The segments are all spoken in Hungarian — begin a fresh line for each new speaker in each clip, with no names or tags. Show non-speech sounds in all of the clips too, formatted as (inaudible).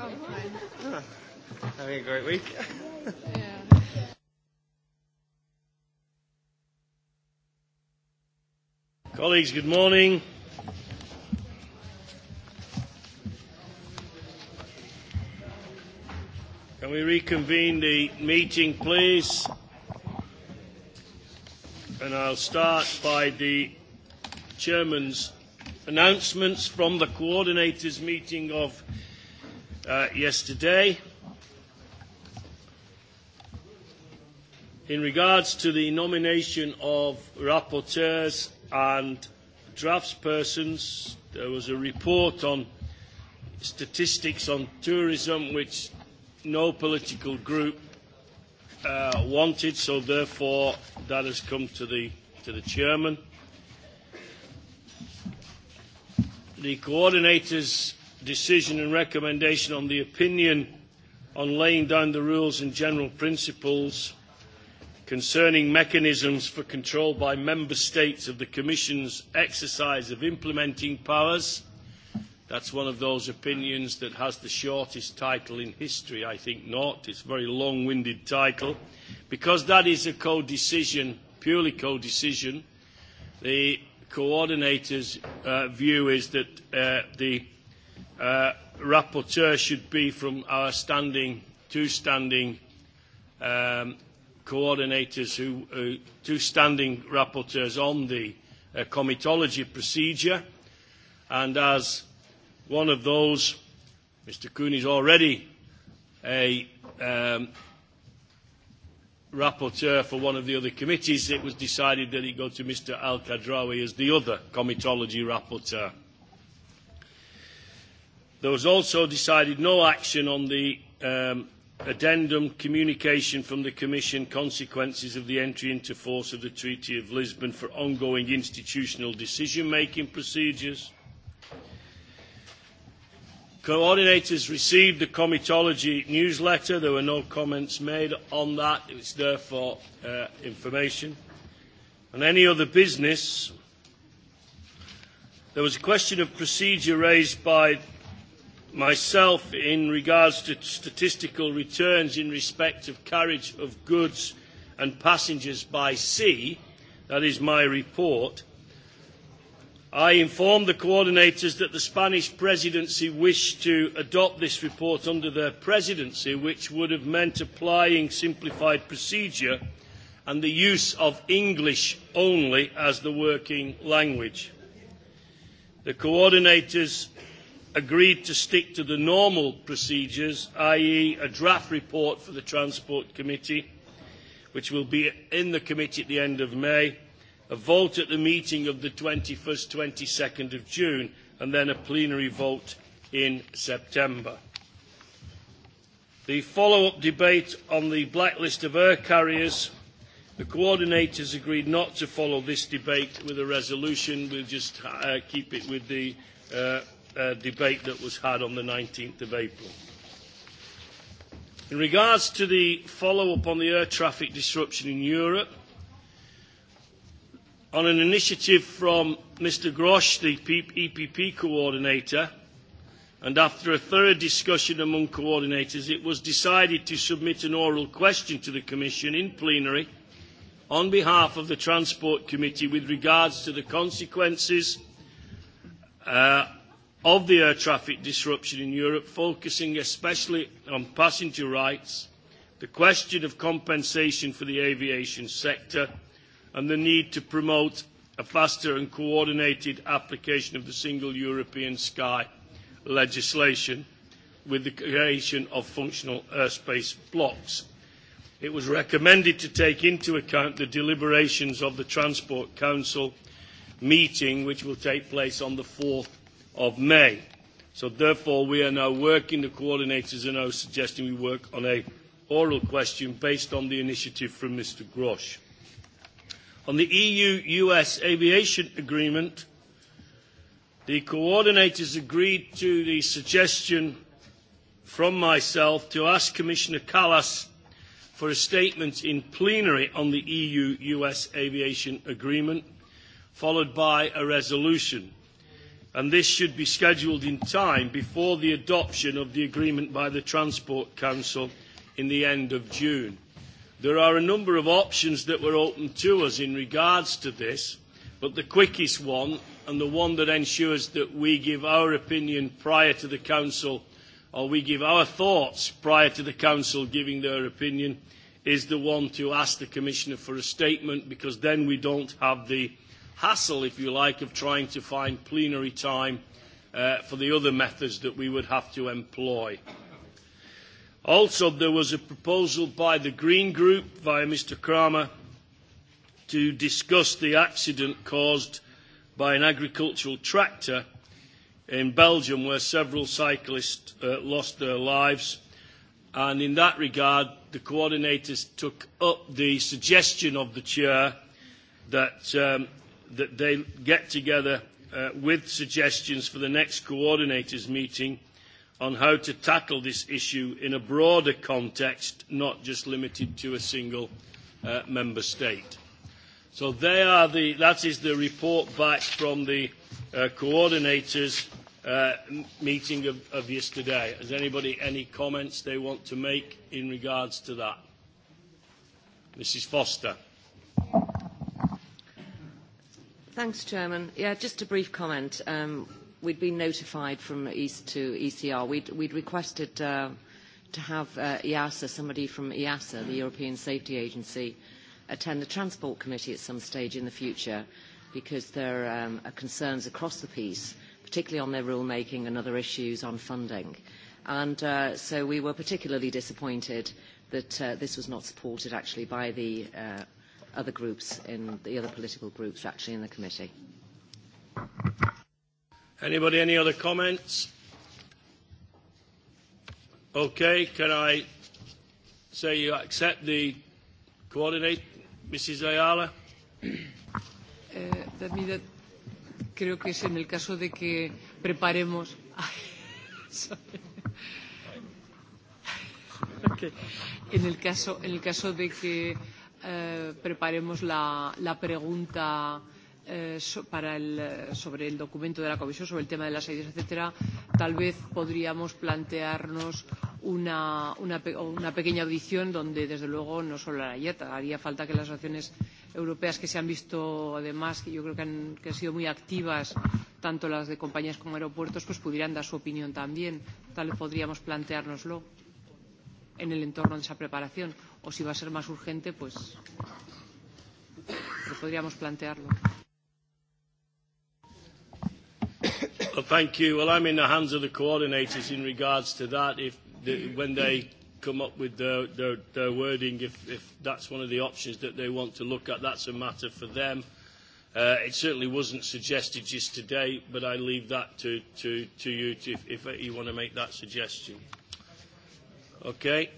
fine.
Having a great
week. yeah. Colleagues, good morning. Can we reconvene the meeting, please? And I'll start by the Chairman's announcements from the coordinators' meeting of uh, yesterday. In regards to the nomination of rapporteurs and draftspersons, there was a report on statistics on tourism which no political group uh, wanted, so therefore that has come to the, to the chairman. The coordinators decision and recommendation on the opinion on laying down the rules and general principles concerning mechanisms for control by member states of the Commission's exercise of implementing powers. That's one of those opinions that has the shortest title in history, I think not. It's a very long-winded title. Because that is a co-decision, purely co-decision, the coordinator's uh, view is that uh, the Uh, rapporteur should be from our standing, two standing um, coordinators, who, uh, two standing rapporteurs on the uh, comitology procedure. And as one of those, Mr Cooney is already a um, rapporteur for one of the other committees. It was decided that he go to Mr Al Kadrawi as the other comitology rapporteur. There was also decided no action on the um, addendum communication from the Commission consequences of the entry into force of the Treaty of Lisbon for ongoing institutional decision-making procedures. Coordinators received the comitology newsletter. There were no comments made on that. is there for uh, information. On any other business, there was a question of procedure raised by myself in regards to statistical returns in respect of carriage of goods and passengers by sea, that is my report, I informed the coordinators that the Spanish presidency wished to adopt this report under their presidency, which would have meant applying simplified procedure and the use of English only as the working language. The coordinators agreed to stick to the normal procedures, i.e. a draft report for the Transport Committee, which will be in the committee at the end of May, a vote at the meeting of the 21st, 22nd of June, and then a plenary vote in September. The follow-up debate on the blacklist of air carriers, the coordinators agreed not to follow this debate with a resolution. We'll just uh, keep it with the uh, uh, debate that was had on the 19th of April. In regards to the follow-up on the air traffic disruption in Europe, on an initiative from Mr Grosch, the EPP e coordinator, and after a thorough discussion among coordinators, it was decided to submit an oral question to the Commission in plenary on behalf of the Transport Committee with regards to the consequences uh, of the air traffic disruption in Europe, focusing especially on passenger rights, the question of compensation for the aviation sector, and the need to promote a faster and coordinated application of the single European sky legislation with the creation of functional airspace blocks. It was recommended to take into account the deliberations of the Transport Council meeting, which will take place on the 4th of May. So therefore, we are now working, the coordinators are now suggesting we work on a oral question based on the initiative from Mr Grosch. On the EU-US aviation agreement, the coordinators agreed to the suggestion from myself to ask Commissioner Callas for a statement in plenary on the EU-US aviation agreement, followed by a resolution and this should be scheduled in time before the adoption of the agreement by the Transport Council in the end of June. There are a number of options that were open to us in regards to this, but the quickest one and the one that ensures that we give our opinion prior to the Council or we give our thoughts prior to the Council giving their opinion is the one to ask the Commissioner for a statement because then we don't have the hassle, if you like, of trying to find plenary time uh, for the other methods that we would have to employ. Also, there was a proposal by the Green Group via Mr Kramer to discuss the accident caused by an agricultural tractor in Belgium where several cyclists uh, lost their lives. And in that regard, the coordinators took up the suggestion of the chair that um, that they get together uh, with suggestions for the next coordinators meeting on how to tackle this issue in a broader context, not just limited to a single uh, member state. So they are the, that is the report back from the uh, coordinators uh, meeting of, of yesterday. Has anybody any comments they want to make in regards to that? Mrs Foster.
Thanks, Chairman. Yeah, just a brief comment. Um, we'd been notified from East to ECR. We'd, we'd requested uh, to have uh, EASA, somebody from EASA, the European Safety Agency, attend the Transport Committee at some stage in the future because there um, are concerns across the piece, particularly on their rulemaking and other issues on funding. And uh, so we were particularly disappointed that this was not supported actually by the uh, other groups in the other political groups actually in the committee.
Anybody, any other comments? Okay, can I say you accept the coordinate, Mrs. Ayala?
Eh, David, creo que es en el caso de que preparemos. okay. En el caso, en el caso de que Eh, preparemos la, la pregunta eh, para el, sobre el documento de la Comisión, sobre el tema de las ayudas, etcétera, tal vez podríamos plantearnos una, una, una pequeña audición donde, desde luego, no solo la IATA, haría falta que las naciones europeas que se han visto, además, que yo creo que han, que han sido muy activas, tanto las de compañías como aeropuertos, pues pudieran dar su opinión también. Tal vez podríamos planteárnoslo en el entorno de esa preparación o si va a ser más urgente, pues podríamos plantearlo.
Well, thank you. Well, I'm in the hands of the coordinators in regards to that. If the, when they come up with their, their, their wording, if, if that's one of the options that they want to look at, that's a matter for them. Uh, it certainly wasn't suggested just today, but I leave that to, to, to you to, if, if you want to make that suggestion. Okay.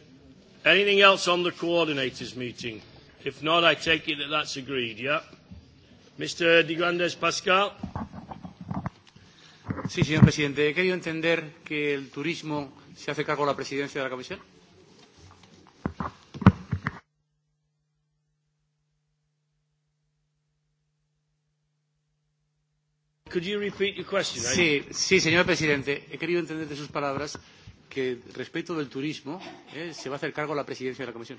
Anything else on the coordinators meeting? If not, I take it that that's agreed, yeah? Mr. De Grandes Pascal. Sí, señor presidente. He querido
entender que el turismo se hace cargo la presidencia de la comisión.
Could you repeat your question? Eh? Sí, sí, señor presidente.
He querido entender de sus palabras que respecto del turismo eh, se va a hacer cargo la presidencia
de la Comisión.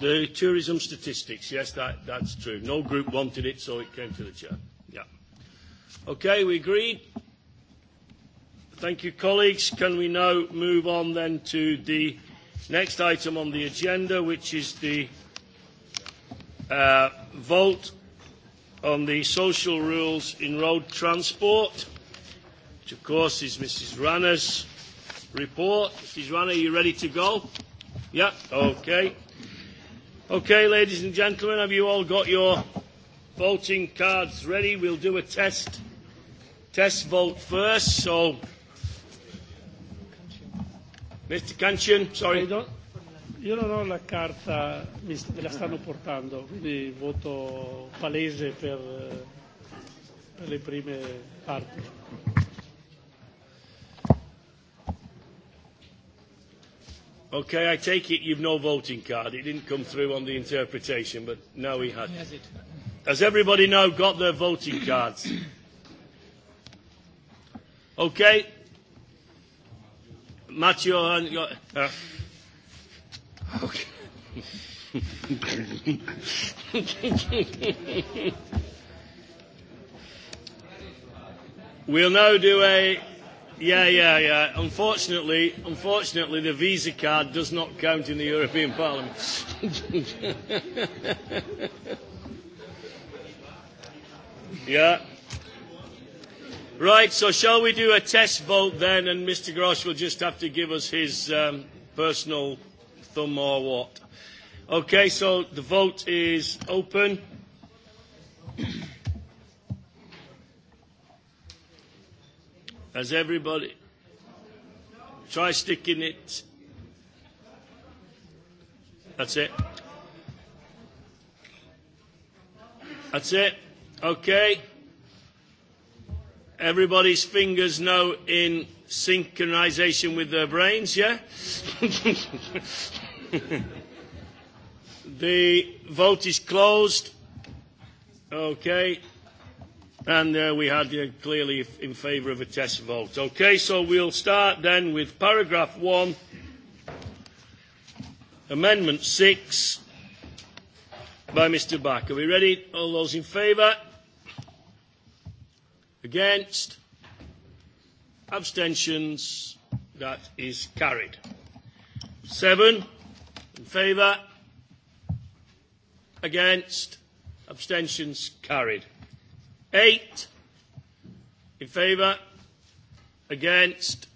The tourism statistics, yes, that, that's true. No group wanted it, so it came to the chair. Yeah. Okay, we agreed. Thank you, colleagues. Can we now move on then to the next item on the agenda, which is the uh, vote on the social rules in road transport, which of course is Mrs. Ranner's report. Mrs. Ranner, are you ready to go? Yeah, okay. Okay, ladies and gentlemen, have you all got your voting cards ready? We'll do a test, test vote first. So, Mr. Kanchan, sorry.
Io non ho la carta, me la stanno portando, quindi voto palese per,
per le prime parti. Okay, I take it you've no voting card. It didn't come through on the interpretation, but now he had. Has, it. Has everybody now got their voting cards? Okay. Matthew, got, uh, we'll now do a yeah yeah yeah unfortunately unfortunately the visa card does not count in the european parliament (laughs) yeah right so shall we do a test vote then and mr grosch will just have to give us his um, personal thumb or what. Okay, so the vote is open. Has everybody try sticking it? That's it. That's it. Okay. Everybody's fingers now in synchronization with their brains, yeah? (laughs) (laughs) the vote is closed. Okay. And uh, we had uh, clearly in favour of a test vote. Okay, so we'll start then with paragraph one, amendment six by Mr. Back. Are we ready? All those in favour? Against? Abstentions? That is carried. Seven. In favour? Against? Abstentions carried. Eight. In favour? Against?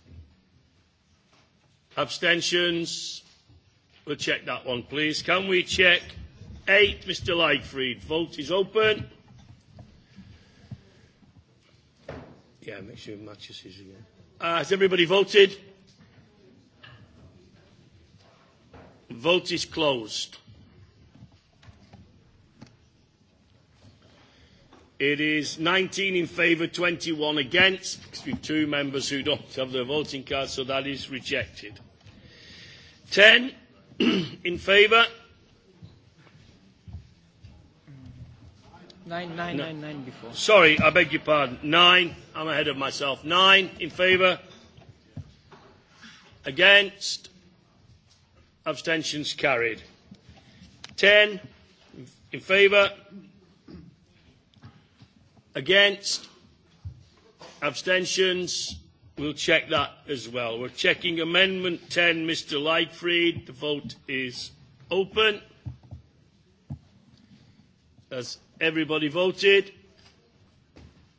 Abstentions? We'll check that one, please. Can we check? Eight, Mr. Lightfried. Vote is open. Yeah, make sure it matches his again. Uh, has everybody voted? Vote is closed. It is 19 in favour, 21 against, because we have two members who don't have their voting cards, so that is rejected. 10 (clears throat) in favour.
9 9 no. nine, nine before.
Sorry, I beg your pardon. Nine. I'm ahead of myself. Nine in favour. Against. Abstentions carried. 10 in favour. Against. Abstentions. We'll check that as well. We're checking Amendment 10, Mr Lightfried. The vote is open. Has everybody voted?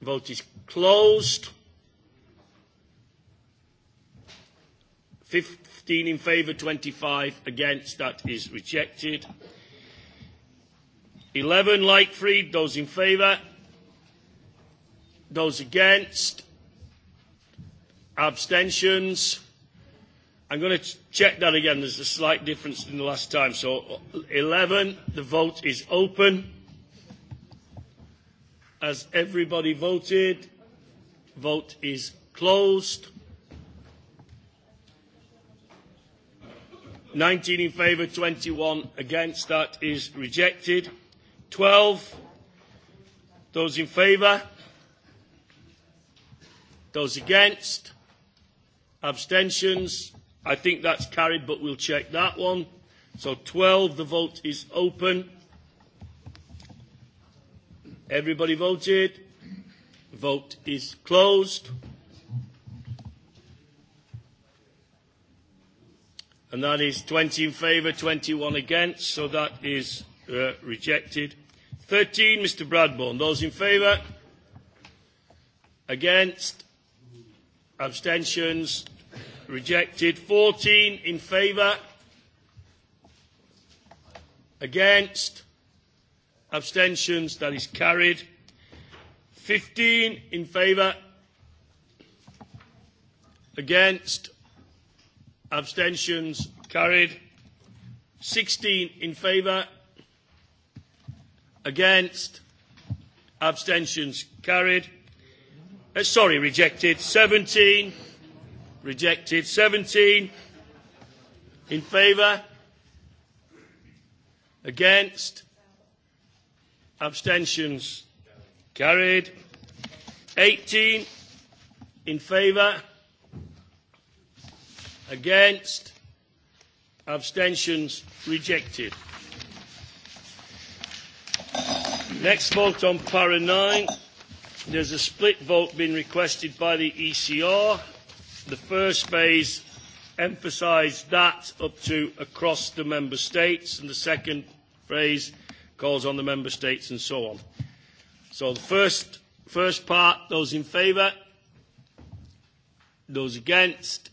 Vote is closed. 15. 15 in favour, 25 against. That is rejected. 11, Lightfried. Those in favour. Those against. Abstentions. I'm going to check that again. There's a slight difference in the last time. So 11, the vote is open. Has everybody voted? Vote is closed. 19 in favour, 21 against. That is rejected. 12. Those in favour? Those against? Abstentions? I think that's carried, but we'll check that one. So 12, the vote is open. Everybody voted. Vote is closed. and that is 20 in favour, 21 against, so that is uh, rejected. 13, Mr Bradbourne. Those in favour? Against? Abstentions? Rejected. 14 in favour? Against? Abstentions? That is carried. 15 in favour? Against? Abstentions carried. 16 in favour. Against. Abstentions carried. Uh, sorry, rejected. 17. Rejected. 17. In favour. Against. Abstentions carried. 18. In favour Against? Abstentions? Rejected. Next vote on para 9. There's a split vote being requested by the ECR. The first phase emphasised that up to across the member states, and the second phase calls on the member states and so on. So the first, first part, those in favour, those against,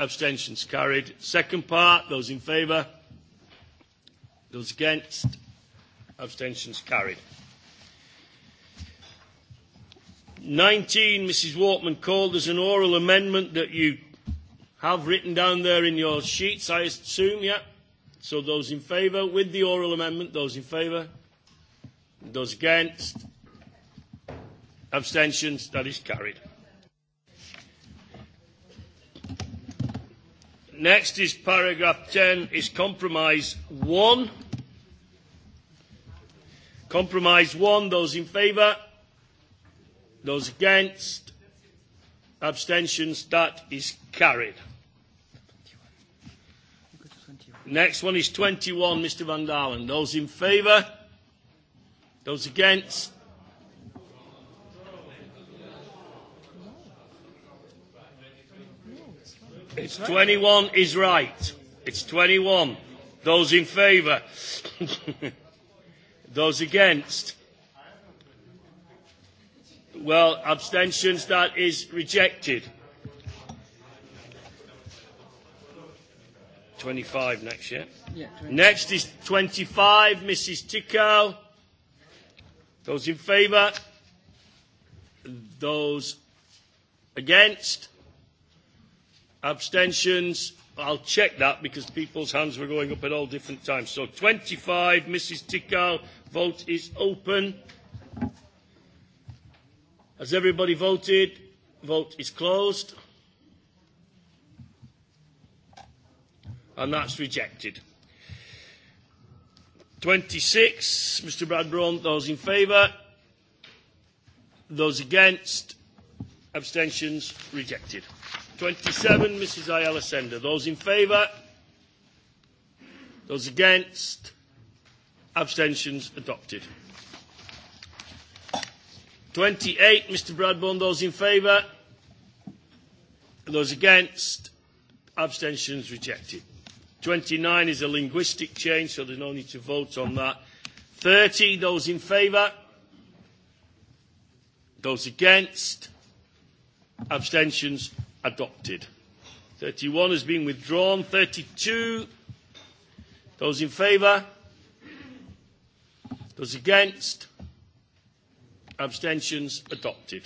Abstentions carried. Second part, those in favour? Those against? Abstentions carried. 19, Mrs Walkman called as an oral amendment that you have written down there in your sheets, I assume, yeah? So those in favour with the oral amendment, those in favour? Those against? Abstentions, that is carried. Next is paragraph 10, is compromise 1. Compromise 1, those in favour, those against, abstentions, that is carried. Next one is 21, Mr Van Dalen. Those in favour, those against, It's 21 is right. It's 21. Those in favour. (laughs) Those against. Well, abstentions, that is rejected. 25 next year. Yeah, Next is 25, Mrs. Tickow. Those in favour? Those against? Abstentions? I'll check that because people's hands were going up at all different times. So 25, Mrs. Tikal, vote is open. Has everybody voted? Vote is closed. And that's rejected. 26, Mr. Bradbourn. those in favour? Those against? Abstentions? Rejected. 27, Mrs. Ayala Sender. Those in favour? Those against? Abstentions adopted. 28, Mr. Bradbourne. Those in favour? Those against? Abstentions rejected. 29 is a linguistic change, so there's no need to vote on that. 30, those in favour? Those against? Abstentions adopted. 31 has been withdrawn. 32, those in favour? Those against? Abstentions adopted.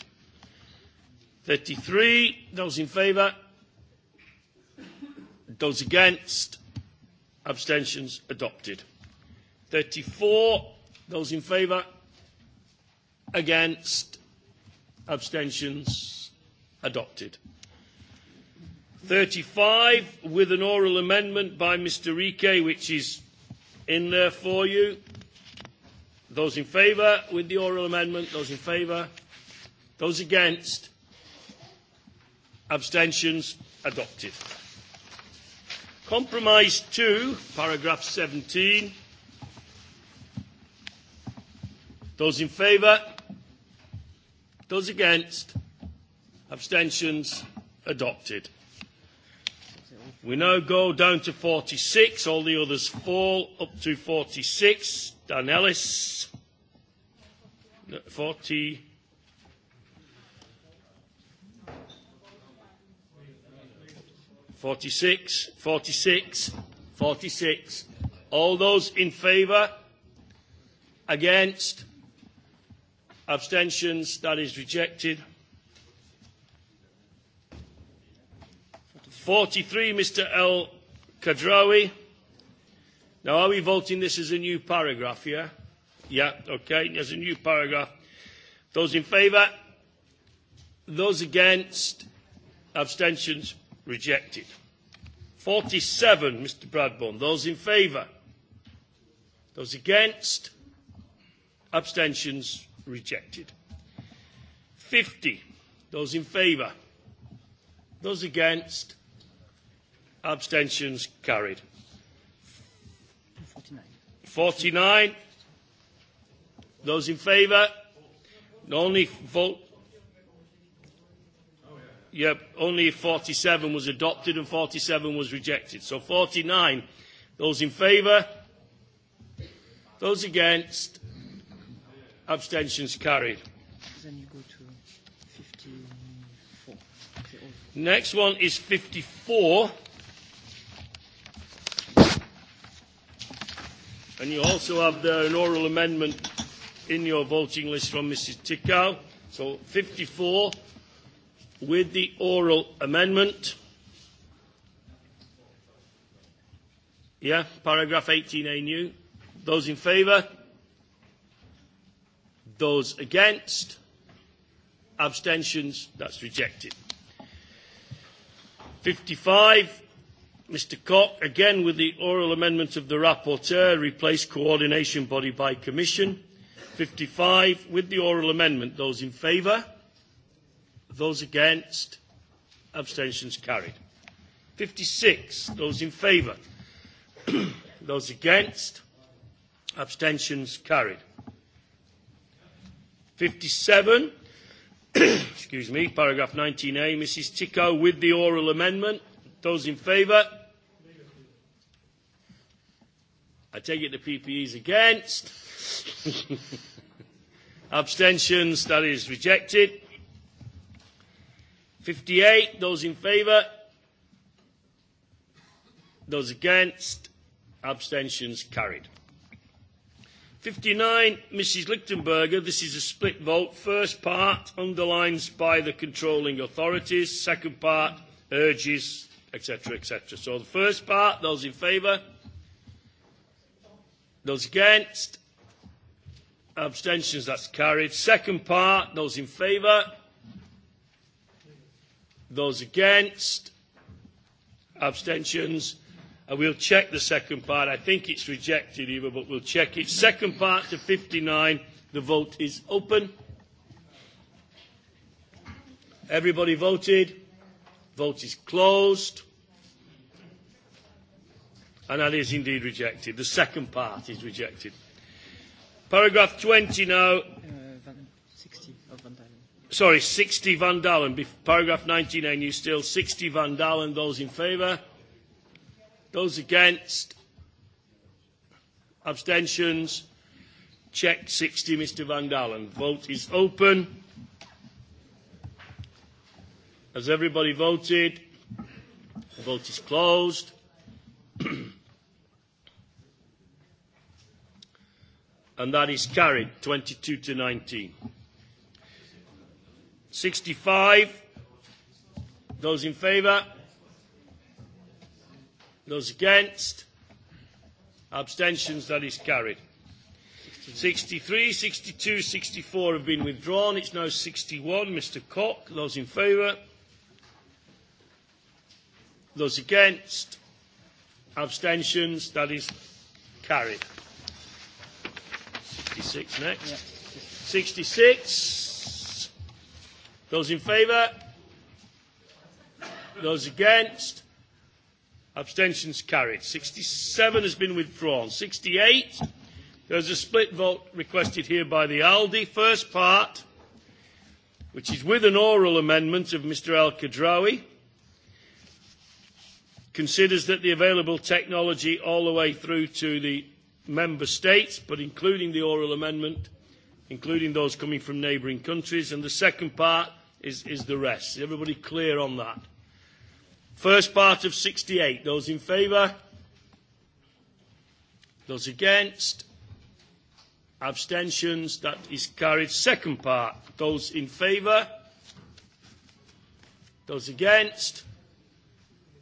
33, those in favour? Those against? Abstentions adopted. 34, those in favour? Against? Abstentions adopted. 35 with an oral amendment by Mr. Rike, which is in there for you. Those in favour with the oral amendment, those in favour. Those against, abstentions adopted. Compromise 2, paragraph 17. Those in favour, those against, abstentions adopted. We now go down to 46. All the others fall up to 46. Dan Ellis. 40. Forty-six, forty-six, forty-six. All those in favour? Against? Abstentions? That is rejected. 43, Mr El Kadrawi. Now, are we voting this as a new paragraph, yeah? Yeah, okay, as a new paragraph. Those in favour? Those against? Abstentions? Rejected. 47, Mr Bradbourne. Those in favour? Those against? Abstentions? Rejected. 50. Those in favour? Those against? Abstentions carried. 49. 49. Those in favour? Only vote. Yep, only 47 was adopted and 47 was rejected. So 49. Those in favour? Those against? Abstentions carried.
Then you go to 54.
Next one is 54. And you also have there an oral amendment in your voting list from Mrs Tickow. So 54 with the oral amendment. Yeah, paragraph 18A new. Those in favour? Those against? Abstentions? That's rejected. 55 Mr Cock, again with the oral amendment of the rapporteur, replace coordination body by commission. 55, with the oral amendment, those in favour? Those against? Abstentions carried. 56, those in favour? (clears throat) those against? Abstentions carried. 57, (clears throat) excuse me, paragraph 19a, Mrs Tico with the oral amendment. Those in favour? I take it the PPE's against. (laughs) Abstentions, that is rejected. 58, those in favour? Those against? Abstentions carried. 59, Mrs. Lichtenberger. This is a split vote. First part underlines by the controlling authorities. Second part urges etc., etc. So the first part, those in favour, those against, abstentions, that's carried. Second part, those in favour, those against, abstentions, and we'll check the second part. I think it's rejected, Eva, but we'll check it. Second part to 59, the vote is open. Everybody voted. Vote is closed. And that is indeed rejected. The second part is rejected. Paragraph 20 now. Uh,
van, 60 of Van Dalen.
Sorry, 60 Van Dalen. Paragraph 19 and you still. 60 Van Dalen. Those in favour? Those against? Abstentions? Check 60, Mr Van Dalen. Vote is open. Has everybody voted? The vote is closed. (clears throat) and that is carried 22 to 19. 65. Those in favour? Those against? Abstentions, that is carried. 63, 62, 64 have been withdrawn. It's now 61. Mr Cock, those in favour? Those against? Abstentions? That is carried. 66 next. Yeah. 66. Those in favour? Those against? Abstentions carried. 67 has been withdrawn. 68. There's a split vote requested here by the ALDI. First part, which is with an oral amendment of Mr El Kadrawi considers that the available technology all the way through to the member states, but including the oral amendment, including those coming from neighbouring countries, and the second part is, is the rest. Is everybody clear on that? First part of 68, those in favour? Those against? Abstentions, that is carried. Second part, those in favour? Those against?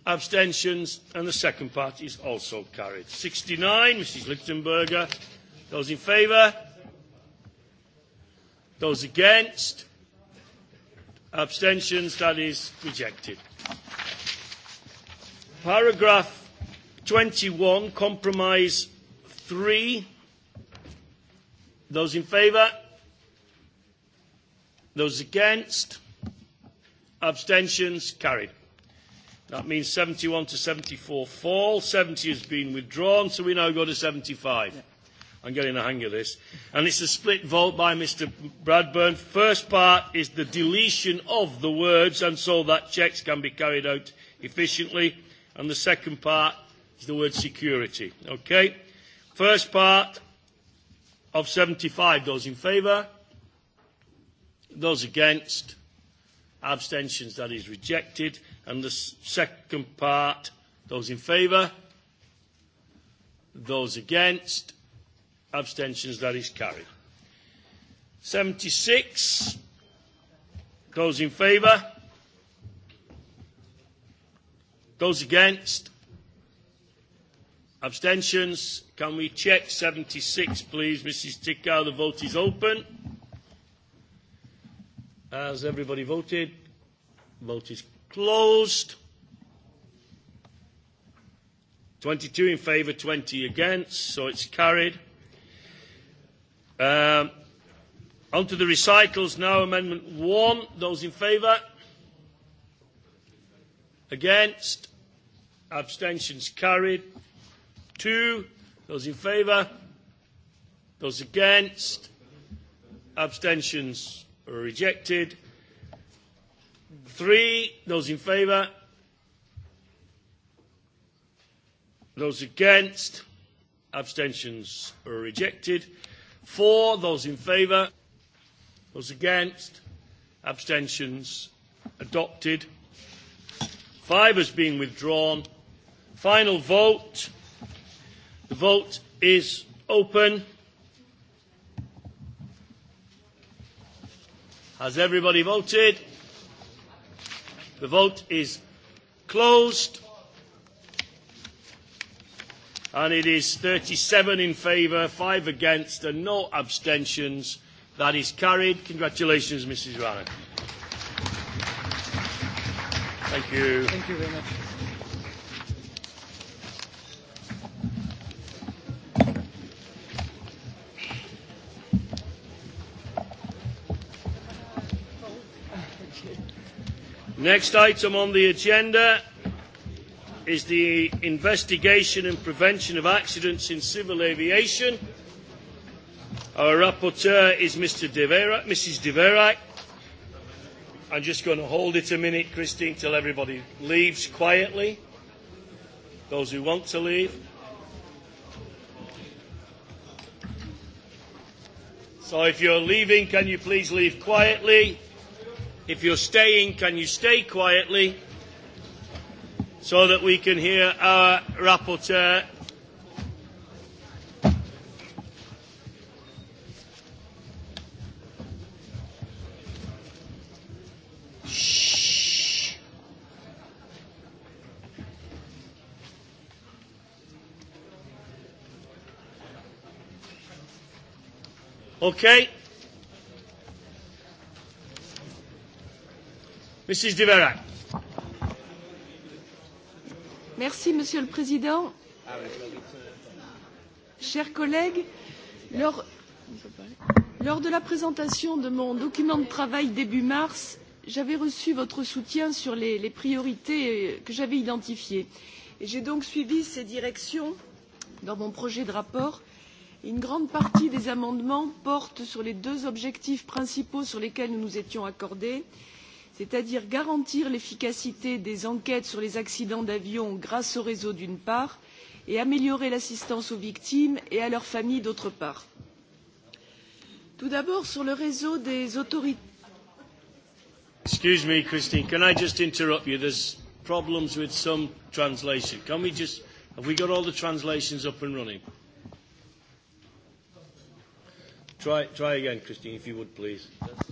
Abstentions? And the second part is also carried. 69, Mrs. Lichtenberger. Those in favour? Those against? Abstentions? That is rejected. Paragraph 21, compromise 3. Those in favour? Those against? Abstentions? Carried. That means 71 to 74 fall. 70 has been withdrawn, so we now go to 75. Yeah. I'm getting the hang of this. And it's a split vote by Mr. Bradburn. First part is the deletion of the words, and so that checks can be carried out efficiently. And the second part is the word security. Okay? First part of 75. Those in favour? Those against? Abstentions. That is rejected. And the second part, those in favour? Those against? Abstentions, that is carried. 76, those in favour? Those against? Abstentions? Can we check 76, please? Mrs. Tickow, the vote is open. Has everybody voted? Vote is Closed. 22 in favour, 20 against, so it's carried. Um, on to the recitals now. Amendment 1. Those in favour? Against? Abstentions carried. 2. Those in favour? Those against? Abstentions rejected. Three, those in favour? Those against? Abstentions are rejected. Four, those in favour? Those against? Abstentions adopted. Five has been withdrawn. Final vote. The vote is open. Has everybody voted? The vote is closed. And it is 37 in favour, 5 against and no abstentions. That is carried. Congratulations, Mrs. Rana. Thank you. Thank you very much. Next item on the agenda is the investigation and prevention of accidents in civil aviation. Our rapporteur is Mr. Vera, Mrs. Deverac. I'm just going to hold it a minute, Christine, till everybody leaves quietly. Those who want to leave. So if you're leaving, can you please leave quietly? If you're staying, can you stay quietly so that we can hear our rapporteur? Shh. Okay.
Monsieur le Président. Chers collègues, lors, de la présentation de mon document de travail début mars, j'avais reçu votre soutien sur les, priorités euh, que j'avais identifiées et j'ai donc suivi ces directions dans mon projet de rapport. Une grande partie des amendements porte sur les deux objectifs principaux sur lesquels nous nous étions accordés à savoir la la lutte contre pauvreté et c'est à dire garantir l'efficacité des enquêtes sur les accidents d'avion grâce au réseau d'une part et améliorer l'assistance aux victimes et à leurs familles d'autre part. tout d'abord sur le réseau des autorités
Excuse me, Christine, can I just interrupt you? There's problems with some translation. Can we just, have we got all the translations up and running? Try, try again, Christine, if you would, please. That's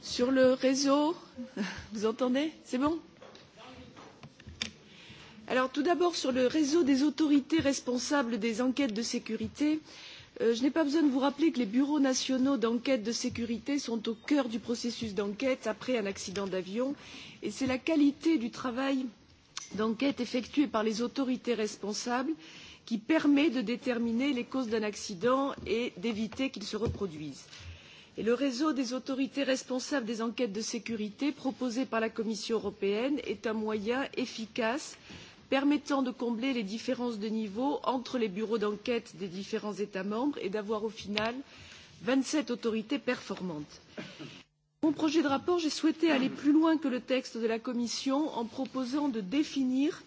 sur le réseau (laughs) vous entendez c'est bon? tout d'abord sur le réseau des autorités responsables des enquêtes de sécurité euh, je n'ai pas besoin de vous rappeler que les bureaux nationaux d'enquête de sécurité sont au cœur du processus d'enquête après un accident d'avion et c'est la qualité du travail d'enquête effectué par les autorités responsables qui permet de déterminer les causes d'un accident et d'éviter qu'il se reproduise et le réseau des autorités responsables des enquêtes de sécurité proposé par la commission européenne est un moyen efficace permettant de combler les différences de niveau entre les bureaux d'enquête des différents états membres et d'avoir au final vingt sept autorités performantes. dans mon projet de rapport j'ai souhaité aller plus loin que le texte de la commission en proposant de définir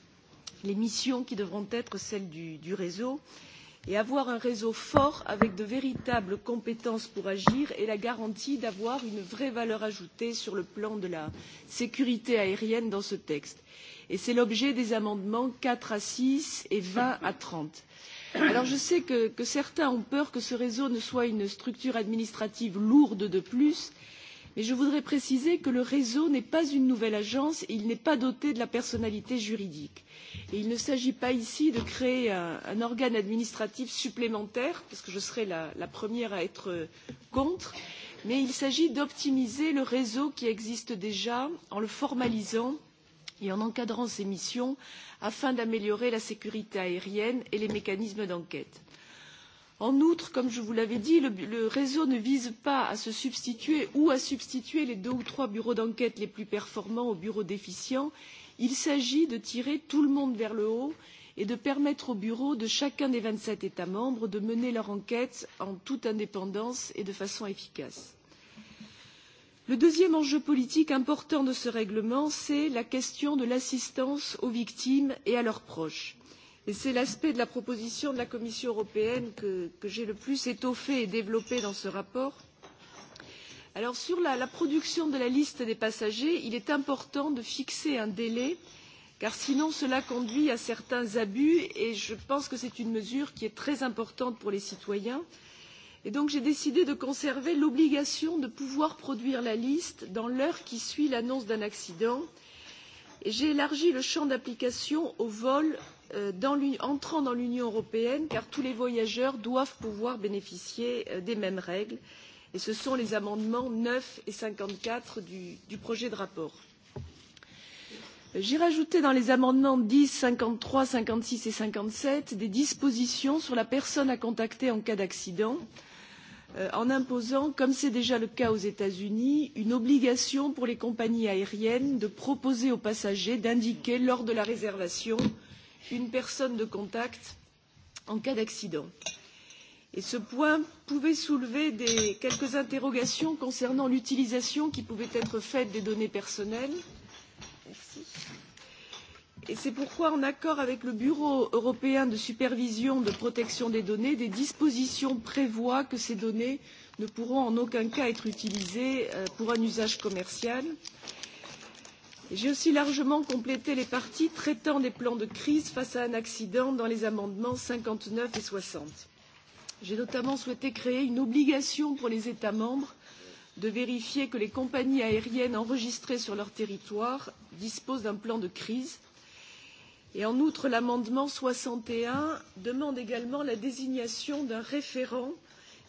les missions qui devront être celles du, réseau et et avoir un réseau fort avec de véritables compétences pour agir est la garantie d'avoir une vraie valeur ajoutée sur le plan de la sécurité aérienne dans ce texte et c'est l'objet des amendements quatre à six et vingt à. trente alors je sais que, certains ont peur que ce réseau ne soit une structure administrative lourde de plus mais je voudrais préciser que le réseau n'est pas une nouvelle agence et il n'est pas doté de la personnalité juridique. il ne s'agit pas ici de créer un, organe administratif supplémentaire parce que je serais la première à être contre mais il s'agit d'optimiser le réseau qui existe déjà en le formalisant et en encadrant ses missions afin d'améliorer la sécurité aérienne et les mécanismes d'enquête En outre, comme je vous l'avais dit, le, le réseau ne vise pas à se substituer ou à substituer les deux ou trois bureaux d'enquête les plus performants aux bureaux déficients. Il s'agit de tirer tout le monde vers le haut et de permettre aux bureaux de chacun des vingt sept états membres de mener leur enquête en toute indépendance et de façon efficace. le deuxième enjeu politique important de ce règlement c'est la question de l'assistance aux victimes et à leurs proches et c'est l'aspect de la proposition de la commission européenne que, que j'ai le plus étoffé et développé dans ce rapport. Alors, sur la, la production de la liste des passagers il est important de fixer un délai car sinon cela conduit à certains abus et je pense que c'est une mesure qui est très importante pour les citoyens. Et donc j'ai décidé de conserver l'obligation de pouvoir produire la liste dans l'heure qui suit l'annonce d'un accident et j'ai élargi le champ d'application aux vols Euh, entrant dans l'union européenne car tous les voyageurs doivent pouvoir bénéficier euh, des mêmes règles et ce sont les amendements neuf et cinquante quatre du, projet de rapport. j'ai rajouté dans les amendements dix cinquante trois cinquante six et cinquante sept des dispositions sur la personne à contacter en cas d'accident euh, en imposant comme c'est déjà le cas aux états unis une obligation pour les compagnies aériennes de proposer aux passagers d'indiquer lors de la réservation une personne de contact en cas d'accident. Et ce point pouvait soulever des, quelques interrogations concernant l'utilisation qui pouvait être faite des données personnelles. Merci. Et c'est pourquoi, en accord avec le Bureau européen de supervision de protection des données, des dispositions prévoient que ces données ne pourront en aucun cas être utilisées euh, pour un usage commercial. Euh, j'ai aussi largement complété les parties traitant des plans de crise face à un accident dans les amendements cinquante neuf et. soixante j'ai notamment souhaité créer une obligation pour les états membres de vérifier que les compagnies aériennes enregistrées sur leur territoire disposent d'un plan de crise et en outre l'amendement soixante et un demande également la désignation d'un référent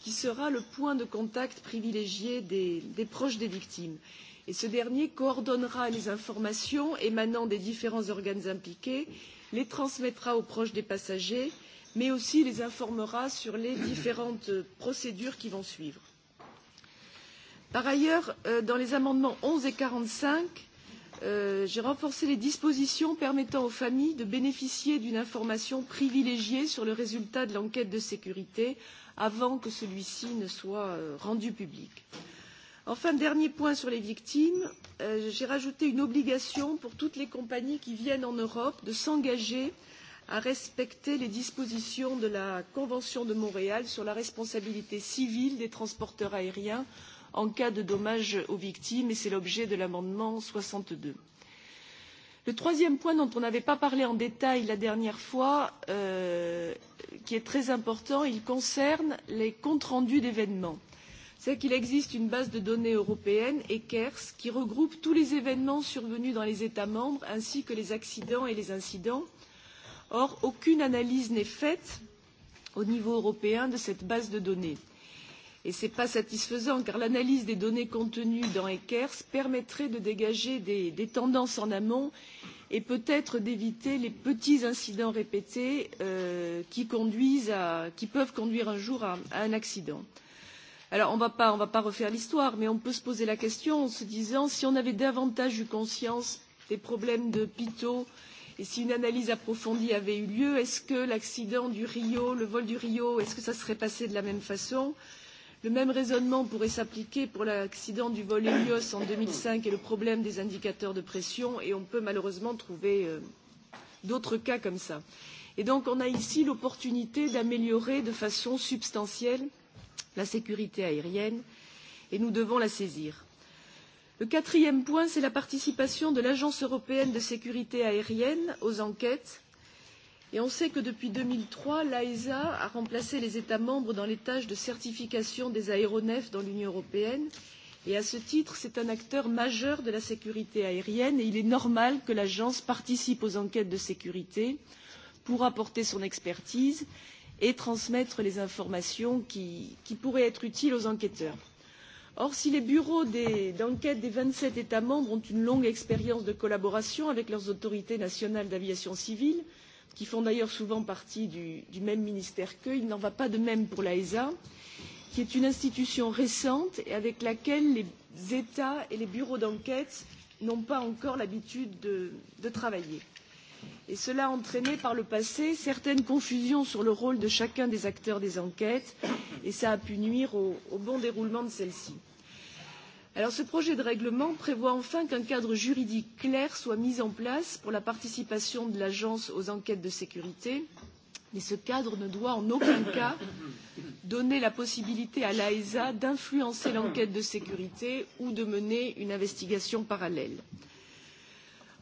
qui sera le point de contact privilégié des, des proches des victimes. il et ce dernier coordonnera les informations émanant des différents organes impliqués les transmettra aux proches des passagers mais aussi les informera sur les différentes procédures qui vont suivre. par ailleurs euh, dans les amendements onze et quarante cinq euh, j'ai renforcé les dispositions permettant aux familles de bénéficier d'une information privilégiée sur le résultat de l'enquête de sécurité avant que celui ci ne soit euh, rendu public enfin dernier point sur les victimes euh, j'ai rajouté une obligation pour toutes les compagnies qui viennent en europe de s'engager à respecter les dispositions de la convention de montréal sur la responsabilité civile des transporteurs aériens en cas de dommages aux victimes et c'est l'objet de l'amendement. soixante deux le troisième point dont on n'avait pas parlé en détail la dernière fois euh, qui est très important il concerne les comptes rendus d'événements c'est qu'il existe une base de données européenne, ECERS, qui regroupe tous les événements survenus dans les États membres, ainsi que les accidents et les incidents. Or, aucune analyse n'est faite au niveau européen de cette base de données. Et ce n'est pas satisfaisant, car l'analyse des données contenues dans ECERS permettrait de dégager des, des tendances en amont et peut-être d'éviter les petits incidents répétés euh, qui, conduisent à, qui peuvent conduire un jour à, à un accident. Euh, Alors on ne va pas refaire l'histoire, mais on peut se poser la question en se disant si on avait davantage eu conscience des problèmes de Pito et si une analyse approfondie avait eu lieu, est-ce que l'accident du Rio, le vol du Rio, est-ce que ça serait passé de la même façon Le même raisonnement pourrait s'appliquer pour l'accident du vol Helios en 2005 et le problème des indicateurs de pression, et on peut malheureusement trouver euh, d'autres cas comme ça. Et donc on a ici l'opportunité d'améliorer de façon substantielle la sécurité aérienne et nous devons la saisir. Le quatrième point, c'est la participation de l'Agence européenne de sécurité aérienne aux enquêtes. Et on sait que depuis 2003, l'AESA a remplacé les États membres dans les tâches de certification des aéronefs dans l'Union européenne. Et à ce titre, c'est un acteur majeur de la sécurité aérienne et il est normal que l'agence participe aux enquêtes de sécurité pour apporter son expertise et transmettre les informations qui, pourraient être utiles aux enquêteurs. or si les bureaux d'enquête des vingt sept états membres ont une longue expérience de collaboration avec leurs autorités nationales d'aviation civile qui font d'ailleurs souvent partie du, du même ministère qu'eux il n'en va pas de même pour l'aesa qui est une institution récente et avec laquelle les états et les bureaux d'enquête n'ont pas encore l'habitude de, de travailler et cela a entraîné par le passé certaines confusions sur le rôle de chacun des acteurs des enquêtes et cela a pu nuire au, bon déroulement de celles ci. ce projet de règlement prévoit enfin qu'un cadre juridique clair soit mis en place pour la participation de l'agence aux enquêtes de sécurité mais ce cadre ne doit en aucun cas donner la possibilité à l'aesa d'influencer l'enquête de sécurité ou de mener une investigation parallèle. il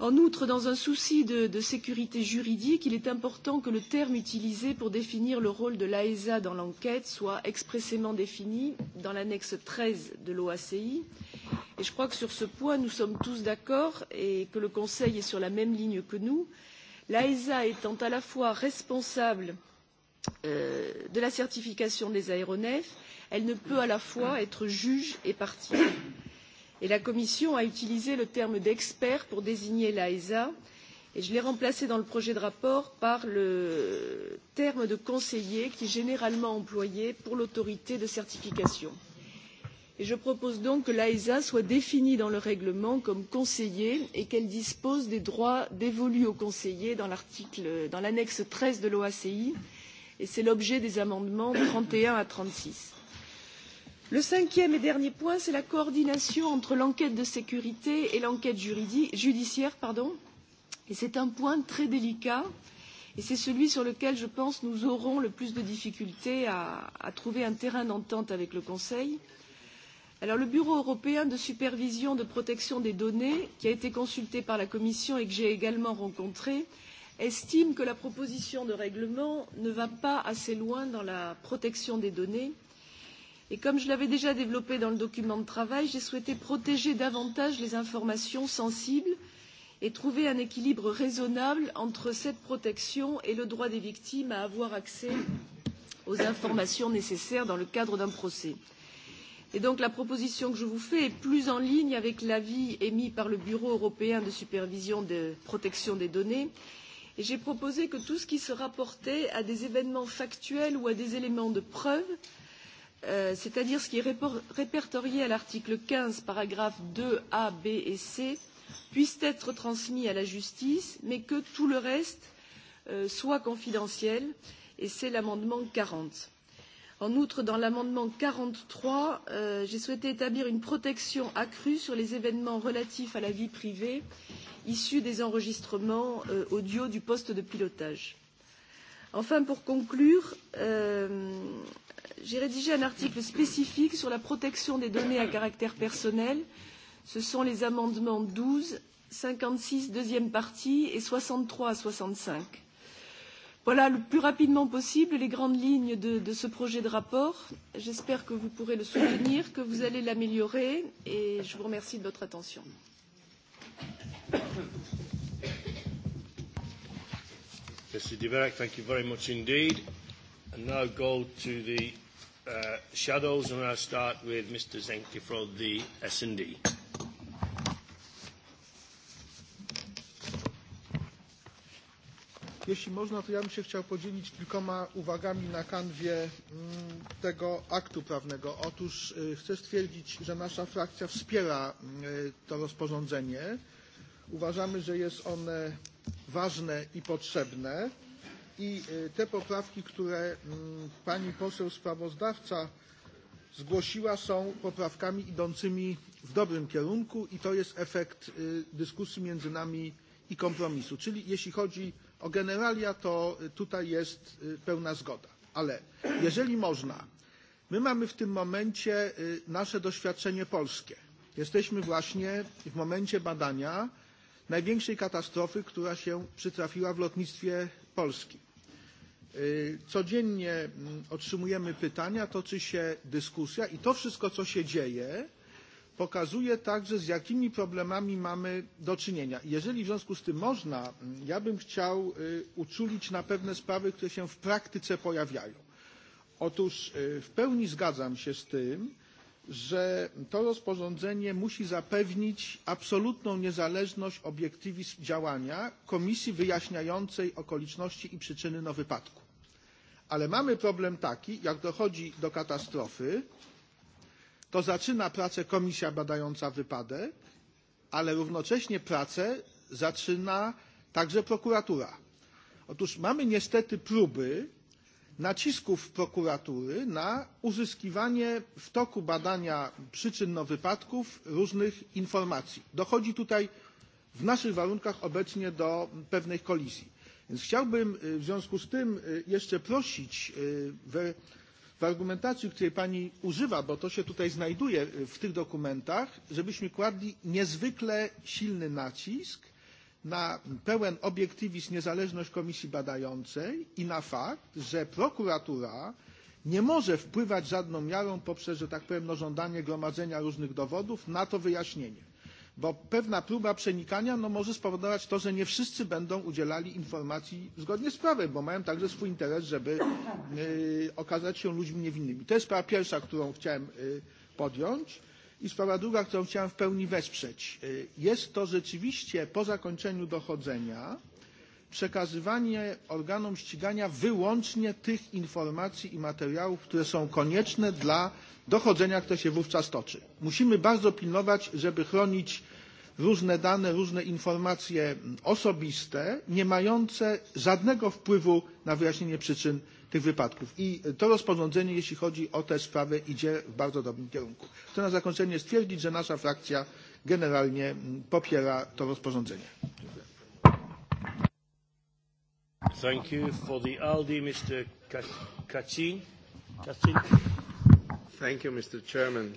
En outre, dans un souci de, de sécurité juridique, il est important que le terme utilisé pour définir le rôle de l'AESA dans l'enquête soit expressément défini dans l'annexe 13 de l'OACI. Et je crois que sur ce point, nous sommes tous d'accord et que le Conseil est sur la même ligne que nous, l'AESA étant à la fois responsable euh, de la certification des aéronefs, elle ne peut à la fois être juge et partie et la commission a utilisé le terme d'expert pour désigner l'aesa et je l'ai remplacé dans le projet de rapport par le terme de conseiller qui est généralement employé pour l'autorité de certification. Et je propose donc que l'aesa soit définie dans le règlement comme conseiller et qu'elle dispose des droits dévolus aux conseillers dans l'annexe treize de l'oaci et c'est l'objet des amendements trente et un à trente six le cinquième et dernier point c'est la coordination entre l'enquête de sécurité et l'enquête judiciaire et c'est un point très délicat et c'est celui sur lequel je pense nous aurons le plus de difficultés à, à trouver un terrain d'entente avec le conseil. Alors, le bureau européen de supervision de protection des données qui a été consulté par la commission et que j'ai également rencontré estime que la proposition de règlement ne va pas assez loin dans la protection des données Et comme je l'avais déjà développé dans le document de travail, j'ai souhaité protéger davantage les informations sensibles et trouver un équilibre raisonnable entre cette protection et le droit des victimes à avoir accès aux informations nécessaires dans le cadre d'un procès. Et donc la proposition que je vous fais est plus en ligne avec l'avis émis par le Bureau européen de supervision de protection des données. Et j'ai proposé que tout ce qui se rapportait à des événements factuels ou à des éléments de preuve Euh, c'est à dire ce qui est répertorié à l'article quinze paragraphes deux a b et c puisse être transmis à la justice mais que tout le reste euh, soit confidentiel et c'est l'amendement. quarante en outre dans l'amendement quarante trois euh, j'ai souhaité établir une protection accrue sur les événements relatifs à la vie privée issus des enregistrements audio du poste de pilotage. enfin pour conclure euh, j'ai rédigé un article spécifique sur la protection des données à caractère personnel. Ce sont les amendements 12, 56, deuxième partie, et 63 à 65. Voilà le plus rapidement possible les grandes lignes de, de ce projet de rapport. J'espère que vous pourrez le soutenir, que vous allez l'améliorer, et je vous remercie de votre attention.
Mr. Diverek, thank you very much indeed. And now go to the Uh, shadows, and I'll start with Mr. Zenke for the S&D.
Jeśli można, to ja bym się chciał podzielić kilkoma uwagami na kanwie mm, tego aktu prawnego. Otóż chcę stwierdzić, że nasza frakcja wspiera to rozporządzenie. Uważamy, że jest one ważne i potrzebne i e, te poprawki, które mm, pani poseł sprawozdawca zgłosiła są poprawkami idącymi w dobrym kierunku i to jest efekt e, dyskusji między nami i kompromisu. Czyli jeśli chodzi o generalia, to e, tutaj jest pełna zgoda. Ale jeżeli można, my mamy w tym momencie nasze doświadczenie polskie. Jesteśmy właśnie w momencie badania największej katastrofy, która się przytrafiła w lotnictwie Polski. Codziennie mm, otrzymujemy pytania, toczy się dyskusja i to wszystko, co się dzieje, pokazuje także, z jakimi problemami mamy do czynienia. Jeżeli w związku z tym można, mm, ja bym chciał uczulić na pewne sprawy, które się w praktyce pojawiają. Otóż w pełni zgadzam się z tym, że to rozporządzenie musi zapewnić absolutną niezależność obiektywizm działania komisji wyjaśniającej okoliczności i przyczyny no wypadku. Ale mamy problem taki, jak dochodzi do katastrofy, to zaczyna pracę komisja badająca wypadek, ale równocześnie pracę zaczyna także prokuratura. Otóż mamy niestety próby nacisków prokuratury na uzyskiwanie w toku badania przyczyn no wypadków różnych informacji. Dochodzi tutaj w naszych warunkach obecnie do pewnej kolizji. Więc chciałbym w związku z tym jeszcze prosić w, w argumentacji, której Pani używa, bo to się tutaj znajduje w tych dokumentach, żebyśmy kładli niezwykle silny nacisk na pełen obiektywizm, niezależność komisji badającej i na fakt, że prokuratura nie może wpływać żadną miarą poprzez, że tak powiem, no, żądanie gromadzenia różnych dowodów na to wyjaśnienie. Bo pewna próba przenikania no, może spowodować to, że nie wszyscy będą udzielali informacji zgodnie z prawem, bo mają także swój interes, żeby yy, okazać się ludźmi niewinnymi. To jest sprawa pierwsza, którą chciałem yy, podjąć. I sprawa druga, którą chciałem w pełni wesprzeć. E, jest to rzeczywiście po zakończeniu dochodzenia przekazywanie organom ścigania wyłącznie tych informacji i materiałów, które są konieczne dla dochodzenia, które się wówczas toczy. Musimy bardzo pilnować, żeby chronić różne dane, różne informacje mm, osobiste, nie mające żadnego wpływu na wyjaśnienie przyczyn tych wypadków. I to rozporządzenie, jeśli chodzi o tę sprawę, idzie w bardzo dobrym kierunku. Chcę na zakończenie stwierdzić, że nasza frakcja generalnie mm, popiera to rozporządzenie. Dziękuję.
Thank you. For the ALDE, Mr. Kacin.
Kacin. Thank you, Mr. Chairman.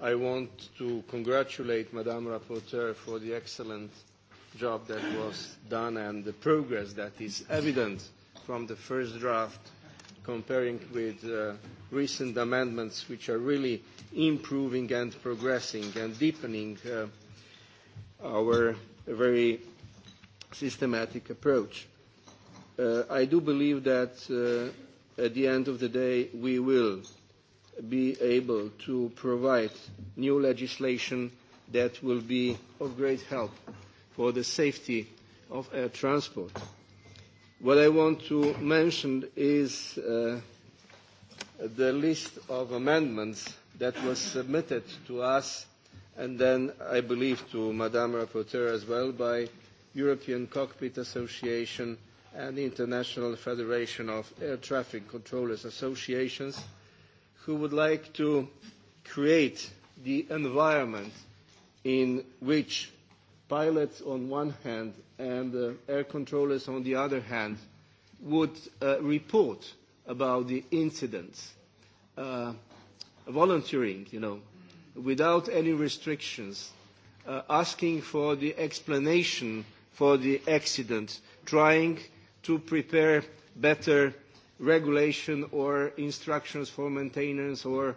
I want to congratulate Madame Rapporteur for the excellent job that was done and the progress that is evident from the first draft comparing with uh, recent amendments which are really improving and progressing and deepening uh, our very systematic approach. Uh, I do believe that uh, at the end of the day we will be able to provide new legislation that will be of great help for the safety of air transport What I want to mention is uh, the list of amendments that was submitted to us and then I believe to Madame Rapporteur as well by European Cockpit Association and International Federation of Air Traffic Controllers Associations who would like to create the environment in which pilots on one hand and uh, air controllers on the other hand would uh, report about the incidents uh, volunteering, you know, without any restrictions, uh, asking for the explanation for the accident, trying to prepare better regulation or instructions for maintenance or,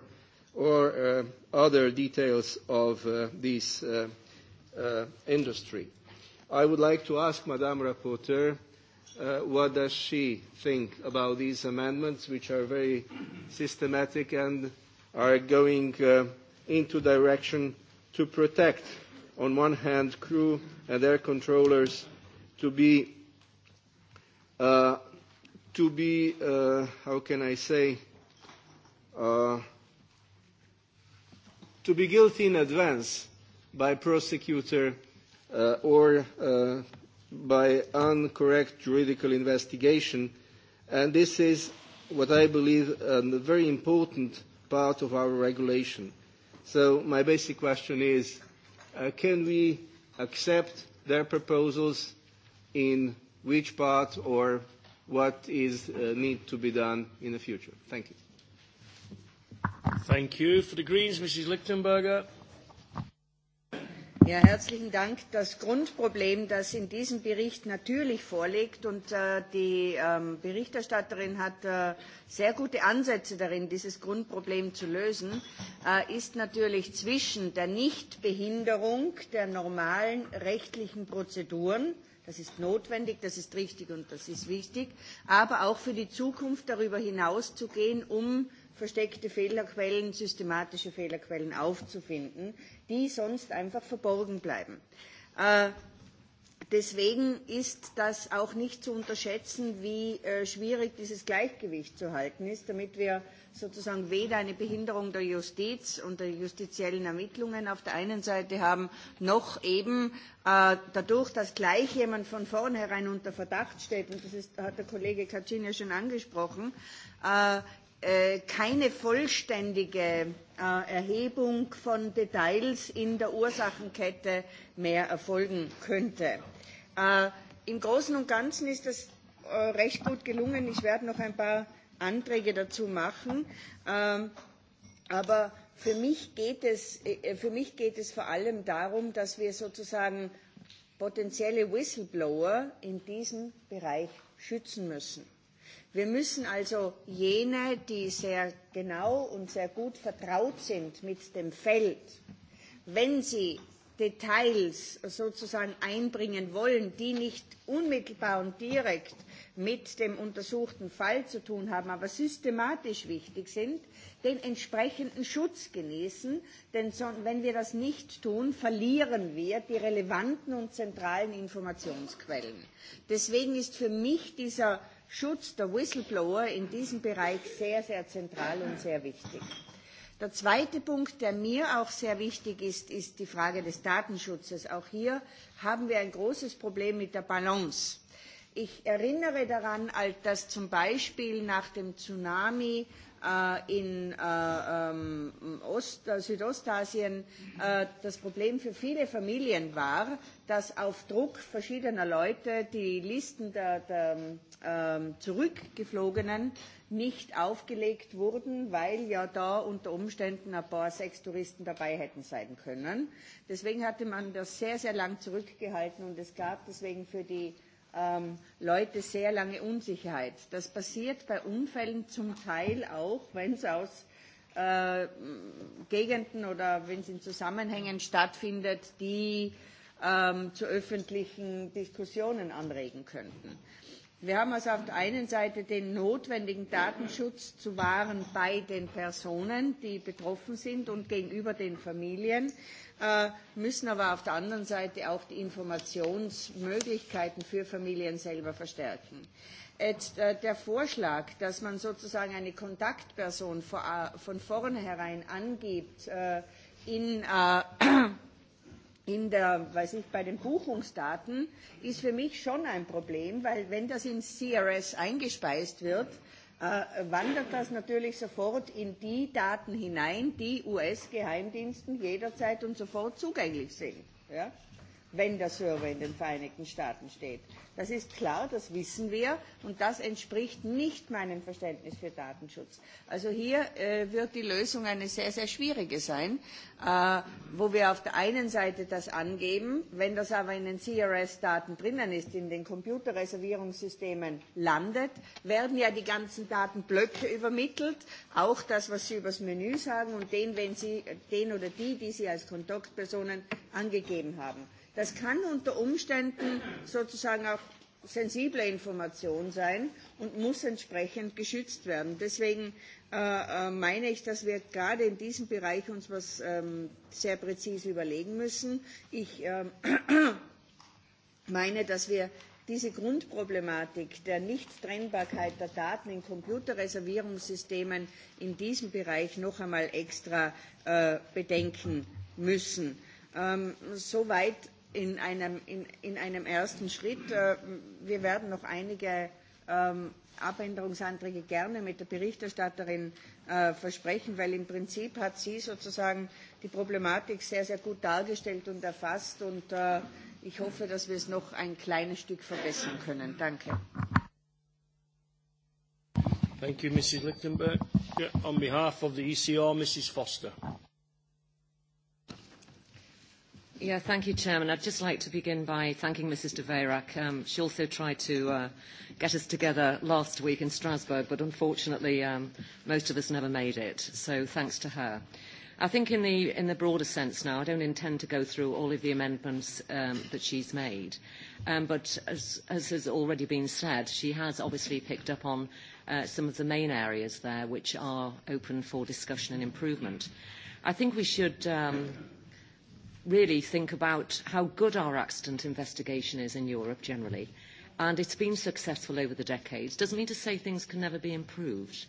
or uh, other details of uh, these uh, uh, industry. I would like to ask Madame Rapporteur uh, what does she think about these amendments, which are very systematic and are going uh, into direction to protect, on one hand, crew and air controllers to be, uh, to be uh, how can I say, uh, to be guilty in advance by prosecutor uh, or uh, by incorrect juridical investigation. And this is what I believe um, a very important part of our regulation. So my basic question is, uh, can we accept their proposals in which part or what is uh, need to be done in the future? Thank you.
Thank you. For the Greens, Mrs. Lichtenberger
herzlichen Dank. Das Grundproblem, das in diesem Bericht natürlich vorliegt, und äh, die ähm, Berichterstatterin hat äh, sehr gute Ansätze darin, dieses Grundproblem zu lösen, äh, ist natürlich zwischen der Nichtbehinderung der normalen rechtlichen Prozeduren, Das ist notwendig, das ist richtig und das ist wichtig, aber auch für die Zukunft darüber hinaus zu gehen, um versteckte Fehlerquellen, systematische Fehlerquellen aufzufinden, die sonst einfach verborgen bleiben. Äh, deswegen ist das auch nicht zu unterschätzen, wie äh, schwierig dieses Gleichgewicht zu halten ist, damit wir sozusagen weder eine Behinderung der Justiz und der justiziellen Ermittlungen auf der einen Seite haben, noch eben äh, dadurch, dass gleich jemand von vornherein unter Verdacht steht, und das ist, hat der Kollege Kacin ja schon angesprochen, äh, Äh, keine vollständige äh, Erhebung von Details in der Ursachenkette mehr erfolgen könnte. Äh, Im Großen und Ganzen ist das recht gut gelungen. Ich werde noch ein paar Anträge dazu machen. Ähm, aber für mich geht es, für mich geht es vor allem darum, dass wir sozusagen potenzielle Whistleblower in diesem Bereich schützen müssen Wir müssen also jene, die sehr genau und sehr gut vertraut sind mit dem Feld, wenn sie Details sozusagen einbringen wollen, die nicht unmittelbar und direkt mit dem untersuchten Fall zu tun haben, aber systematisch wichtig sind, den entsprechenden Schutz genießen. Denn wenn wir das nicht tun, verlieren wir die relevanten und zentralen Informationsquellen. Deswegen ist für mich dieser Schutz der Whistleblower in diesem Bereich sehr, sehr zentral und sehr wichtig. Der zweite Punkt, der mir auch sehr wichtig ist, ist die Frage des Datenschutzes. Auch hier haben wir ein großes Problem mit der Balance. Ich erinnere daran, dass zum Beispiel nach dem Tsunami Äh, in äh, ähm, Ost, Südostasien äh, das Problem für viele Familien war, dass auf Druck verschiedener Leute die Listen der, der ähm, Zurückgeflogenen nicht aufgelegt wurden, weil ja da unter Umständen ein paar Sextouristen dabei hätten sein können. Deswegen hatte man das sehr, sehr lang zurückgehalten und es gab deswegen für die ähm, Leute sehr lange Unsicherheit. Das passiert bei Unfällen zum Teil auch, wenn es aus äh, Gegenden oder wenn es in Zusammenhängen stattfindet, die ähm, zu öffentlichen Diskussionen anregen könnten. Wir haben also auf der einen Seite den notwendigen Datenschutz zu wahren bei den Personen, die betroffen sind und gegenüber den Familien. Äh, müssen aber auf der anderen Seite auch die Informationsmöglichkeiten für Familien selber verstärken. Äh, der Vorschlag, dass man sozusagen eine Kontaktperson äh, von vornherein angibt in, in der, weiß ich, bei den Buchungsdaten, ist für mich schon ein Problem, weil wenn das in CRS eingespeist wird, Äh, wandert das natürlich sofort in die Daten hinein, die US-Geheimdiensten jederzeit und sofort zugänglich sind. Ja? wenn der Server in den Vereinigten Staaten steht. Das ist klar, das wissen wir und das entspricht nicht meinem Verständnis für Datenschutz. Also hier äh, wird die Lösung eine sehr, sehr schwierige sein, äh, wo wir auf der einen Seite das angeben, wenn das aber in den CRS-Daten drinnen ist, in den Computerreservierungssystemen landet, werden ja die ganzen Datenblöcke übermittelt, auch das, was Sie übers Menü sagen und den, wenn Sie, den oder die, die Sie als Kontaktpersonen angegeben haben. Das kann unter Umständen sozusagen auch sensible Information sein und muss entsprechend geschützt werden. Deswegen äh, äh, meine ich, dass wir gerade in diesem Bereich uns was ähm, sehr präzise überlegen müssen. Ich äh, (clears throat) meine, dass wir diese Grundproblematik der Nichttrennbarkeit der Daten in Computerreservierungssystemen in diesem Bereich noch einmal extra äh, bedenken müssen. Ähm, soweit in einem, in, in einem ersten Schritt. Äh, wir werden noch einige ähm, Abänderungsanträge gerne mit der Berichterstatterin äh, versprechen, weil im Prinzip hat sie sozusagen die Problematik sehr, sehr gut dargestellt und erfasst. Und äh, ich hoffe, dass wir es noch ein kleines Stück verbessern können. Danke.
Thank you, Mrs. Lichtenberg. Yeah, on behalf of the ECR, Mrs. Foster.
Yeah, thank you, Chairman. I'd just like to begin by thanking Mrs. de Veyrac. Um, she also tried to uh, get us together last week in Strasbourg, but unfortunately um, most of us never made it, so thanks to her. I think in the, in the broader sense now, I don't intend to go through all of the amendments um, that she's made, um, but as, as has already been said, she has obviously picked up on uh, some of the main areas there which are open for discussion and improvement. I think we should... Um, really think about how good our accident investigation is in Europe generally. And it's been successful over the decades. Doesn't mean to say things can never be improved,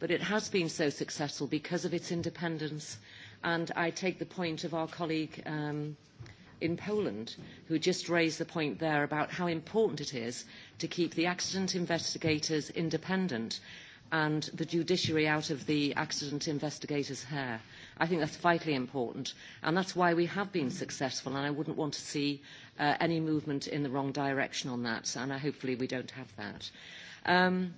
but it has been so successful because of its independence. And I take the point of our colleague um, in Poland, who just raised the point there about how important it is to keep the accident investigators independent and the judiciary out of the accident investigator's hair. I think that's vitally important, and that's why we have been successful, and I wouldn't want to see uh, any movement in the wrong direction on that, and I, hopefully we don't have that. Um,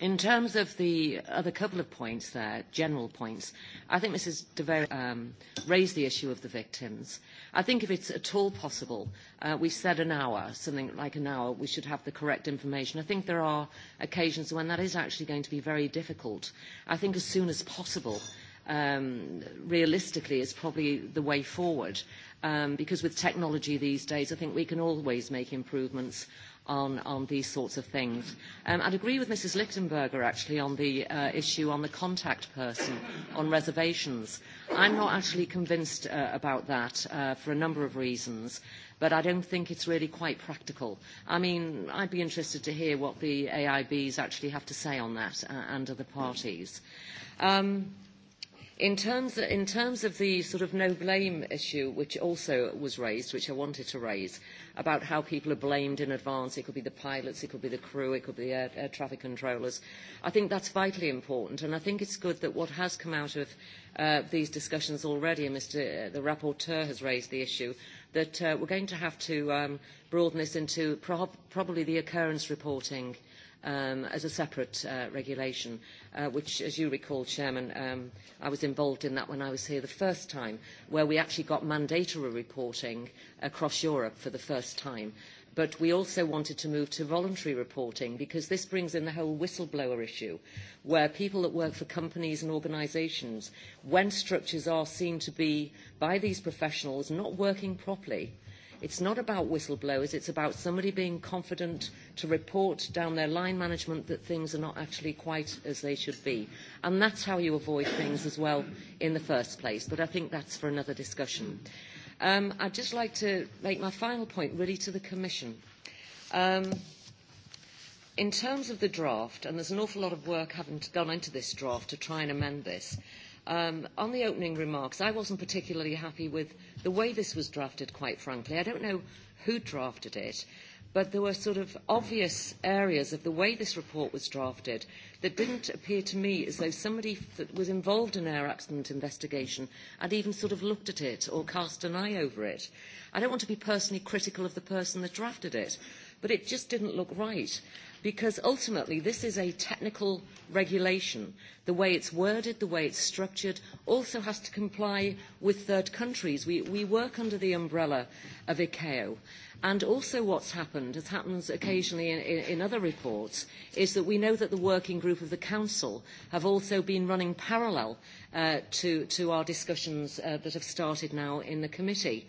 In terms of the other couple of points there, general points, I think Mrs. De Vere um, raised the issue of the victims. I think if it's at all possible, uh, we said an hour, something like an hour, we should have the correct information. I think there are occasions when that is actually going to be very difficult. I think as soon as possible, um, realistically, is probably the way forward. Um, because with technology these days, I think we can always make improvements on, on these sorts of things. Um, I'd agree with Mrs. Lichtenberger, actually, on the uh, issue on the contact person on reservations. I'm not actually convinced uh, about that uh, for a number of reasons, but I don't think it's really quite practical. I mean, I'd be interested to hear what the AIBs actually have to say on that uh, and other parties. Um, In terms, in terms of the sort of no blame issue, which also was raised, which I wanted to raise, about how people are blamed in advance. It could be the pilots, it could be the crew, it could be the air, air traffic controllers. I think that's vitally important, and I think it's good that what has come out of uh, these discussions already, and Mr. Uh, the rapporteur has raised the issue, that uh, we're going to have to um, broaden this into pro probably the occurrence reporting um, as a separate uh, regulation, uh, which, as you recall, Chairman, um, I was involved in that when I was here the first time, where we actually got mandatory reporting across Europe for the first time but we also wanted to move to voluntary reporting because this brings in the whole whistleblower issue, where people that work for companies and organisations, when structures are seen to be, by these professionals, not working properly, it's not about whistleblowers, it's about somebody being confident to report down their line management that things are not actually quite as they should be. And that's how you avoid things as well in the first place. But I think that's for another discussion. Um, I'd just like to make my final point really to the Commission. Um, in terms of the draft, and there's an awful lot of work having gone into this draft to try and amend this, um, on the opening remarks, I wasn't particularly happy with the way this was drafted, quite frankly. I don't know who drafted it but there were sort of obvious areas of the way this report was drafted that didn't appear to me as though somebody that was involved in air accident investigation had even sort of looked at it or cast an eye over it. I don't want to be personally critical of the person that drafted it, but it just didn't look right because ultimately this is a technical regulation. The way it's worded, the way it's structured, also has to comply with third countries. We, we work under the umbrella of ICAO. And also what's happened, as happens occasionally in, in, in other reports, is that we know that the working group of the Council have also been running parallel uh, to, to our discussions uh, that have started now in the committee.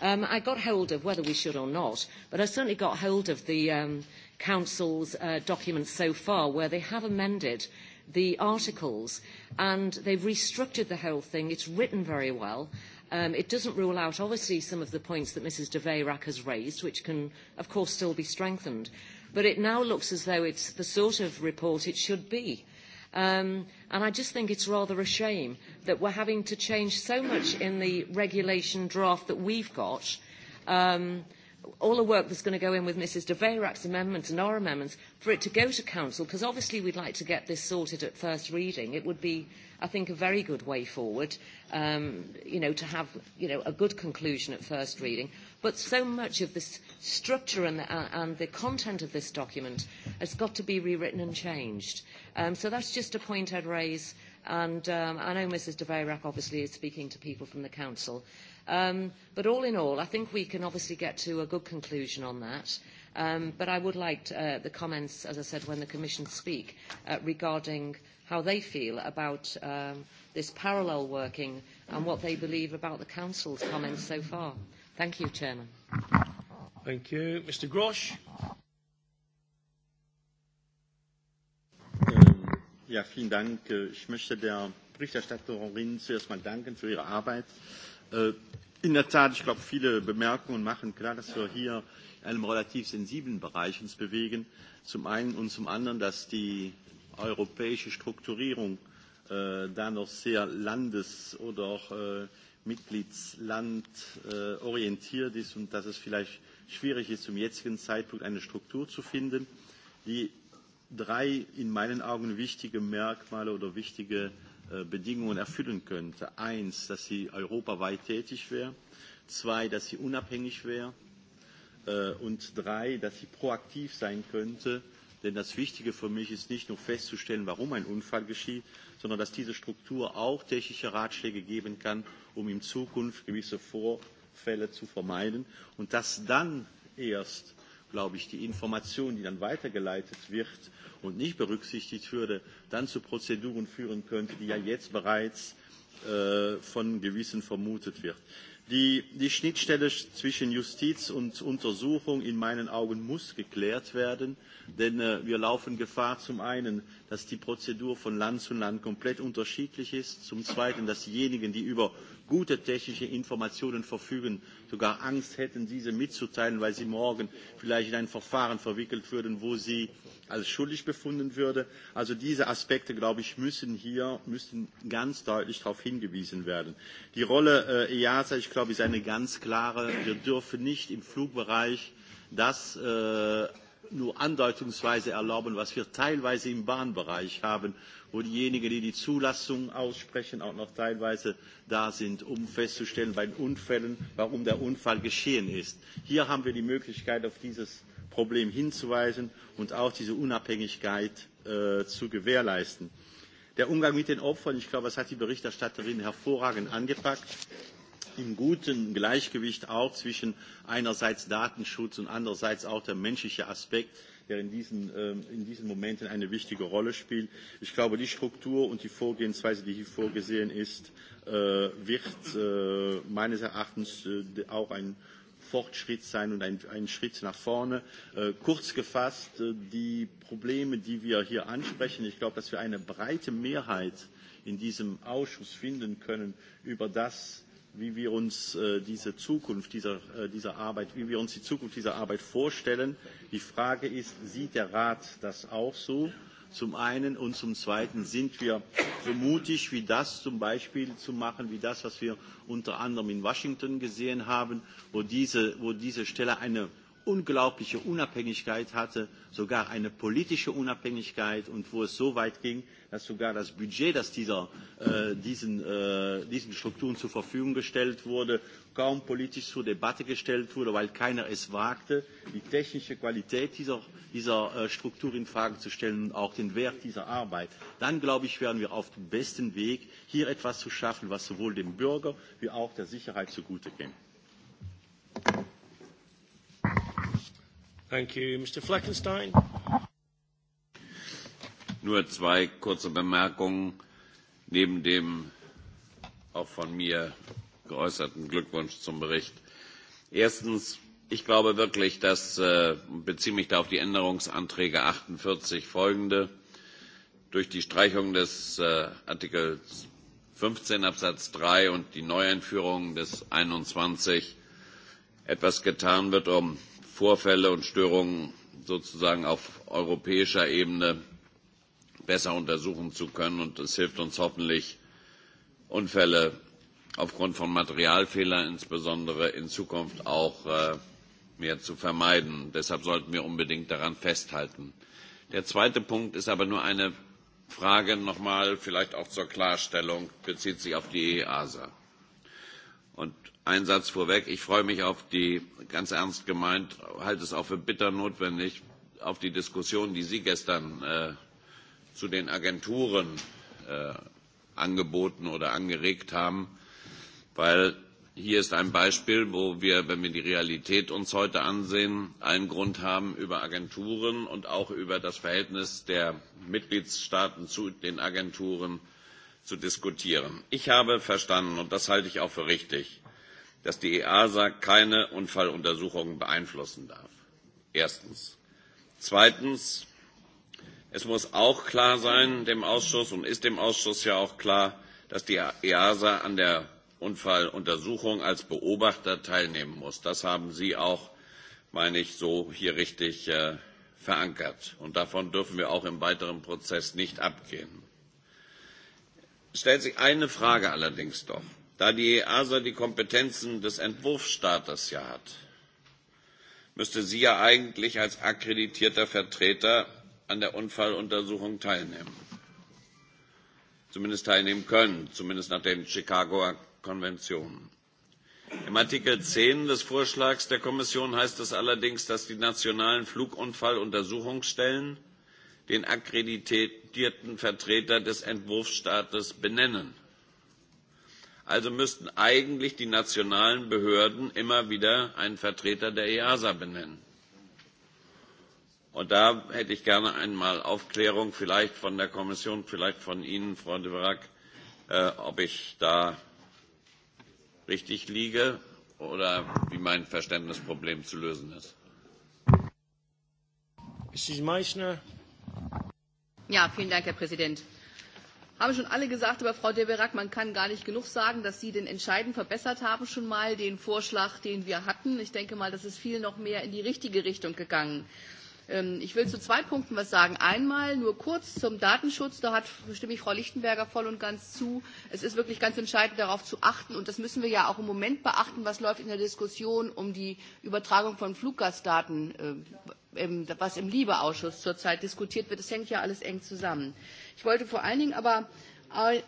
Um, I got hold of, whether we should or not, but I certainly got hold of the, um, Council's uh, documents so far, where they have amended the articles and they've restructured the whole thing. It's written very well. Um, it doesn't rule out, obviously, some of the points that Mrs de Veyrac has raised, which can, of course, still be strengthened. But it now looks as though it's the sort of report it should be. Um, and I just think it's rather a shame that we're having to change so much in the regulation draft that we've got um, all the work that's going to go in with Mrs de Veyrac's amendments and our amendments for it to go to Council, because obviously we'd like to get this sorted at first reading. It would be, I think, a very good way forward, um, you know, to have, you know, a good conclusion at first reading. But so much of this structure and the, uh, and the content of this document has got to be rewritten and changed. Um, so that's just a point I'd raise. And um, I know Mrs de Veyrac obviously is speaking to people from the Council. Um, but all in all, I think we can obviously get to a good conclusion on that. Um, but I would like uh, the comments, as I said, when the Commission speak, uh, regarding how they feel about um, this parallel working and what they believe about the Council's comments so far. Thank you, Chairman. Thank you. Mr Grosch.
Ähm, ja, vielen Dank. Äh, ich möchte der Berichterstatterin zuerst mal danken für ihre Arbeit Äh, in der Tat, ich glaube, viele Bemerkungen machen klar, dass wir hier in einem relativ sensiblen Bereich uns bewegen. Zum einen und zum anderen, dass die europäische Strukturierung äh, da noch sehr landes- oder auch äh, mitgliedslandorientiert äh, ist und dass es vielleicht schwierig ist, zum jetzigen Zeitpunkt eine Struktur zu finden, die drei in meinen Augen wichtige Merkmale oder wichtige Äh, Bedingungen erfüllen könnte. Eins, dass sie europaweit tätig wäre. Zwei, dass sie unabhängig wäre. Äh, und drei, dass sie proaktiv sein könnte. Denn das Wichtige für mich ist nicht nur festzustellen, warum ein Unfall geschieht, sondern dass diese Struktur auch technische Ratschläge geben kann, um in Zukunft gewisse Vorfälle zu vermeiden. Und dass dann erst glaube ich, die Information, die dann weitergeleitet wird und nicht berücksichtigt würde, dann zu Prozeduren führen könnte, die ja jetzt bereits äh, von gewissen vermutet wird. Die, die Schnittstelle zwischen Justiz und Untersuchung in meinen Augen muss geklärt werden, denn äh, wir laufen Gefahr zum einen, dass die Prozedur von Land zu Land komplett unterschiedlich ist, zum zweiten, dass diejenigen, die über gute technische Informationen verfügen, sogar Angst hätten, diese mitzuteilen, weil sie morgen vielleicht in ein Verfahren verwickelt würden, wo sie als schuldig befunden würde. Also diese Aspekte, glaube ich, müssen hier müssen ganz deutlich darauf hingewiesen werden. Die Rolle äh, EASA, ich glaube, ist eine ganz klare. Wir dürfen nicht im Flugbereich das äh, nur andeutungsweise erlauben, was wir teilweise im Bahnbereich haben, wo diejenigen, die die Zulassung aussprechen, auch noch teilweise da sind, um festzustellen bei Unfällen, warum der Unfall geschehen ist. Hier haben wir die Möglichkeit, auf dieses Problem hinzuweisen und auch diese Unabhängigkeit äh, zu gewährleisten. Der Umgang mit den Opfern, ich glaube, das hat die Berichterstatterin hervorragend angepackt im guten Gleichgewicht auch zwischen einerseits Datenschutz und andererseits auch der menschliche Aspekt, der in diesen, ähm, in diesen Momenten eine wichtige Rolle spielt. Ich glaube, die Struktur und die Vorgehensweise, die hier vorgesehen ist, äh, wird äh, meines Erachtens äh, auch ein Fortschritt sein und ein, ein Schritt nach vorne. Äh, kurz gefasst, die Probleme, die wir hier ansprechen, ich glaube, dass wir eine breite Mehrheit in diesem Ausschuss finden können über das, wie wir uns äh, diese Zukunft dieser, äh, dieser Arbeit, wie wir uns die Zukunft dieser Arbeit vorstellen. Die Frage ist, sieht der Rat das auch so? Zum einen und zum zweiten sind wir so mutig wie das zum Beispiel zu machen, wie das, was wir unter anderem in Washington gesehen haben, wo diese, wo diese Stelle eine unglaubliche Unabhängigkeit hatte, sogar eine politische Unabhängigkeit und wo es so weit ging, dass sogar das Budget, das dieser, äh, diesen, äh, diesen Strukturen zur Verfügung gestellt wurde, kaum politisch zur Debatte gestellt wurde, weil keiner es wagte, die technische Qualität dieser, dieser äh, Struktur in Frage zu stellen und auch den Wert dieser Arbeit. Dann, glaube ich, wären wir auf dem besten Weg, hier etwas zu schaffen, was sowohl dem Bürger wie auch der Sicherheit zugute käme.
Thank you. Mr. Fleckenstein.
Nur zwei kurze Bemerkungen. Neben dem auch von mir geäußerten Glückwunsch zum Bericht. Erstens, ich glaube wirklich, dass, äh, beziehe mich da auf die Änderungsanträge 48 folgende, durch die Streichung des äh, Artikels 15 Absatz 3 und die Neueinführung des 21 etwas getan wird, um Vorfälle und Störungen sozusagen auf europäischer Ebene besser untersuchen zu können. Und es hilft uns hoffentlich, Unfälle aufgrund von Materialfehlern insbesondere in Zukunft auch äh, mehr zu vermeiden. Deshalb sollten wir unbedingt daran festhalten. Der zweite Punkt ist aber nur eine Frage nochmal, vielleicht auch zur Klarstellung, bezieht sich auf die EASA. Und Einen Satz vorweg. Ich freue mich auf die, ganz ernst gemeint, halte es auch für bitter notwendig, auf die Diskussion, die Sie gestern äh, zu den Agenturen äh, angeboten oder angeregt haben, weil hier ist ein Beispiel, wo wir, wenn wir die Realität uns heute ansehen, einen Grund haben, über Agenturen und auch über das Verhältnis der Mitgliedstaaten zu den Agenturen zu diskutieren. Ich habe verstanden, und das halte ich auch für richtig, dass die EASA keine Unfalluntersuchungen beeinflussen darf. Erstens. Zweitens. Es muss auch klar sein dem Ausschuss und ist dem Ausschuss ja auch klar, dass die EASA an der Unfalluntersuchung als Beobachter teilnehmen muss. Das haben Sie auch, meine ich, so hier richtig äh, verankert. Und davon dürfen wir auch im weiteren Prozess nicht abgehen. Es Stellt sich eine Frage allerdings doch. Da die EASA die Kompetenzen des Entwurfsstaates ja hat, müsste sie ja eigentlich als akkreditierter Vertreter an der Unfalluntersuchung teilnehmen. Zumindest teilnehmen können, zumindest nach den Chicagoer Konventionen. Im Artikel 10 des Vorschlags der Kommission heißt es allerdings, dass die nationalen Flugunfalluntersuchungsstellen den akkreditierten Vertreter des Entwurfsstaates benennen. Also müssten eigentlich die nationalen Behörden immer wieder einen Vertreter der EASA benennen. Und da hätte ich gerne einmal Aufklärung, vielleicht von der Kommission, vielleicht von Ihnen, Frau de Verac, äh, ob ich da richtig liege oder wie mein Verständnisproblem zu lösen ist.
Mrs. Meissner.
Ja, vielen Dank, Herr Präsident haben schon alle gesagt, aber Frau de Verac, man kann gar nicht genug sagen, dass Sie den entscheidend verbessert haben schon mal, den Vorschlag, den wir hatten. Ich denke mal, das ist viel noch mehr in die richtige Richtung gegangen. Ist. Ähm, ich will zu zwei Punkten was sagen. Einmal nur kurz zum Datenschutz. Da hat, stimme ich Frau Lichtenberger voll und ganz zu. Es ist wirklich ganz entscheidend, darauf zu achten. Und das müssen wir ja auch im Moment beachten, was läuft in der Diskussion um die Übertragung von Fluggastdaten, äh, was im LIBE-Ausschuss zurzeit diskutiert wird. Das hängt ja alles eng zusammen. Ich wollte vor allen Dingen aber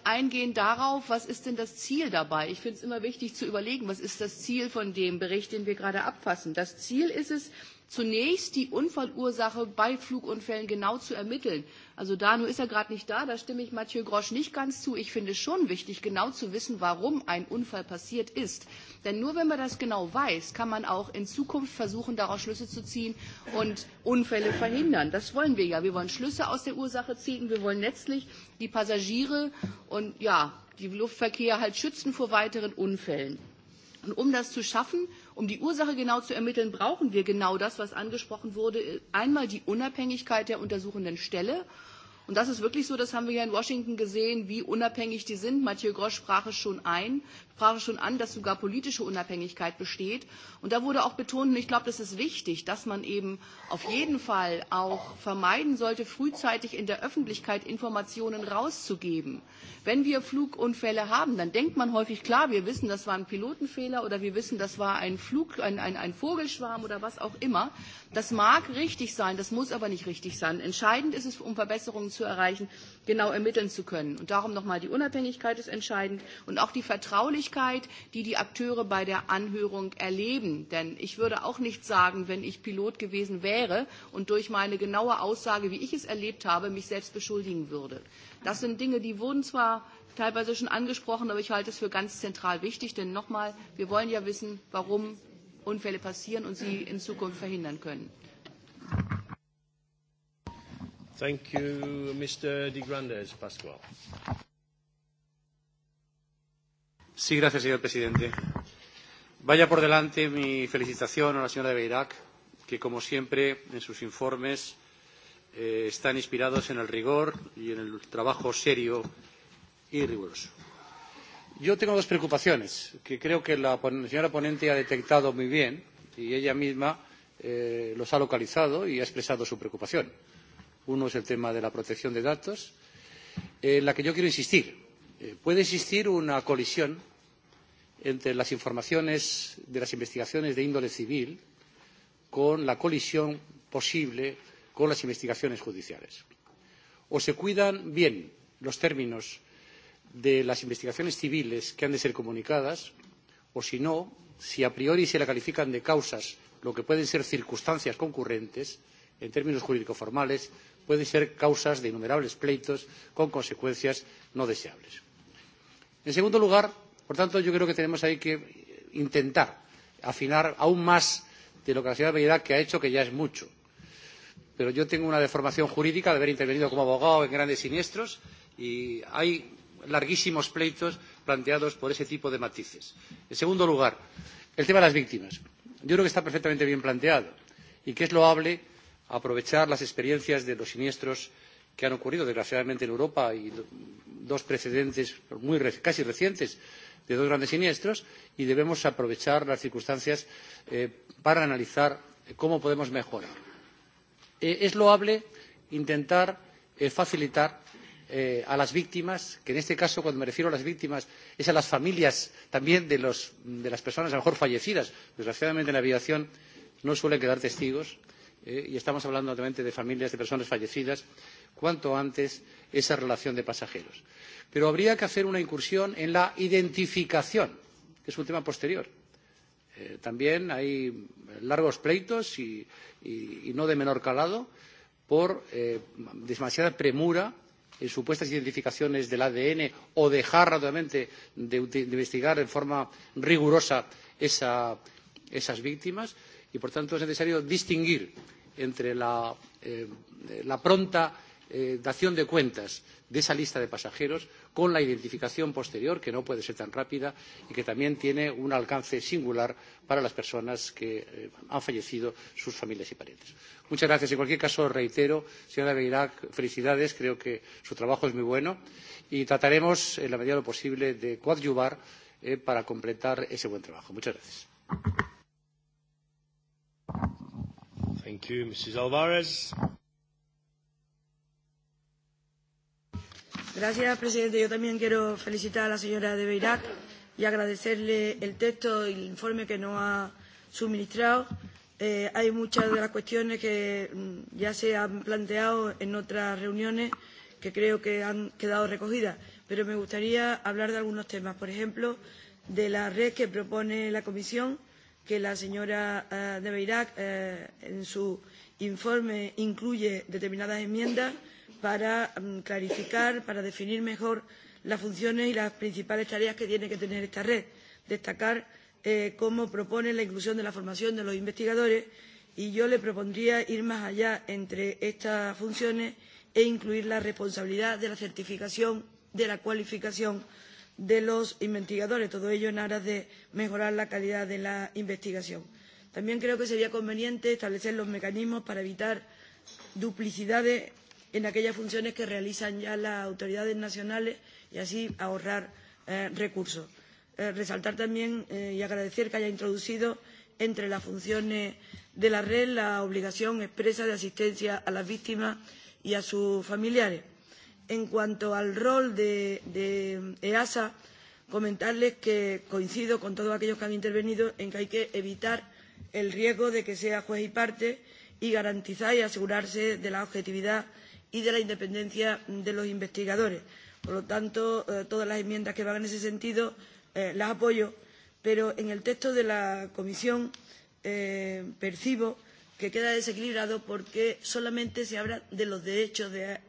eingehen darauf, was ist denn das Ziel dabei? Ich finde es immer wichtig zu überlegen, was ist das Ziel von dem Bericht, den wir gerade abfassen. Das Ziel ist es, zunächst die Unfallursache bei Flugunfällen genau zu ermitteln. Also da, nur ist er gerade nicht da, da stimme ich Mathieu Grosch nicht ganz zu. Ich finde es schon wichtig, genau zu wissen, warum ein Unfall passiert ist. Denn nur wenn man das genau weiß, kann man auch in Zukunft versuchen, daraus Schlüsse zu ziehen und Unfälle verhindern. Das wollen wir ja. Wir wollen Schlüsse aus der Ursache ziehen. Wir wollen letztlich die Passagiere und ja, den Luftverkehr halt schützen vor weiteren Unfällen. Und um das zu schaffen Um die Ursache genau zu ermitteln, brauchen wir genau das, was angesprochen wurde. Einmal die Unabhängigkeit der untersuchenden Stelle. Und das ist wirklich so, das haben wir ja in Washington gesehen, wie unabhängig die sind. Mathieu Grosch sprach es schon ein sprach schon an, dass sogar politische Unabhängigkeit besteht. Und da wurde auch betont, und ich glaube, das ist wichtig, dass man eben auf jeden Fall auch vermeiden sollte, frühzeitig in der Öffentlichkeit Informationen rauszugeben. Wenn wir Flugunfälle haben, dann denkt man häufig, klar, wir wissen, das war ein Pilotenfehler oder wir wissen, das war ein Flug, ein, ein, ein Vogelschwarm oder was auch immer. Das mag richtig sein, das muss aber nicht richtig sein. Entscheidend ist es, um Verbesserungen zu erreichen, genau ermitteln zu können. Und darum nochmal die Unabhängigkeit ist entscheidend und auch die Vertraulichkeit, die die Akteure bei der Anhörung erleben. Denn ich würde auch nicht sagen, wenn ich Pilot gewesen wäre und durch meine genaue Aussage, wie ich es erlebt habe, mich selbst beschuldigen würde. Das sind Dinge, die wurden zwar teilweise schon angesprochen, aber ich halte es für ganz zentral wichtig, denn nochmal, wir wollen ja wissen, warum Unfälle passieren und sie in Zukunft verhindern können.
Thank you, Mr. De Grandes Pascual.
Sí, gracias, señor presidente.
Vaya por delante mi
felicitación a la señora de Beirac, que, como siempre, en sus informes eh, están inspirados en el rigor y en el trabajo serio y riguroso. Yo tengo dos preocupaciones que creo que la señora ponente ha detectado muy bien y ella misma eh, los ha localizado y ha expresado su preocupación. Uno es el tema de la protección de datos, en la que yo quiero insistir. Eh, puede existir una colisión entre las informaciones de las investigaciones de índole civil con la colisión posible con las investigaciones judiciales. O se cuidan bien los términos de las investigaciones civiles que han de ser comunicadas, o si no, si a priori se la califican de causas, lo que pueden ser circunstancias concurrentes, en términos jurídico formales, puede ser causa de innumerables pleitos con consecuencias no deseables. En segundo lugar, por tanto, yo creo que tenemos ahí que intentar afinar aún más de lo que la señora Beirá que ha hecho, que ya es mucho. Pero yo tengo una deformación jurídica de haber intervenido como abogado en grandes siniestros y hay larguísimos pleitos planteados por ese tipo de matices. En segundo lugar, el tema de las víctimas. Yo creo que está perfectamente bien planteado y que es loable a aprovechar las experiencias de los siniestros que han ocurrido desgraciadamente en europa y dos precedentes muy, casi recientes de dos grandes siniestros y debemos aprovechar las circunstancias eh, para analizar cómo podemos mejorar. Eh, es loable intentar eh, facilitar eh, a las víctimas, que en este caso cuando me refiero a las víctimas es a las familias también de, los, de las personas a lo mejor fallecidas. Desgraciadamente en la aviación no suelen quedar testigos. Eh, eh, y estamos hablando obviamente de familias, de personas fallecidas, cuanto antes esa relación de pasajeros. Pero habría que hacer una incursión en la identificación, que es un tema posterior. Eh, también hay largos pleitos y, y, y no de menor calado por eh, demasiada premura en supuestas identificaciones del ADN o dejar rápidamente de, de investigar en forma rigurosa esa, esas víctimas y por tanto es necesario distinguir entre la, eh, la pronta eh, dación de cuentas de esa lista de pasajeros con la identificación posterior, que no puede ser tan rápida y que también tiene un alcance singular para las personas que eh, han fallecido, sus familias y parientes. Muchas gracias. En cualquier caso, reitero, señora Beirac, felicidades. Creo que su trabajo es muy bueno y trataremos, en la medida de lo posible, de coadyuvar eh, para completar ese buen trabajo. Muchas gracias.
Thank you. Mrs. Alvarez.
Gracias, presidente. Yo también quiero felicitar a la señora de Beirac y agradecerle el texto y el informe que nos ha suministrado. Eh, hay muchas de las cuestiones que mm, ya se han planteado en otras reuniones que creo que han quedado recogidas, pero me gustaría hablar de algunos temas. Por ejemplo, de la red que propone la Comisión que la señora eh, de Beirac eh, en su informe incluye determinadas enmiendas para mm, clarificar, para definir mejor las funciones y las principales tareas que tiene que tener esta red. Destacar eh, cómo propone la inclusión de la formación de los investigadores y yo le propondría ir más allá entre estas funciones e incluir la responsabilidad de la certificación, de la cualificación de los investigadores, todo ello en aras de mejorar la calidad de la investigación. También creo que sería conveniente establecer los mecanismos para evitar duplicidades en aquellas funciones que realizan ya las autoridades nacionales y así ahorrar eh, recursos. Eh, resaltar también eh, y agradecer que haya introducido entre las funciones de la red la obligación expresa de asistencia a las víctimas y a sus familiares. En cuanto al rol de, de EASA, comentarles que coincido con todos aquellos que han intervenido en que hay que evitar el riesgo de que sea juez y parte y garantizar y asegurarse de la objetividad y de la independencia de los investigadores. Por lo tanto, eh, todas las enmiendas que van en ese sentido eh, las apoyo, pero en el texto de la comisión eh, percibo que queda desequilibrado porque solamente se habla de los derechos de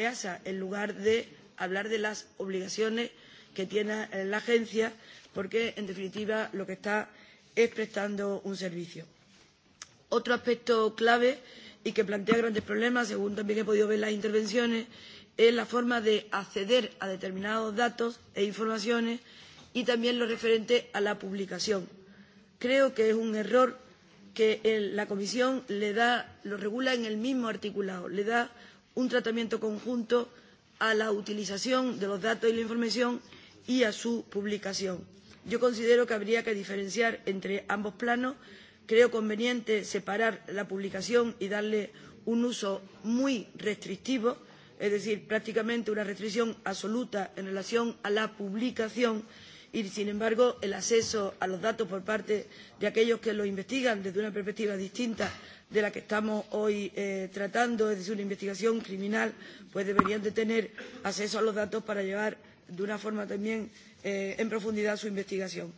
EASA eh, e en lugar de hablar de las obligaciones que tiene eh, la agencia porque en definitiva lo que está es prestando un servicio. Otro aspecto clave y que plantea grandes problemas, según también he podido ver las intervenciones, es la forma de acceder a determinados datos e informaciones y también lo referente a la publicación. Creo que es un error que la Comisión le da, lo regula en el mismo articulado, le da un tratamiento conjunto a la utilización de los datos y la información y a su publicación. Yo considero que habría que diferenciar entre ambos planos. Creo conveniente separar la publicación y darle un uso muy restrictivo, es decir, prácticamente una restricción absoluta en relación a la publicación y sin embargo el acceso a los datos por parte de aquellos que los investigan desde una perspectiva distinta de la que estamos hoy eh, tratando es decir una investigación criminal pues deberían de tener acceso a los datos para llevar de una forma también eh, en profundidad su investigación.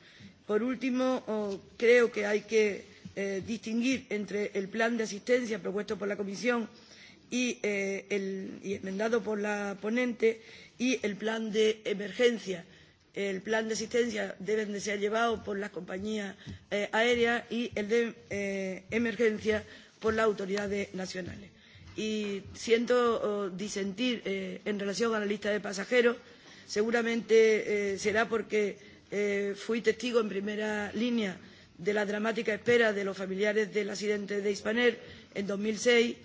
por último oh, creo que hay que eh, distinguir entre el plan de asistencia propuesto por la comisión y, eh, el, y enmendado por la ponente y el plan de emergencia el plan de asistencia deben de ser llevados por las compañías eh, aéreas y el de eh, emergencia por las autoridades nacionales. Y siento oh, disentir eh, en relación a la lista de pasajeros, seguramente eh, será porque eh, fui testigo en primera línea de la dramática espera de los familiares del accidente de Hispaner en 2006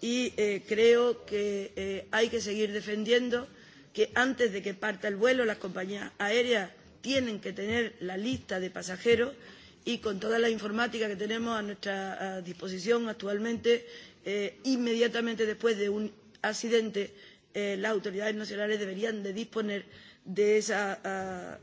y eh, creo que eh, hay que seguir defendiendo que antes de que parta el vuelo las compañías aéreas tienen que tener la lista de pasajeros y con toda la informática que tenemos a nuestra disposición actualmente, eh, inmediatamente después de un accidente, eh, las autoridades nacionales deberían de disponer de esa a,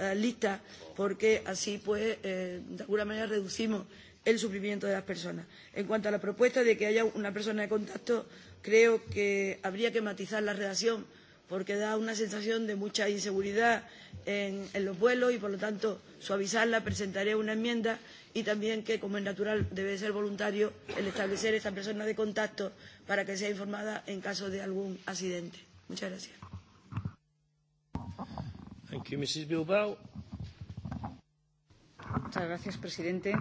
a, a lista porque así pues eh, de alguna manera reducimos el sufrimiento de las personas. En cuanto a la propuesta de que haya una persona de contacto, creo que habría que matizar la redacción porque da una sensación de mucha inseguridad en, en los vuelos y, por lo tanto, suavizarla. Presentaré una enmienda y también que, como es natural, debe ser voluntario el establecer esta persona de contacto para que sea informada en caso de algún accidente. Muchas gracias.
Thank you, Mrs. Bilbao.
Muchas gracias, presidente.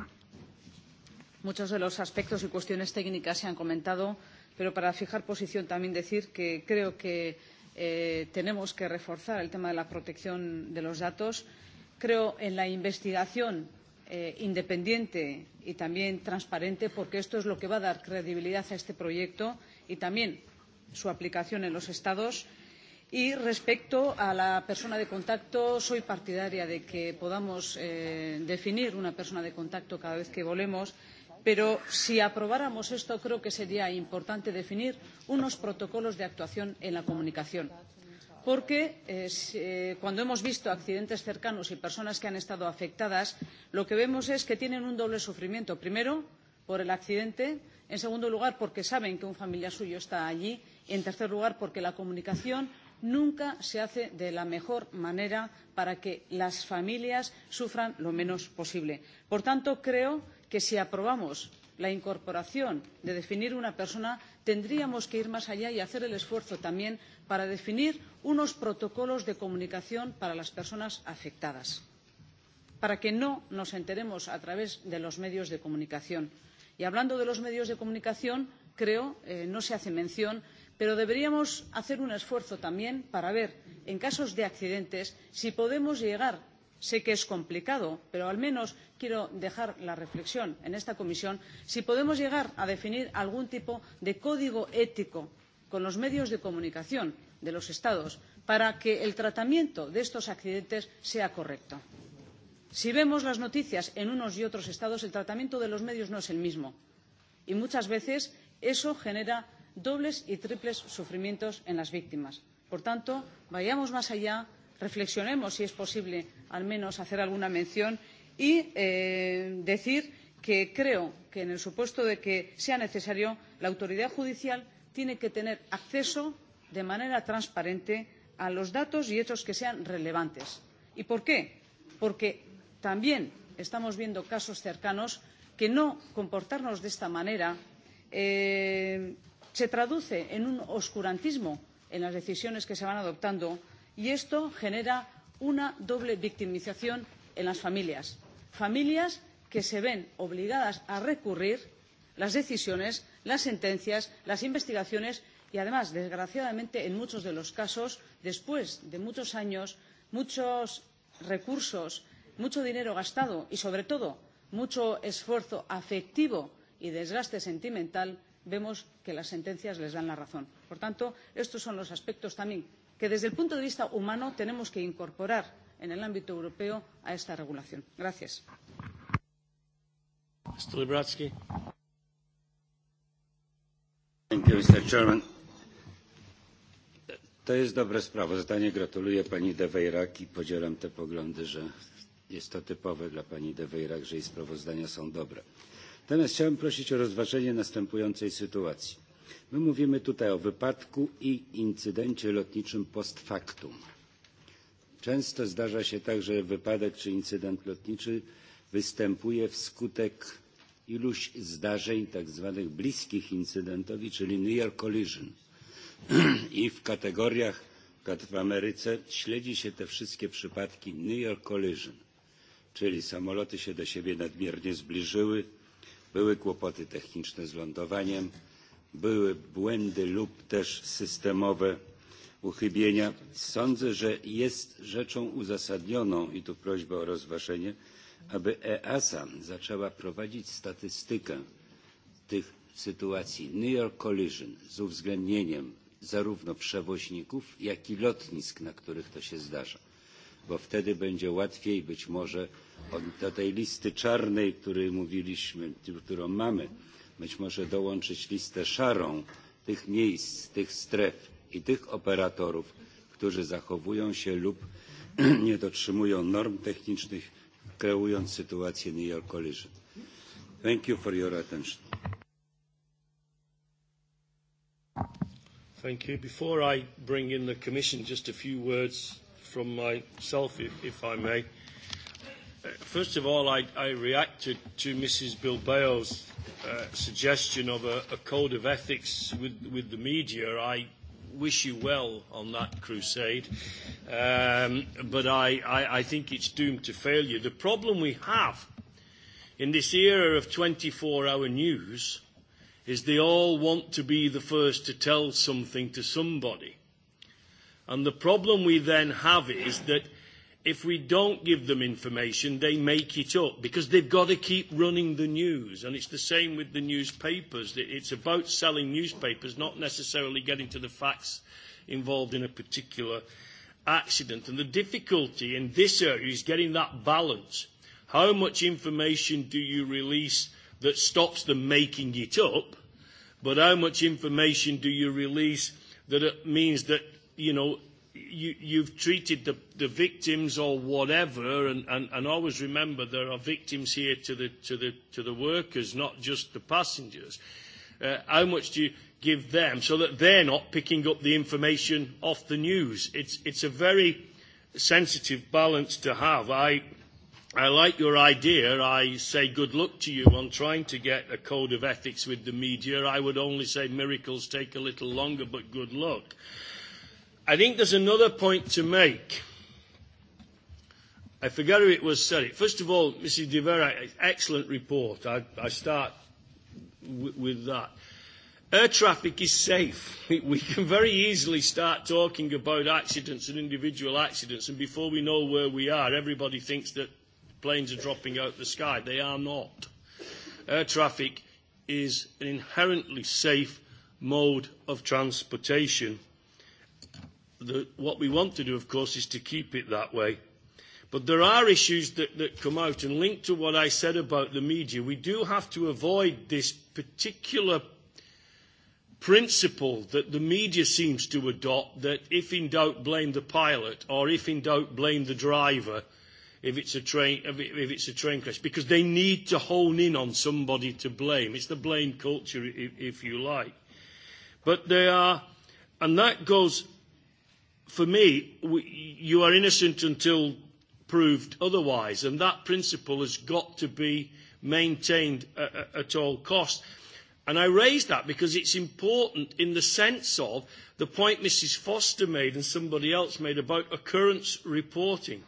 Muchos de los aspectos y cuestiones técnicas se han comentado, pero para fijar posición también decir que creo que eh, tenemos que reforzar el tema de la protección de los datos. Creo en la investigación eh, independiente y también transparente, porque esto es lo que va a dar credibilidad a este proyecto y también su aplicación en los Estados. Y respecto a la persona de contacto, soy partidaria de que podamos eh, definir una persona de contacto cada vez que volemos pero si aprobáramos esto creo que sería importante definir unos protocolos de actuación en la comunicación porque eh, eh, cuando hemos visto accidentes cercanos y personas que han estado afectadas lo que vemos es que tienen un doble sufrimiento primero por el accidente en segundo lugar porque saben que un familiar suyo está allí y en tercer lugar porque la comunicación nunca se hace de la mejor manera para que las familias sufran lo menos posible. por tanto creo que si aprobamos la incorporación de definir una persona tendríamos que ir más allá y hacer el esfuerzo también para definir unos protocolos de comunicación para las personas afectadas para que no nos enteremos a través de los medios de comunicación. y hablando de los medios de comunicación creo que eh, no se hace mención pero deberíamos hacer un esfuerzo también para ver en casos de accidentes si podemos llegar sé que es complicado pero al menos quiero dejar la reflexión en esta comisión si podemos llegar a definir algún tipo de código ético con los medios de comunicación de los estados para que el tratamiento de estos accidentes sea correcto. si vemos las noticias en unos y otros estados el tratamiento de los medios no es el mismo y muchas veces eso genera dobles y triples sufrimientos en las víctimas. por tanto vayamos más allá reflexionemos si es posible al menos hacer alguna mención y eh, decir que creo que en el supuesto de que sea necesario la autoridad judicial tiene que tener acceso de manera transparente a los datos y hechos que sean relevantes. y por qué? porque también estamos viendo casos cercanos en que no comportarnos de esta manera eh, se traduce en un oscurantismo en las decisiones que se van adoptando y esto genera una doble victimización en las familias familias que se ven obligadas a recurrir las decisiones las sentencias las investigaciones y además desgraciadamente en muchos de los casos después de muchos años muchos recursos mucho dinero gastado y sobre todo mucho esfuerzo afectivo y desgaste sentimental vemos que las sentencias les dan la razón. por tanto estos son los aspectos también que desde el punto de vista humano tenemos que incorporar en el ámbito europeo a esta regulación. Gracias.
Thank you, Mr. Chairman. To jest dobre sprawozdanie. Gratuluję pani de weyrak i podzielam te poglądy, że jest to typowe dla pani de Veyrac, że jej sprawozdania są dobre. Natomiast chciałem prosić o rozważenie następującej sytuacji My mówimy tutaj o wypadku i incydencie lotniczym post factum. Często zdarza się tak, że wypadek czy incydent lotniczy występuje wskutek iluś zdarzeń tak zwanych bliskich incydentowi, czyli near collision. (clears throat) I w kategoriach, przykład w Ameryce, śledzi się te wszystkie przypadki near collision, czyli samoloty się do siebie nadmiernie zbliżyły, były kłopoty techniczne z lądowaniem, były błędy lub też systemowe uchybienia. Sądzę, że jest rzeczą uzasadnioną i tu prośba o rozważenie, aby EASA zaczęła prowadzić statystykę tych sytuacji near collision z uwzględnieniem zarówno przewoźników, jak i lotnisk, na których to się zdarza, bo wtedy będzie łatwiej być może od, do tej listy czarnej, której mówiliśmy, którą mamy, być może dołączyć listę szarą tych miejsc, tych stref i tych operatorów, którzy zachowują się lub (clears throat) nie dotrzymują norm technicznych, kreując sytuację New York Collision. Thank you for your attention.
Thank you. Before I bring in the Commission, just a few words from myself, if, if I may. First of all, I, I reacted to Mrs. Bilbao's uh, suggestion of a, a code of ethics with, with the media. I wish you well on that crusade, um, but I, I, I think it's doomed to failure. The problem we have in this era of 24 hour news is they all want to be the first to tell something to somebody. And the problem we then have is that if we don't give them information, they make it up because they've got to keep running the news. And it's the same with the newspapers. It's about selling newspapers, not necessarily getting to the facts involved in a particular accident. And the difficulty in this area is getting that balance. How much information do you release that stops them making it up? But how much information do you release that it means that, you know, you, you've treated the, the victims or whatever, and, and, and always remember there are victims here to the, to the, to the workers, not just the passengers. Uh, how much do you give them so that they're not picking up the information off the news? It's, it's a very sensitive balance to have. I, I like your idea. I say good luck to you on trying to get a code of ethics with the media. I would only say miracles take a little longer, but good luck. Uh, I think there's another point to make. I forget who it was said it. First of all, Mrs. De Vera, excellent report. I, I start w- with that. Air traffic is safe. (laughs) We can very easily start talking about accidents and individual accidents, and before we know where we are, everybody thinks that planes are dropping out the sky. They are not. Air traffic is an inherently safe mode of transportation the, what we want to do, of course, is to keep it that way. But there are issues that, that come out, and linked to what I said about the media, we do have to avoid this particular principle that the media seems to adopt that if in doubt, blame the pilot, or if in doubt, blame the driver if it's a train if, it's a train crash because they need to hone in on somebody to blame it's the blame culture if, if you like but they are and that goes for me, we, you are innocent until proved otherwise, and that principle has got to be maintained at all costs. And I raise that because it's important in the sense of the point Mrs. Foster made and somebody else made about occurrence reporting.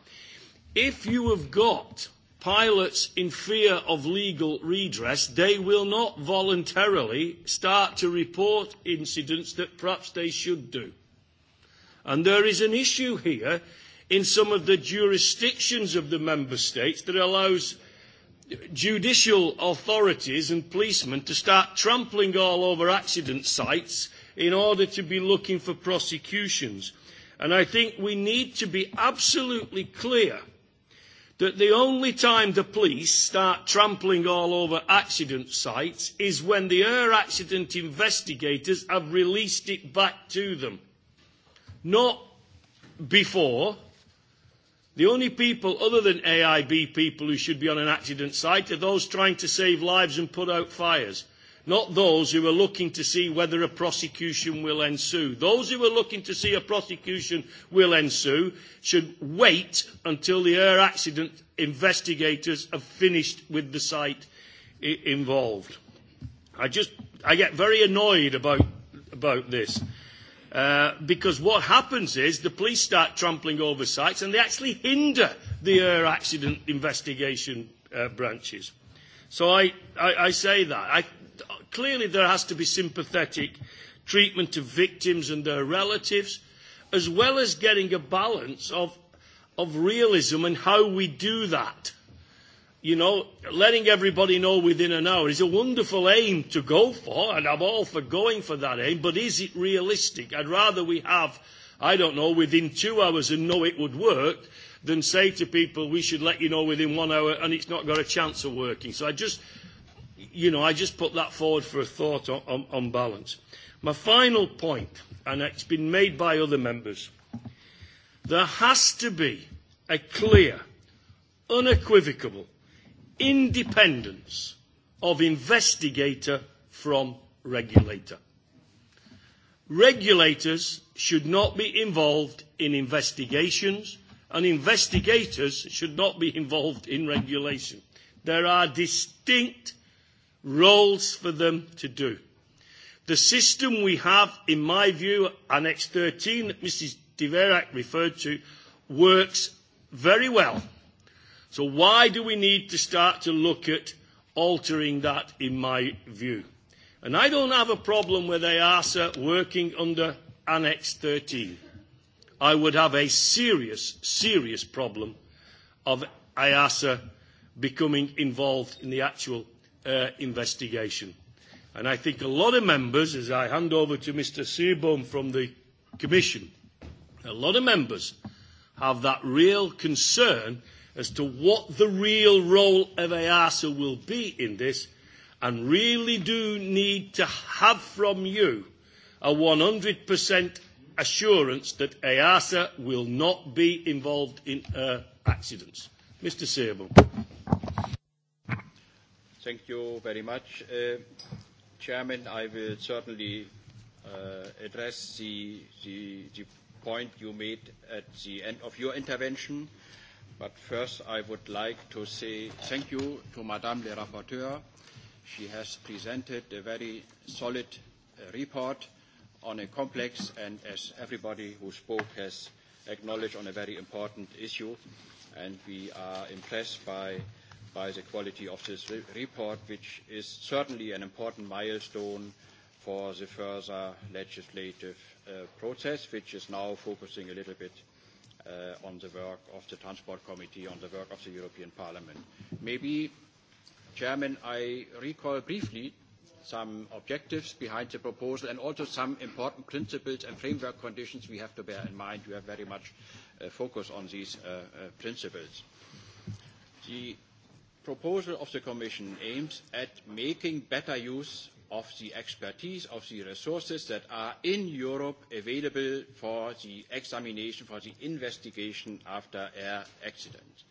If you have got pilots in fear of legal redress, they will not voluntarily start to report incidents that perhaps they should do. And there is an issue here in some of the jurisdictions of the member states that allows judicial authorities and policemen to start trampling all over accident sites in order to be looking for prosecutions. And I think we need to be absolutely clear that the only time the police start trampling all over accident sites is when the air accident investigators have released it back to them not before. The only people other than AIB people who should be on an accident site are those trying to save lives and put out fires, not those who are looking to see whether a prosecution will ensue. Those who are looking to see a prosecution will ensue should wait until the air accident investigators have finished with the site involved. I just I get very annoyed about about this. Uh, because what happens is the police start trampling over sites and they actually hinder the air accident investigation uh, branches. So I, I, I say that. I, clearly, there has to be sympathetic treatment of victims and their relatives, as well as getting a balance of, of realism and how we do that you know, letting everybody know within an hour is a wonderful aim to go for, and I'm all for going for that aim, but is it realistic? I'd rather we have, I don't know, within two hours and know it would work than say to people, we should let you know within one hour and it's not got a chance of working. So I just, you know, I just put that forward for a thought on, on, on balance. My final point, and it's been made by other members, there has to be a clear, unequivocal independence of investigator from regulator. Regulators should not be involved in investigations, and investigators should not be involved in regulation. There are distinct roles for them to do. The system we have, in my view, Annex 13 that Mrs. Diverac referred to, works very well So why do we need to start to look at altering that, in my view? And I don't have a problem with EASA working under Annex 13. I would have a serious, serious problem of EASA becoming involved in the actual uh, investigation. And I think a lot of members, as I hand over to Mr. Seabohm from the Commission, a lot of members have that real concern as to what the real role of EASA will be in this and really do need to have from you a 100% assurance that EASA will not be involved in uh, accidents. Mr. Sable. Thank
you very much. Uh, Chairman, I will certainly uh, address the, the, the point you made at the end of your intervention. Uh, But first, I would like to say thank you to Madame le Rapporteur. She has presented a very solid uh, report on a complex and, as everybody who spoke has acknowledged, on a very important issue. And we are impressed by, by the quality of this report, which is certainly an important milestone for the further legislative uh, process, which is now focusing a little bit uh, on the work of the Transport Committee, on the work of the European Parliament. Maybe, Chairman, I recall briefly some objectives behind the proposal and also some important principles and framework conditions we have to bear in mind. We have very much uh, focus on these uh, uh, principles. The proposal of the Commission aims at making better use of the expertise, of the resources that are in Europe available for the examination, for the investigation after air accidents.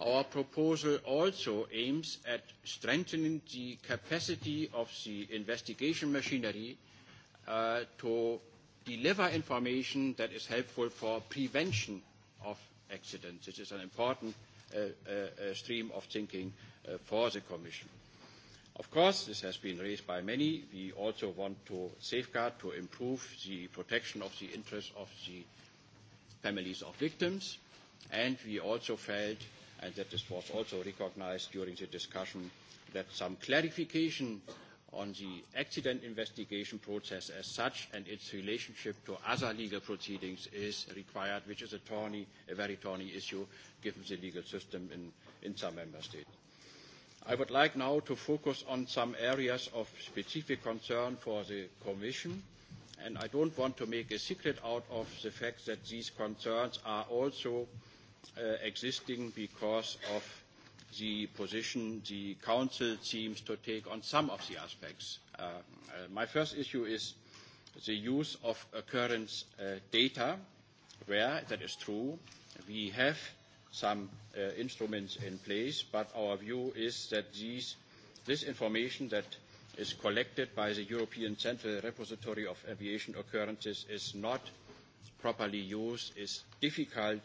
Our proposal also aims at strengthening the capacity of the investigation machinery uh, to deliver information that is helpful for prevention of accidents. This is an important uh, uh, uh stream of thinking uh, for the Commission. Of course, this has been raised by many. We also want to safeguard, to improve the protection of the interests of the families of victims. And we also felt, and that this was also recognized during the discussion, that some clarification on the accident investigation process as such and its relationship to other legal proceedings is required, which is a, tawny, a very thorny issue given the legal system in, in some member states. I would like now to focus on some areas of specific concern for the Commission, and I don't want to make a secret out of the fact that these concerns are also uh, existing because of the position the Council seems to take on some of the aspects. Uh, uh, my first issue is the use of occurrence uh, data, where, that is true, we have some uh, instruments in place, but our view is that these, this information that is collected by the European Central Repository of Aviation Occurrences is not properly used, is difficult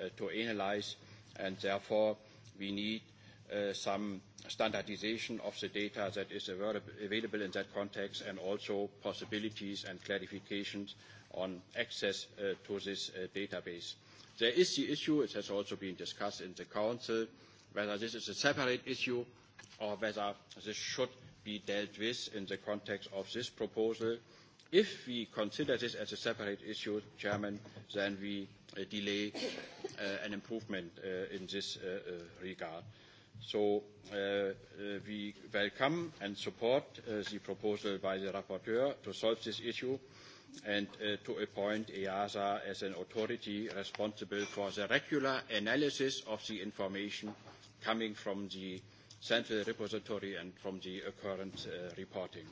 uh, to analyze, and therefore we need uh, some standardization of the data that is available in that context and also possibilities and clarifications on access uh, to this uh, database. There is the issue, it has also been discussed in the Council, whether this is a separate issue or whether this should be dealt with in the context of this proposal. If we consider this as a separate issue, Chairman, then we uh, delay uh, an improvement uh, in this uh, uh, regard. So uh, we welcome and support the proposal by the rapporteur to solve this issue and uh, to appoint EASA as an authority responsible for the regular analysis of the information coming from the central repository and from the current uh, reporting.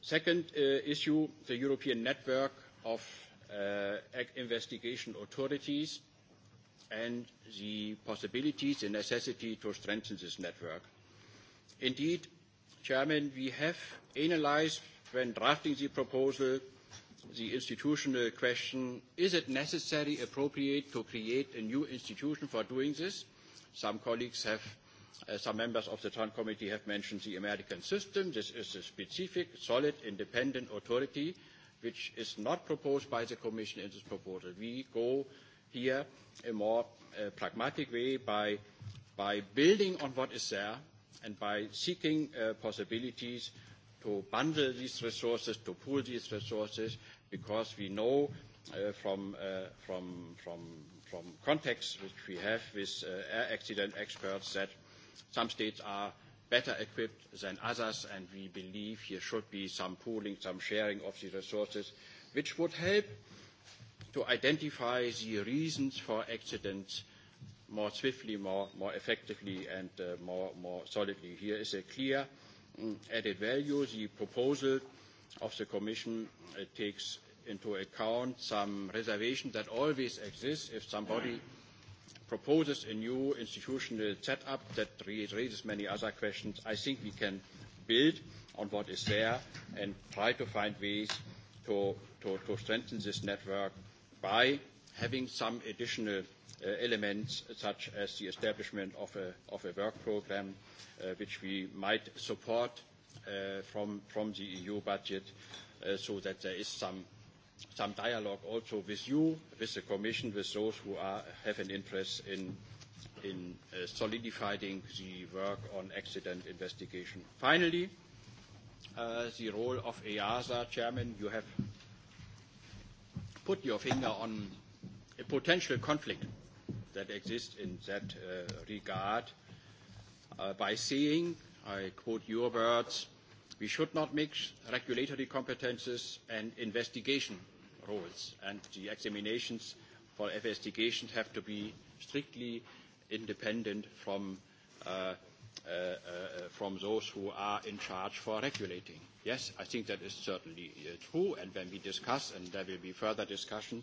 Second uh, issue, the European network of uh, investigation authorities and the possibilities and necessity to strengthen this network. Indeed, Chairman, we have analyzed when drafting the proposal, the institutional question, is it necessary, appropriate to create a new institution for doing this? Some colleagues have, uh, some members of the TRAN committee have mentioned the American system. This is a specific, solid, independent authority which is not proposed by the Commission in this proposal. We go here a more uh, pragmatic way by, by building on what is there and by seeking uh, possibilities to bundle these resources, to pool these resources, because we know uh, from, uh, from, from, from contacts which we have with uh, air accident experts that some states are better equipped than others, and we believe here should be some pooling, some sharing of the resources, which would help to identify the reasons for accidents more swiftly, more, more effectively, and uh, more, more solidly. Here is a clear Mm, added value, the proposal of the Commission uh, takes into account some reservation that always exists if somebody proposes a new institutional setup that raises many other questions. I think we can build on what is there and try to find ways to, to, to strengthen this network by having some additional Uh, elements such as the establishment of a, of a work program uh, which we might support uh, from, from the EU budget uh, so that there is some, some dialogue also with you, with the Commission, with those who are, have an interest in, in uh, solidifying the work on accident investigation. Finally, uh, the role of EASA, Chairman, you have put your finger on a potential conflict that exist in that uh, regard. Uh, by saying, I quote your words, we should not mix regulatory competences and investigation roles, and the examinations for investigations have to be strictly independent from, uh, uh, uh, from those who are in charge for regulating. Yes, I think that is certainly uh, true, and when we discuss, and there will be further discussion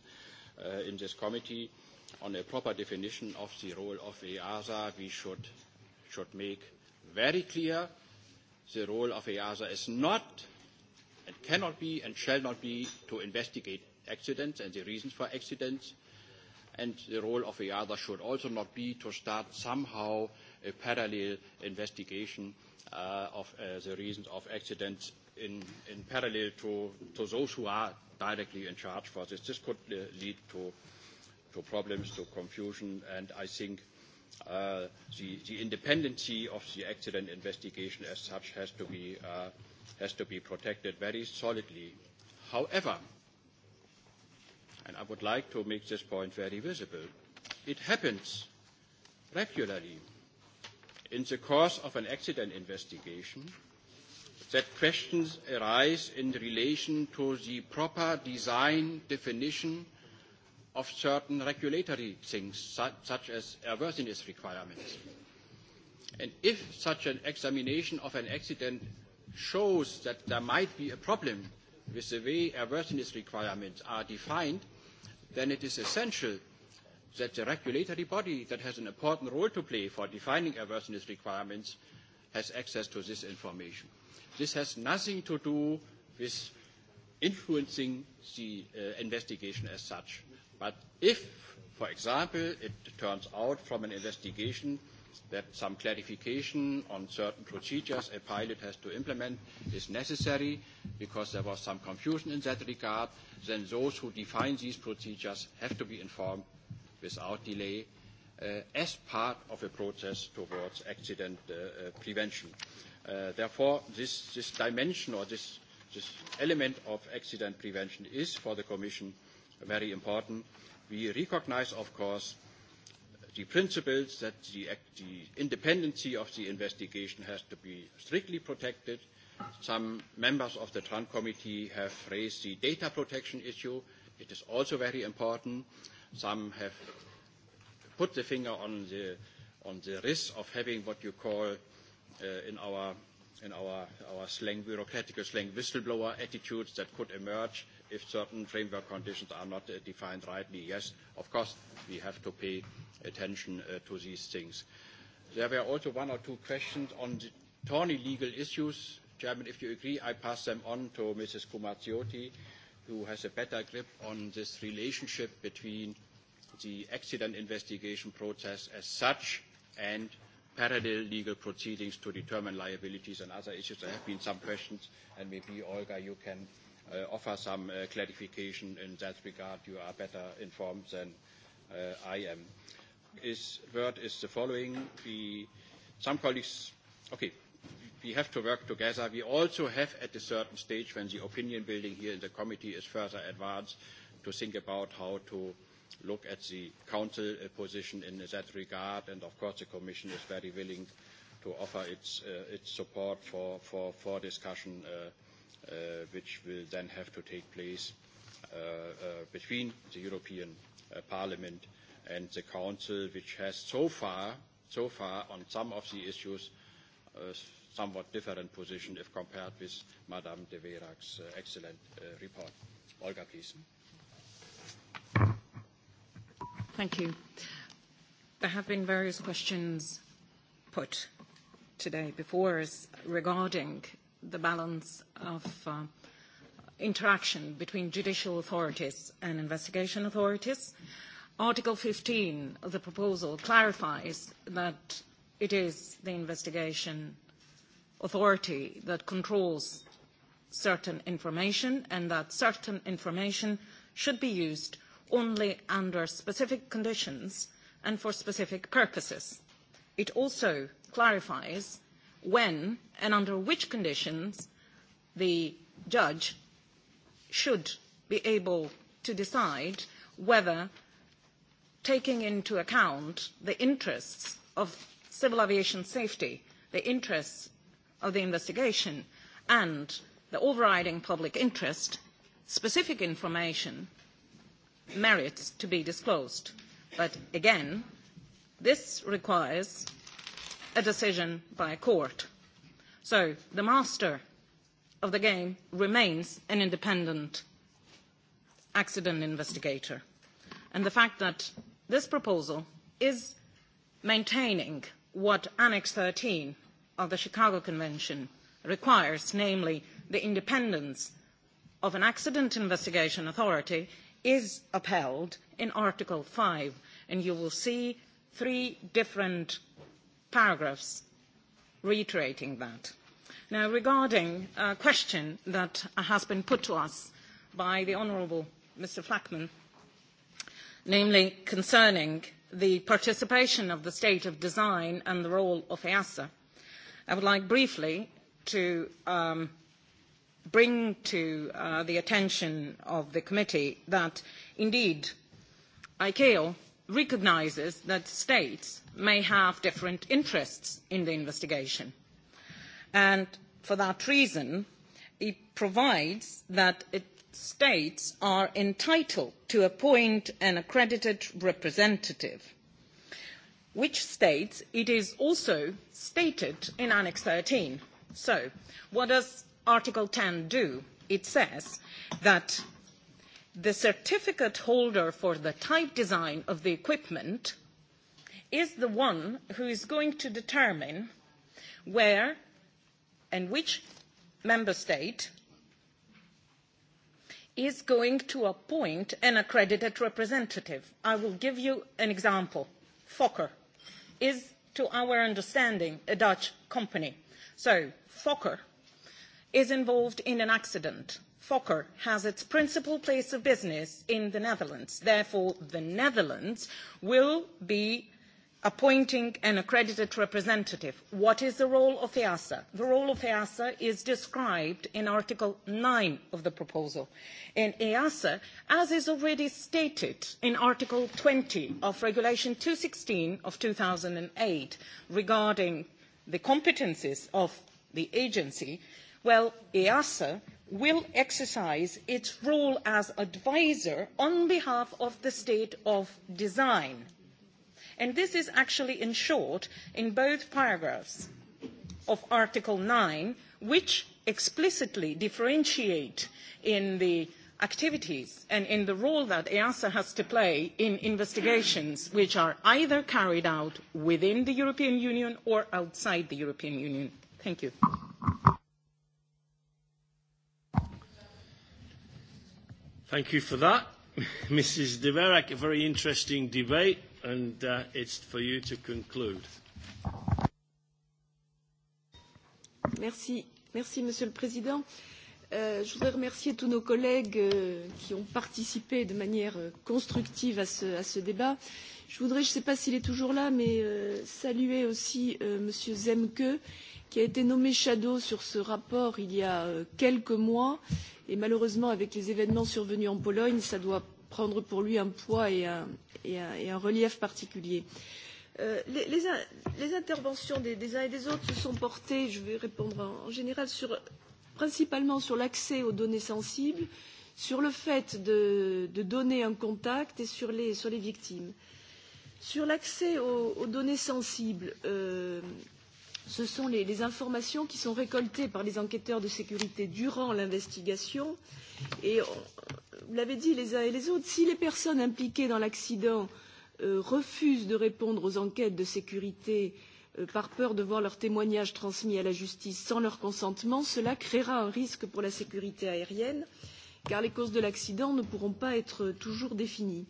uh, in this committee, uh, on a proper definition of the role of EASA, we should, should make very clear the role of EASA is not and cannot be and shall not be to investigate accidents and the reasons for accidents. And the role of EASA should also not be to start somehow a parallel investigation uh, of uh, the reasons of accidents in, in parallel to, to those who are directly in charge for this. This could uh, lead to to problems, to confusion, and I think uh, the, the independency of the accident investigation as such has to be, uh, has to be protected very solidly. However, and I would like to make this point very visible, it happens regularly in the course of an accident investigation that questions arise in relation to the proper design definition of certain regulatory things, such, such as airworthiness requirements. And if such an examination of an accident shows that there might be a problem with the way airworthiness requirements are defined, then it is essential that the regulatory body that has an important role to play for defining airworthiness requirements has access to this information. This has nothing to do with influencing the uh, investigation as such. But if, for example, it turns out from an investigation that some clarification on certain procedures a pilot has to implement is necessary because there was some confusion in that regard, then those who define these procedures have to be informed without delay uh, as part of a process towards accident uh, uh, prevention. Uh, therefore, this, this dimension or this, this element of accident prevention is for the Commission uh, very important. We recognize, of course, the principles that the, the independency of the investigation has to be strictly protected. Some members of the TRAN committee have raised the data protection issue. It is also very important. Some have put the finger on the, on the risk of having what you call uh, in our in our, our slang, bureaucratic slang, whistleblower attitudes that could emerge if certain framework conditions are not uh, defined rightly. Yes, of course, we have to pay attention uh, to these things. There were also one or two questions on the thorny legal issues. Chairman, if you agree, I pass them on to Mrs. Kumazioti, who has a better grip on this relationship between the accident investigation process as such and parallel legal proceedings to determine liabilities and other issues. There have been some questions, and maybe, Olga, you can Uh, offer some uh, clarification in that regard. You are better informed than uh, I am. His word is the following. We, some colleagues, okay, we have to work together. We also have at a certain stage when the opinion building here in the committee is further advanced to think about how to look at the council position in that regard. And of course, the commission is very willing to offer its, uh, its support for, for, for discussion uh, Uh, which will then have to take place uh, uh, between the European uh, Parliament and the Council, which has so far, so far on some of the issues, a somewhat different position if compared with Madame de Verac's uh, excellent uh, report. Olga, please.
Thank you. There have been various questions put today before us regarding the balance of uh, interaction between judicial authorities and investigation authorities. Article 15 of the proposal clarifies that it is the investigation authority that controls certain information and that certain information should be used only under specific conditions and for specific purposes. It also clarifies when and under which conditions the judge should be able to decide whether taking into account the interests of civil aviation safety, the interests of the investigation, and the overriding public interest, specific information merits to be disclosed. But again, this requires a decision by a court. So the master of the game remains an independent accident investigator. And the fact that this proposal is maintaining what Annex 13 of the Chicago Convention requires, namely the independence of an accident investigation authority, is upheld in Article 5. And you will see three different paragraphs reiterating that. Now, regarding a question that has been put to us by the Honourable Mr Flackman, namely concerning the participation of the state of design and the role of EASA, I would like briefly to um, bring to uh, the attention of the committee that indeed ICAO recognises that states may have different interests in the investigation. And for that reason, it provides that it, states are entitled to appoint an accredited representative, which states it is also stated in Annex 13. So, what does Article 10 do? It says that the certificate holder for the type design of the equipment is the one who is going to determine where and which member state is going to appoint an accredited representative. I will give you an example. Fokker is, to our understanding, a Dutch company. So Fokker is involved in an accident Fokker has its principal place of business in the Netherlands. Therefore, the Netherlands will be appointing an accredited representative. What is the role of EASA? The role of EASA is described in Article 9 of the proposal. And EASA, as is already stated in Article 20 of Regulation 216 of 2008 regarding the competences of the agency, well, EASA will exercise its role as advisor on behalf of the state of design. And this is actually ensured in both paragraphs of Article 9, which explicitly differentiate in the activities and in the role that EASA has to play in investigations which are either carried out within the European Union or outside the European Union. Thank you.
Thank you for that. Mrs. (laughs) de Verac, a very interesting debate, and uh, it's for you to conclude.
Merci. Merci, Monsieur le Président. Euh, je voudrais remercier tous nos collègues euh, qui ont participé de manière euh, constructive à ce, à ce débat. Je voudrais, je ne sais pas s'il est toujours là, mais euh, saluer aussi euh, Monsieur Zemke, qui a été nommé shadow sur ce rapport il y a euh, quelques mois et malheureusement avec les événements survenus en pologne cela doit prendre pour lui un poids et un, et un, et un relief particuliers. Euh, les, les, les interventions des, des uns et des autres se sont portées je vais répondre en, en général sur, principalement sur l'accès aux données sensibles sur le fait de, de donner un contact et sur les, sur les victimes. Sur l'accès aux, aux données sensibles, euh, ce sont les, les informations qui sont récoltées par les enquêteurs de sécurité durant l'investigation. Et on, euh, vous l'avez dit les uns et les autres, si les personnes impliquées dans l'accident euh, refusent de répondre aux enquêtes de sécurité euh, par peur de voir leur témoignage transmis à la justice sans leur consentement, cela créera un risque pour la sécurité aérienne, car les causes de l'accident ne pourront pas être toujours définies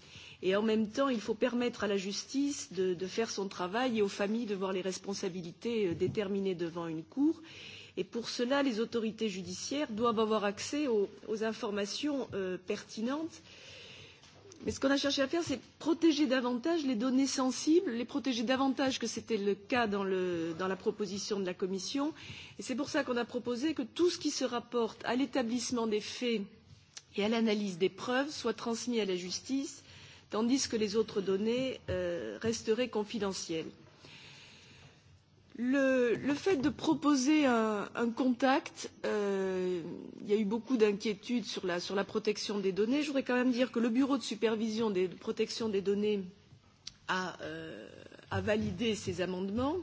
Et en même temps, il faut permettre à la justice de, de faire son travail et aux familles de voir les responsabilités euh, déterminées devant une cour. Et pour cela, les autorités judiciaires doivent avoir accès aux, aux informations euh, pertinentes. Mais ce qu'on a cherché à faire, c'est protéger davantage les données sensibles, les protéger davantage que c'était le cas dans, le, dans la proposition de la Commission. Et c'est pour ça qu'on a proposé que tout ce qui se rapporte à l'établissement des faits et à l'analyse des preuves soit transmis à la justice tandis que les autres données euh, resteraient confidentielles. Le, le fait de proposer un, un contact, euh, il y a eu beaucoup d'inquiétudes sur la, sur la protection des données. Je voudrais quand même dire que le Bureau de supervision des, de protection des données a, euh, a validé ces amendements.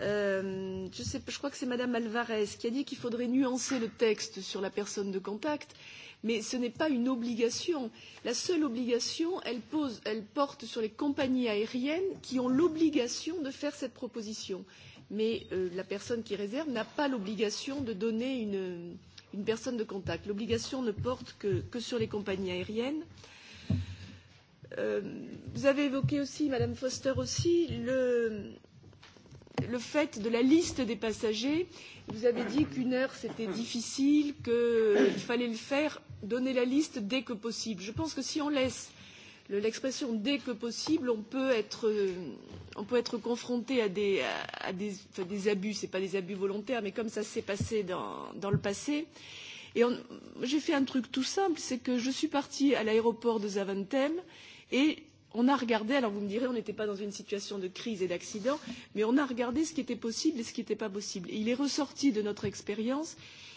Euh, je, sais, je crois que c'est Madame Alvarez qui a dit qu'il faudrait nuancer le texte sur la personne de contact mais ce n'est pas une obligation. La seule obligation, elle, pose, elle porte sur les compagnies aériennes qui ont l'obligation de faire cette proposition. Mais euh, la personne qui réserve n'a pas l'obligation de donner une, une personne de contact. L'obligation ne porte que, que sur les compagnies aériennes. Euh, vous avez évoqué aussi, Madame Foster aussi, le, le fait de la liste des passagers. Vous avez dit qu'une heure c'était difficile, qu'il fallait le faire donner la liste dès que possible. Je pense que si on laisse l'expression dès que possible, on peut être, euh, on peut être confronté à des, à, à des, enfin, des abus, ce n'est pas des abus volontaires, mais comme ça s'est passé dans, dans le passé. Et j'ai fait un truc tout simple, c'est que je suis partie à l'aéroport de Zaventem et on a regardé, alors vous me direz, on n'était pas dans une situation de crise et d'accident, mais on a regardé ce qui était possible et ce qui n'était pas possible. Et il est ressorti de notre expérience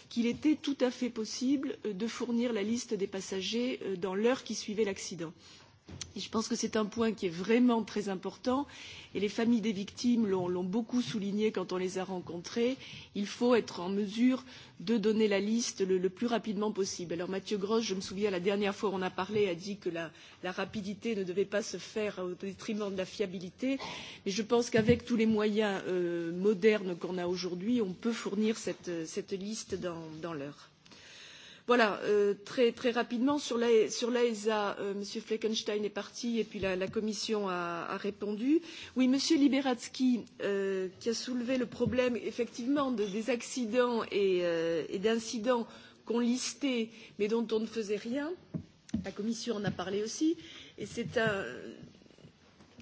qu'il était tout à fait possible euh, de fournir la liste des passagers euh, dans l'heure qui suivait l'accident Et je pense que c'est un point qui est vraiment très important et les familles des victimes l'ont beaucoup souligné quand on les a rencontrées. Il faut être en mesure de donner la liste le, le plus rapidement possible. Alors Mathieu Grosch, je me souviens la dernière fois on a parlé, a dit que la, la rapidité ne devait pas se faire au détriment de la fiabilité. Mais je pense qu'avec tous les moyens euh, modernes qu'on a aujourd'hui, on peut fournir cette, cette liste dans, dans l'heure. Voilà, euh, très, rapidement, sur l'AESA, e euh, M. Fleckenstein est parti et puis la, Commission a, répondu. Oui, M. liberadzki euh, qui a soulevé le problème effectivement des accidents et d'incidents qu'on listait mais dont on ne faisait rien, la Commission en a parlé aussi, et c'est un,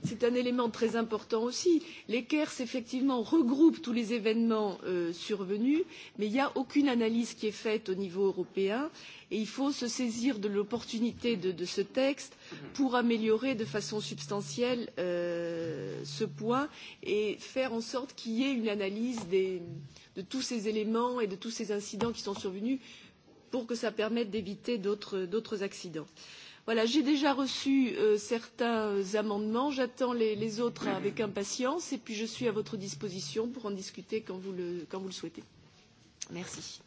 c'est un élément très important aussi. Les effectivement, regroupe tous les événements euh, survenus, mais il n'y a aucune analyse qui est faite au niveau européen et il faut se saisir de l'opportunité de, de ce texte pour améliorer de façon substantielle euh, ce point et faire en sorte qu'il y ait une analyse des, de tous ces éléments et de tous ces incidents qui sont survenus pour que ça permette d'éviter d'autres accidents. Euh, Voilà, j'ai déjà reçu euh, certains amendements, j'attends les, autres avec impatience et puis je suis à votre disposition pour en discuter quand vous le, souhaitez. Merci.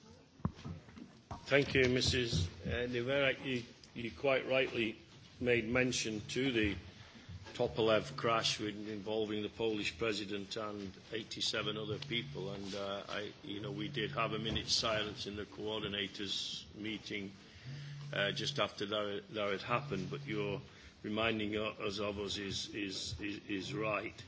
Thank you, Mrs. Uh, Nivera. You, you quite rightly made mention to the Topolev crash involving the Polish president and 87 other people. And, uh, I, you know, we did have a minute's silence in the coordinators' meeting uh, just after that, that had happened, but your reminding us of us is, is, is, is right.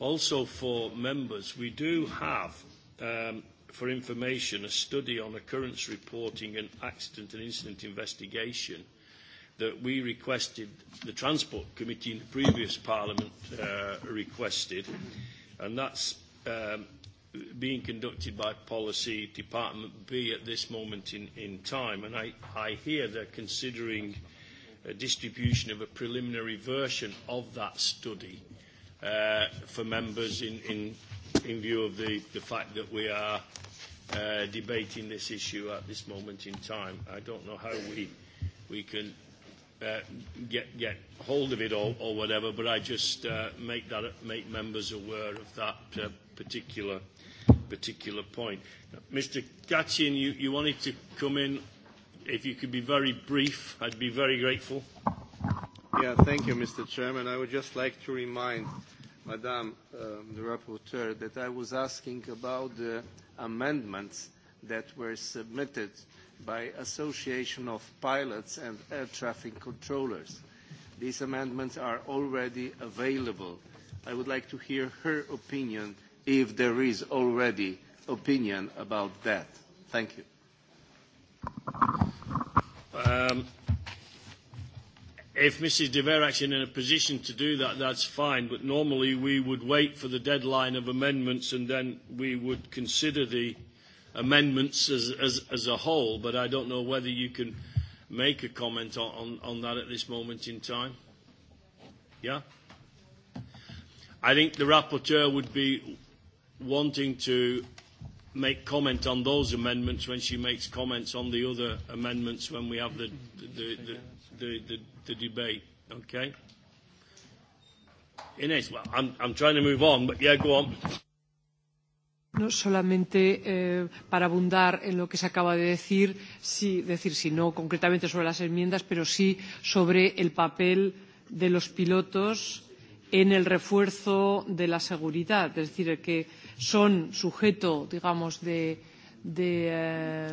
Also for members, we do have, um, for information, a study on occurrence reporting and accident and incident investigation that we requested, the Transport Committee in the previous Parliament uh, requested, and that's um, being conducted by Policy Department B at this moment in, in time. And I, I hear they're considering a distribution of a preliminary version of that study uh, for members in, in, in view of the, the fact that we are uh, debating this issue at this moment in time. I don't know how we, we can uh, get, get hold of it or, or whatever, but I just uh, make, that, make members aware of that uh, particular particular point. Mr. Gatchin, you, you wanted to come in. If you could be very brief, I'd be very grateful. Yeah, thank you, Mr. Chairman. I would just like to remind
Madame uh, the rapporteur, that I was asking about the amendments that were submitted by Association of Pilots and Air Traffic Controllers. These amendments are already available. I would like to hear her opinion if there is already opinion about
that? Thank you. Um, if Mrs. de is in a position to do that, that's fine, but normally we would wait for the deadline of amendments and then we would consider the amendments as, as, as a whole, but I don't know whether you can make a comment on, on, on that at this moment in time. Yeah? I think the rapporteur would be wanting to make comment on those amendments when she makes comments on the other amendments when we have the, the, the, the, the, the debate. Okay? Inés, well, I'm, I'm trying to move on, but yeah, go on.
No solamente eh, para abundar en lo que se acaba de decir, sí, decir si sí, no concretamente sobre las enmiendas, pero sí sobre el papel de los pilotos en el refuerzo de la seguridad. Es decir, que eh, son sujeto, digamos, de, de, eh,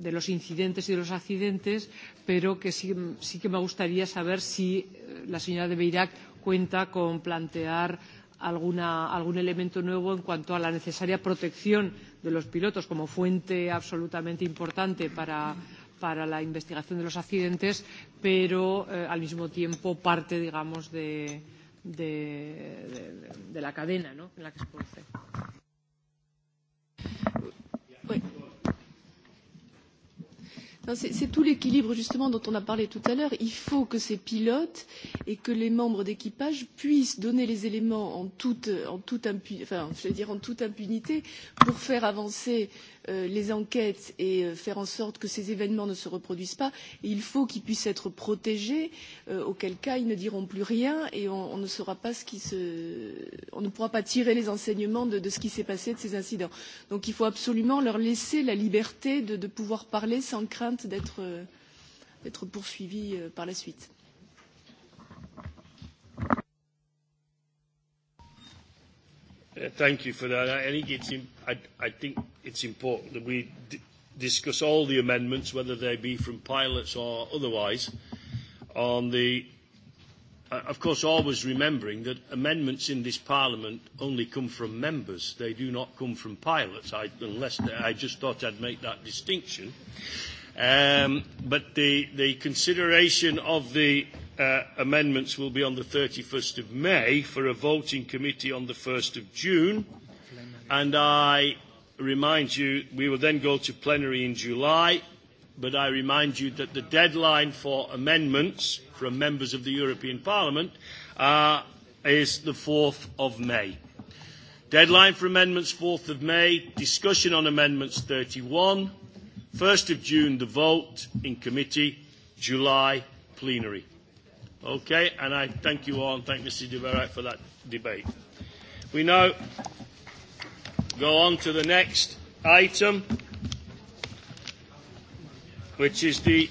de los incidentes y de los accidentes, pero que sí, sí que me gustaría saber si eh, la señora de Beirac cuenta con plantear alguna, algún elemento nuevo en cuanto a la necesaria protección de los pilotos como fuente absolutamente importante para, para la investigación de los accidentes, pero eh, al mismo tiempo parte, digamos, de, eh, de, de, de la cadena ¿no? en la que se produce.
C'est tout l'équilibre justement dont on a parlé tout à l'heure. Il faut que ces pilotes et que les membres d'équipage puissent donner les éléments en toute, en toute, impu, enfin, je veux dire, en toute impunité pour faire avancer euh, Euh, les enquêtes et euh, faire en sorte que ces événements ne se reproduisent pas. Et il faut qu'ils puissent être protégés, euh, auquel cas ils ne diront plus rien et on, on ne saura pas ce qui se... on ne pourra pas tirer les enseignements de, de ce qui s'est passé de ces incidents. Donc il faut absolument leur laisser la liberté de, de pouvoir parler sans crainte d'être euh, poursuivis par la suite.
thank you for that. I, think it's, in, I, I think it's important that we d- discuss all the amendments, whether they be from pilots or otherwise, on the, uh, of course, always remembering that amendments in this Parliament only come from members. They do not come from pilots, I, unless they, I just thought I'd make that distinction. Um, but the, the consideration of the Uh, amendments will be on the 31st of May for a voting committee on the 1st of June. And I remind you, we will then go to plenary in July, but I remind you that the deadline for amendments from members of the European Parliament uh, is the 4th of May. Deadline for amendments 4th of May, discussion on amendments 31, 1st of June the vote in committee, July plenary. Okay, and I thank you all and thank Mr. Deverak for that debate. We now go on to the next item, which is the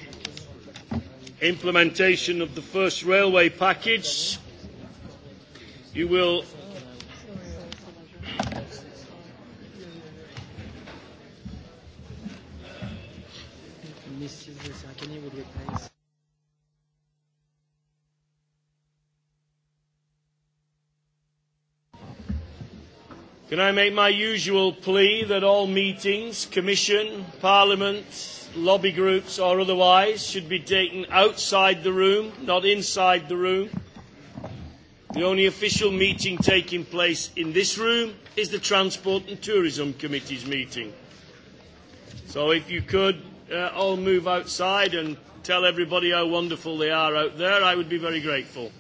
implementation of the first railway package. You will Can I make my usual plea that all meetings, Commission, Parliament, lobby groups or otherwise, should be taken outside the room, not inside the room? The only official meeting taking place in this room is the Transport and Tourism Committee's meeting. So if you could uh, all move outside and tell everybody how wonderful they are out there, I would be very grateful.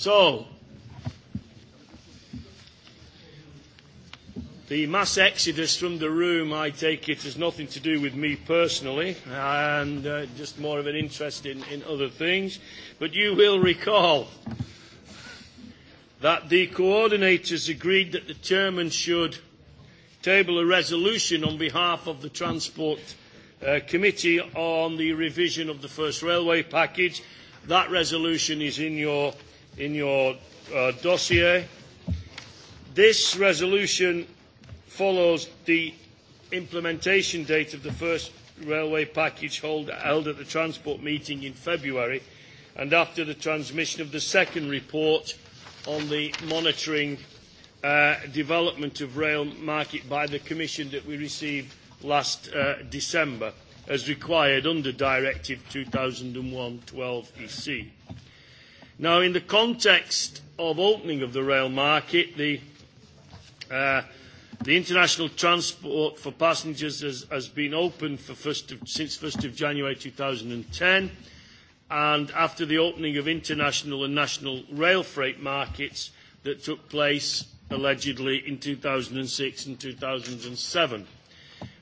So, the mass exodus from the room, I take it, has nothing to do with me personally, and uh, just more of an interest in, in other things. But you will recall that the coordinators agreed that the chairman should table a resolution on behalf of the Transport uh, Committee on the revision of the first railway package. That resolution is in your in your uh, dossier. This resolution follows the implementation date of the first railway package hold, held at the transport meeting in February and after the transmission of the second report on the monitoring uh, development of rail market by the Commission that we received last uh, December as required under Directive 2001-12 EC. Now, in the context of opening of the rail market, the, uh, the international transport for passengers has, has been open for first of, since 1st of January 2010, and after the opening of international and national rail freight markets that took place allegedly in 2006 and 2007.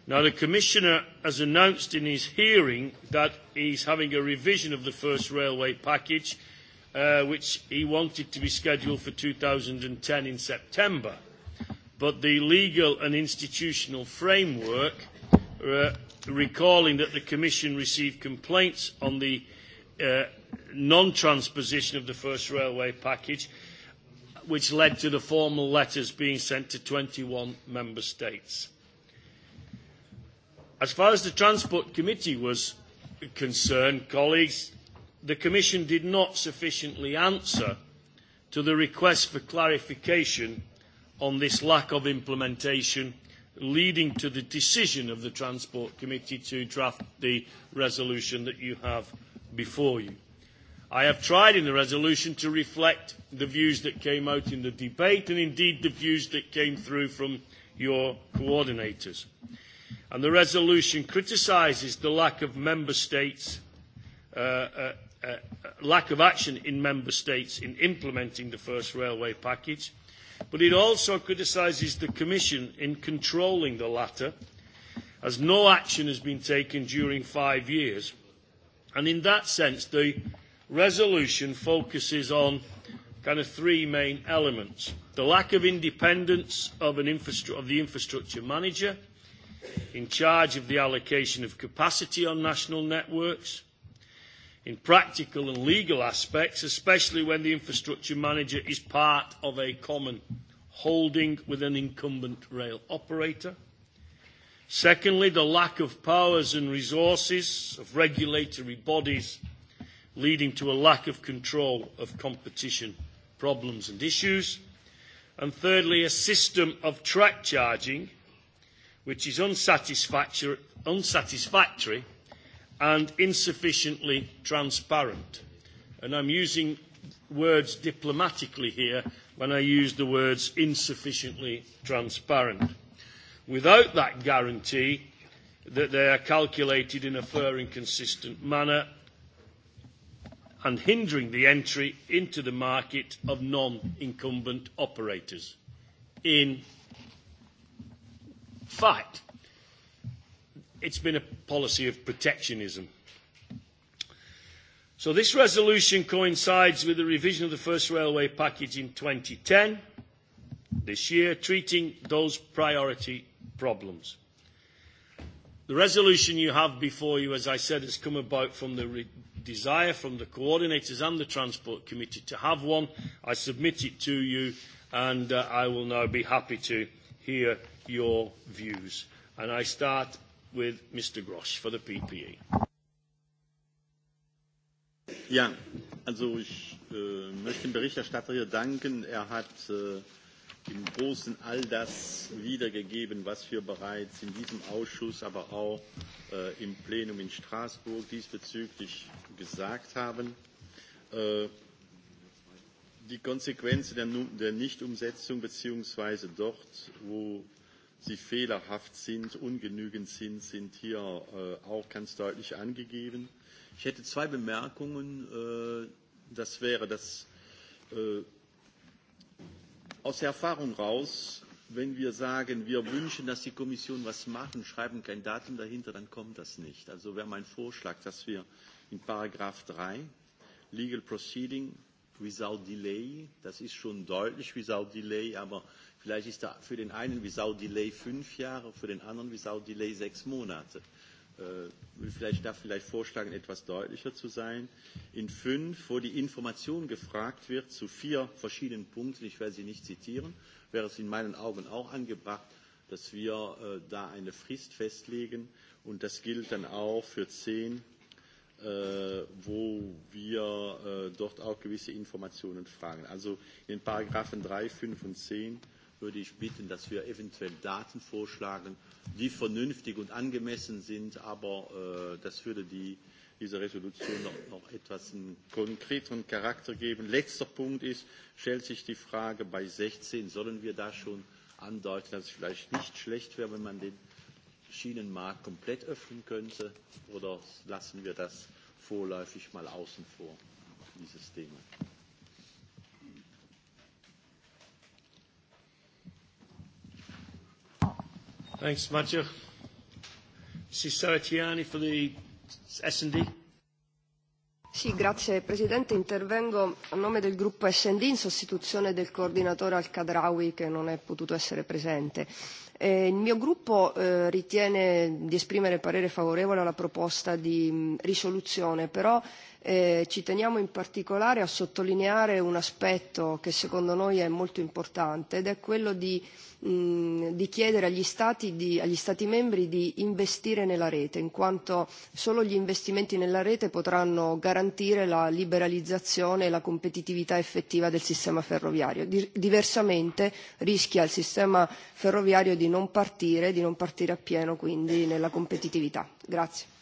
Now, the Commissioner has announced in his hearing that he's having a revision of the first railway package – uh, which he wanted to be scheduled for 2010 in September. But the legal and institutional framework, uh, recalling that the Commission received complaints on the uh, non-transposition of the first railway package, which led to the formal letters being sent to 21 member states. As far as the Transport Committee was concerned, colleagues, the Commission did not sufficiently answer to the request for clarification on this lack of implementation, leading to the decision of the Transport Committee to draft the resolution that you have before you. I have tried in the resolution to reflect the views that came out in the debate and indeed the views that came through from your coordinators. And the resolution criticises the lack of member states' uh, uh, Uh, uh, lack of action in member states in implementing the first railway package, but it also criticises the Commission in controlling the latter, as no action has been taken during five years. And in that sense, the resolution focuses on kind of three main elements. The lack of independence of, an infrastru- of the infrastructure manager in charge of the allocation of capacity on national networks, in practical and legal aspects, especially when the infrastructure manager is part of a common holding with an incumbent rail operator. Secondly, the lack of powers and resources of regulatory bodies, leading to a lack of control of competition problems and issues. And thirdly, a system of track charging, which is unsatisfactory, unsatisfactory and insufficiently transparent. And I'm using words diplomatically here when I use the words insufficiently transparent. Without that guarantee that they are calculated in a fair and consistent manner and hindering the entry into the market of non-incumbent operators. In fact, it's been a policy of protectionism. So this resolution coincides with the revision of the first railway package in 2010, this year, treating those priority problems. The resolution you have before you, as I said, has come about from the desire from the coordinators and the Transport Committee to have one. I submit it to you, and uh, I will now be happy to hear your views. And I start with Mr. Grosch for the PPE. Ja, also ich
äh, möchte dem Berichterstatter hier danken. Er hat äh, im Großen all das wiedergegeben, was wir bereits in diesem Ausschuss, aber auch äh, im Plenum in Straßburg diesbezüglich gesagt haben. Äh, die Konsequenzen der, der Nichtumsetzung beziehungsweise dort, wo sie fehlerhaft sind, ungenügend sind, sind hier äh, auch ganz deutlich angegeben. Ich hätte zwei Bemerkungen. Äh, das wäre, dass äh, aus der Erfahrung raus, wenn wir sagen, wir wünschen, dass die Kommission was machen, schreiben kein Datum dahinter, dann kommt das nicht. Also wäre mein Vorschlag, dass wir in Paragraph 3 Legal Proceeding without delay, das ist schon deutlich without delay, aber Vielleicht ist da für den einen Visau-Delay fünf Jahre, für den anderen Visau-Delay sechs Monate. Ich äh, will vielleicht da vielleicht vorschlagen, etwas deutlicher zu sein. In fünf, wo die Information gefragt wird zu vier verschiedenen Punkten, ich werde sie nicht zitieren, wäre es in meinen Augen auch angebracht, dass wir äh, da eine Frist festlegen. Und das gilt dann auch für zehn, äh, wo wir dort auch gewisse Informationen fragen. Also in den Paragraphen drei, fünf und 10 würde ich bitten, dass wir eventuell Daten vorschlagen, die vernünftig und angemessen sind, aber äh, das würde die, dieser Resolution noch, noch etwas einen konkreteren Charakter geben. Letzter Punkt ist, stellt sich die Frage bei 16, sollen wir da schon andeuten, dass es vielleicht nicht schlecht wäre, wenn man den Schienenmarkt komplett öffnen könnte, oder lassen wir das vorläufig mal außen vor, dieses Thema?
Thanks, Madge. Mrs. Saratiani for the S&D.
Sì, grazie Presidente. Intervengo a nome del gruppo SD in sostituzione del coordinatore Al-Kadrawi che non è potuto essere presente. Eh, il mio gruppo eh, ritiene di esprimere parere favorevole alla proposta di mh, mm, risoluzione, però Eh, ci teniamo in particolare a sottolineare un aspetto che secondo noi è molto importante ed è quello di, mh, mm, di chiedere agli stati, di, agli stati membri di investire nella rete, in quanto solo gli investimenti nella rete potranno garantire la liberalizzazione e la competitività effettiva del sistema ferroviario. Di, diversamente rischia il sistema ferroviario di non partire, di non partire appieno quindi nella competitività. Grazie.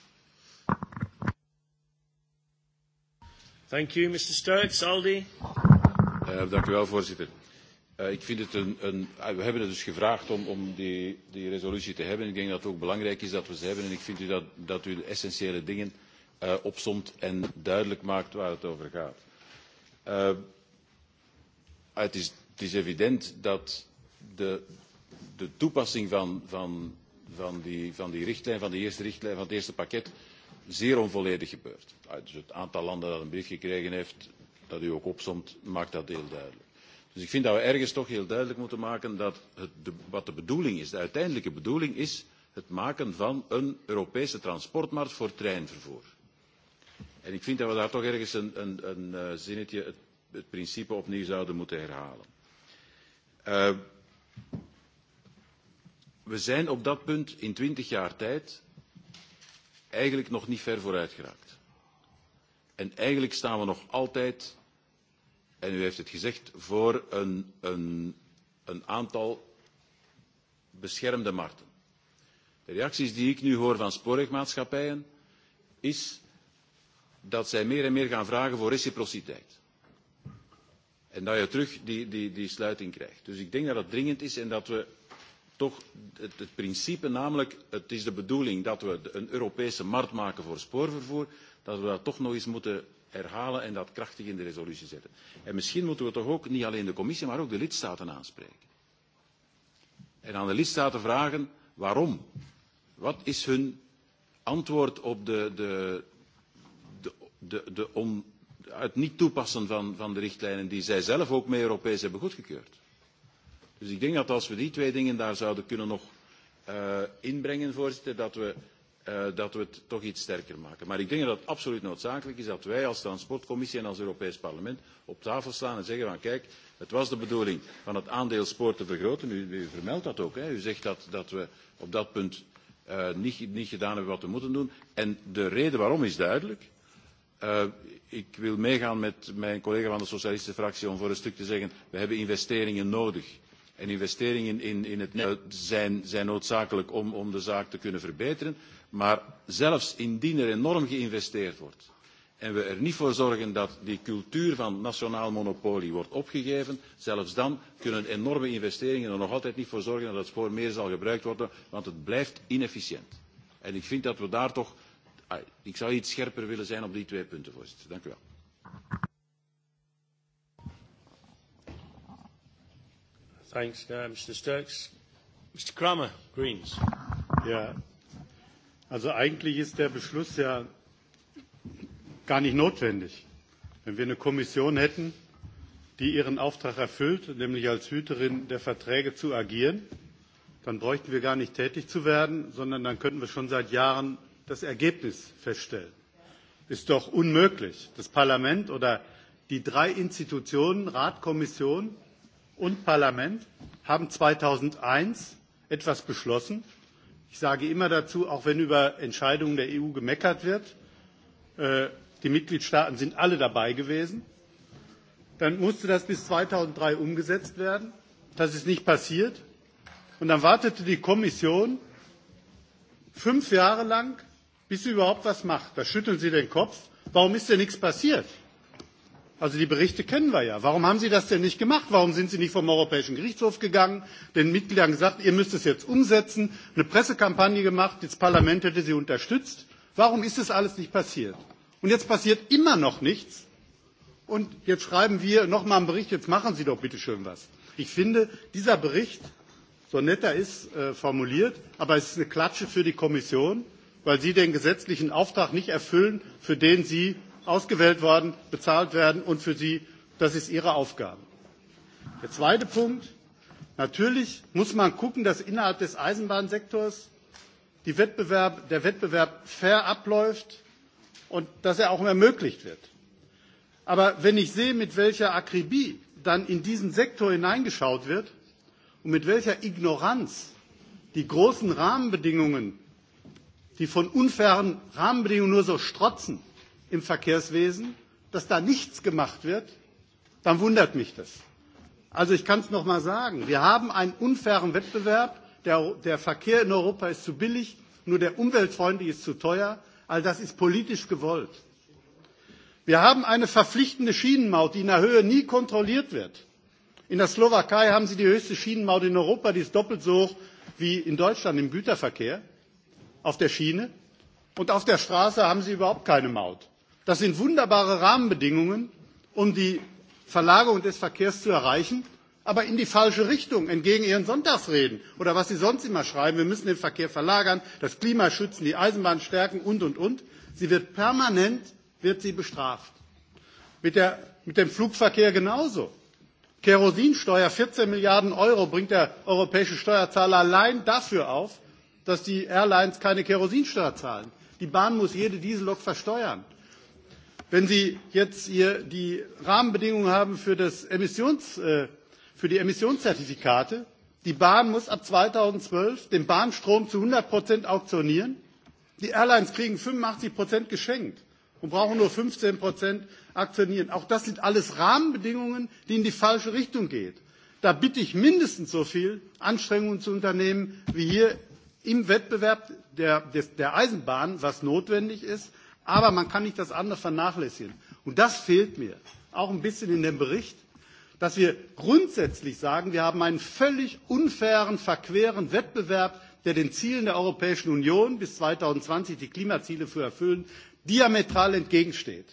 Thank you, Mr. Sturks. Aldi.
Uh, eh, dank u wel, voorzitter. Uh,
ik vind het een, een, uh, we hebben het
dus gevraagd om, om die, die resolutie te hebben. Ik denk dat het ook belangrijk is dat we ze hebben. En ik vind u dat, dat u de essentiële dingen uh, opsomt en duidelijk maakt waar het over gaat. Uh, het, is, het is evident dat de, de toepassing van, van, van, die, van die richtlijn, van de eerste richtlijn, van het eerste pakket, zeer onvolledig gebeurd. Dus het aantal landen dat een brief gekregen heeft, dat u ook opzomt, maakt dat heel duidelijk. Dus ik vind dat we ergens toch heel duidelijk moeten maken dat het, de, wat de bedoeling is, de uiteindelijke bedoeling is het maken van een Europese transportmarkt voor treinvervoer. En ik vind dat we daar toch ergens een, een, een eh, zinnetje, het, het principe opnieuw zouden moeten herhalen. Uh, we zijn op dat punt in twintig jaar tijd eigenlijk nog niet ver vooruit geraakt. En eigenlijk staan we nog altijd, en u heeft het gezegd, voor een, een, een aantal beschermde markten. De reacties die ik nu hoor van spoorwegmaatschappijen is dat zij meer en meer gaan vragen voor reciprociteit. En dat je terug die, die, die sluiting krijgt. Dus ik denk dat het dringend is en dat we toch het, het principe, namelijk het is de bedoeling dat we een Europese markt maken voor spoorvervoer, dat we dat toch nog eens moeten herhalen en dat krachtig in de resolutie zetten. En misschien moeten we toch ook niet alleen de commissie, maar ook de lidstaten aanspreken. En aan de lidstaten vragen waarom. Wat is hun antwoord op de, de, de, de, de on, het niet toepassen van, van de richtlijnen die zij zelf ook mee Europees hebben goedgekeurd? Dus ik denk dat als we die twee dingen daar zouden kunnen nog uh, inbrengen, voorzitter, dat we, uh, dat we het toch iets sterker maken. Maar ik denk dat het absoluut noodzakelijk is dat wij als transportcommissie en als Europees parlement op tafel slaan en zeggen van kijk, het was de bedoeling van het aandeel spoor te vergroten. U, u vermeldt dat ook. Hè. U zegt dat, dat we op dat punt uh, niet, niet gedaan hebben wat we moeten doen. En de reden waarom is duidelijk. Uh, ik wil meegaan met mijn collega van de socialistische fractie om voor een stuk te zeggen, we hebben investeringen nodig En investeringen in, in het net zijn, zijn noodzakelijk om, om de zaak te kunnen verbeteren. Maar zelfs indien er enorm geïnvesteerd wordt en we er niet voor zorgen dat die cultuur van nationaal monopolie wordt opgegeven, zelfs dan kunnen enorme investeringen er nog altijd niet voor zorgen dat het spoor meer zal gebruikt worden, want het blijft inefficiënt. En ik vind dat we daar toch... Ik zou iets scherper willen zijn op die twee punten, voorzitter. Dank u wel.
Thanks, uh, Mr. Sturks. Mr. Kramer, Greens. Ja, also eigentlich ist
der Beschluss ja gar nicht notwendig. Wenn wir eine Kommission hätten, die ihren Auftrag erfüllt, nämlich als Hüterin der Verträge zu agieren, dann bräuchten wir gar nicht tätig zu werden, sondern dann könnten wir schon seit Jahren das Ergebnis feststellen. Ist doch unmöglich. Das Parlament oder die drei Institutionen, Rat, Kommission, und Parlament haben 2001 etwas beschlossen. Ich sage immer dazu, auch wenn über Entscheidungen der EU gemeckert wird, äh, die Mitgliedstaaten sind alle dabei gewesen, dann musste das bis 2003 umgesetzt werden. Das ist nicht passiert. Und dann wartete die Kommission fünf Jahre lang, bis sie überhaupt was macht. Da schütteln sie den Kopf. Warum ist denn nichts passiert? Also die Berichte kennen wir ja. Warum haben Sie das denn nicht gemacht? Warum sind Sie nicht vom Europäischen Gerichtshof gegangen, den Mitgliedern gesagt, ihr müsst es jetzt umsetzen, eine Pressekampagne gemacht, das Parlament hätte Sie unterstützt? Warum ist das alles nicht passiert? Und jetzt passiert immer noch nichts. Und jetzt schreiben wir nochmal einen Bericht, jetzt machen Sie doch bitte schön was. Ich finde, dieser Bericht, so nett er ist äh, formuliert, aber es ist eine Klatsche für die Kommission, weil sie den gesetzlichen Auftrag nicht erfüllen, für den sie ausgewählt worden, bezahlt werden und für sie, das ist ihre Aufgabe. Der zweite Punkt, natürlich muss man gucken, dass innerhalb des Eisenbahnsektors die Wettbewerb, der Wettbewerb fair abläuft und dass er auch ermöglicht wird. Aber wenn ich sehe, mit welcher Akribie dann in diesen Sektor hineingeschaut wird und mit welcher Ignoranz die großen Rahmenbedingungen, die von unfairen Rahmenbedingungen nur so strotzen, im Verkehrswesen, dass da nichts gemacht wird, dann wundert mich das. Also ich kann es noch mal sagen, wir haben einen unfairen Wettbewerb, der, der Verkehr in Europa ist zu billig, nur der umweltfreundliche ist zu teuer, all das ist politisch gewollt. Wir haben eine verpflichtende Schienenmaut, die in der Höhe nie kontrolliert wird. In der Slowakei haben sie die höchste Schienenmaut in Europa, die ist doppelt so hoch wie in Deutschland im Güterverkehr auf der Schiene. Und auf der Straße haben sie überhaupt keine Maut. Das sind wunderbare Rahmenbedingungen, um die Verlagerung des Verkehrs zu erreichen, aber in die falsche Richtung, entgegen ihren Sonntagsreden oder was sie sonst immer schreiben. Wir müssen den Verkehr verlagern, das Klima schützen, die Eisenbahn stärken und, und, und. Sie wird permanent wird sie bestraft. Mit, der, mit dem Flugverkehr genauso. Kerosinsteuer, 14 Milliarden Euro bringt der europäische Steuerzahler allein dafür auf, dass die Airlines keine Kerosinsteuer zahlen. Die Bahn muss jede Diesellok versteuern. Wenn Sie jetzt hier die Rahmenbedingungen haben für, das Emissions, äh, für die Emissionszertifikate, die Bahn muss ab 2012 den Bahnstrom zu 100 Prozent auktionieren. Die Airlines kriegen 85 Prozent geschenkt und brauchen nur 15 Prozent aktionieren. Auch das sind alles Rahmenbedingungen, die in die falsche Richtung gehen. Da bitte ich mindestens so viel Anstrengungen zu unternehmen, wie hier im Wettbewerb der, des, der Eisenbahn, was notwendig ist, Aber man kann nicht das andere vernachlässigen. Und das fehlt mir auch ein bisschen in dem Bericht, dass wir grundsätzlich sagen, wir haben einen völlig unfairen, verqueren Wettbewerb, der den Zielen der Europäischen Union bis 2020 die Klimaziele zu erfüllen, diametral entgegensteht.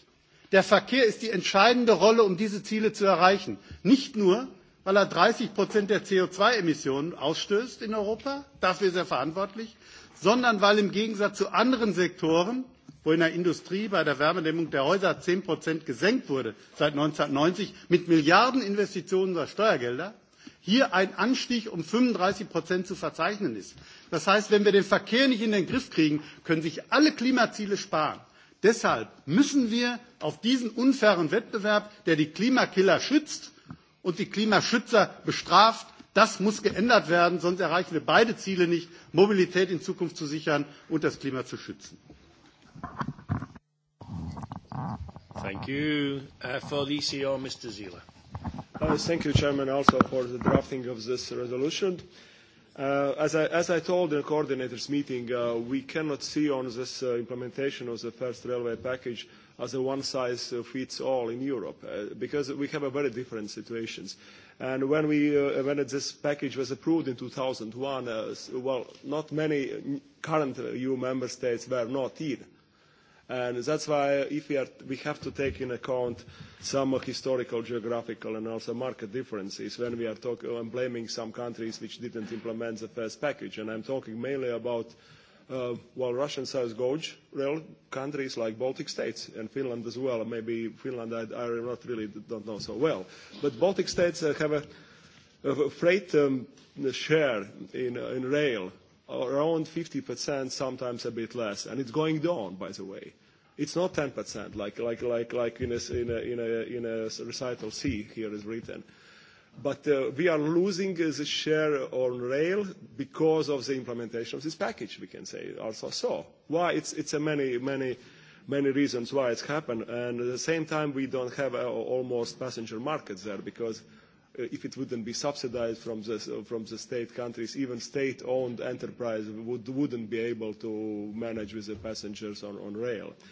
Der Verkehr ist die entscheidende Rolle, um diese Ziele zu erreichen. Nicht nur, weil er 30 Prozent der CO2-Emissionen ausstößt in Europa, dafür ist er verantwortlich, sondern weil im Gegensatz zu anderen Sektoren wo in der Industrie bei der Wärmedämmung der Häuser 10 Prozent gesenkt wurde seit 1990 mit Milliardeninvestitionen unserer Steuergelder, hier ein Anstieg um 35 Prozent zu verzeichnen ist. Das heißt, wenn wir den Verkehr nicht in den Griff kriegen, können sich alle Klimaziele sparen. Deshalb müssen wir auf diesen unfairen Wettbewerb, der die Klimakiller schützt und die Klimaschützer bestraft, das muss geändert werden, sonst erreichen wir beide Ziele nicht, Mobilität in Zukunft zu sichern und das Klima zu schützen.
Thank you. Uh, for the ECR, Mr. Zila.
Uh, thank you, Chairman, also for the drafting of this resolution. Uh, as, I, as I told in the coordinators' meeting, uh, we cannot see on this uh, implementation of the first railway package as a one-size-fits-all in Europe, uh, because we have a very different situations. And when, we, uh, when this package was approved in 2001, uh, well, not many current uh, EU member states were not in And that's why if we, are, we have to take in account some historical, geographical, and also market differences when we are talking and uh, blaming some countries which didn't implement the first package. And I'm talking mainly about uh, well, Russian South Gorge rail countries like Baltic states and Finland as well. Maybe Finland, I, I not really don't know so well. But Baltic states uh, have a, a freight um, share in, in rail around 50%, sometimes a bit less. And it's going down, by the way. It's not 10%, like, like, like, like in, a, in, a, in, a, in a recital C here is written. But uh, we are losing uh, the share on rail because of the implementation of this package, we can say, also so. Why? It's, it's a many, many, many reasons why it's happened. And at the same time, we don't have uh, almost passenger markets there because uh, if it wouldn't be subsidized from the, from the state countries, even state-owned enterprise would, wouldn't be able to manage with the passengers on, on rail. Uh,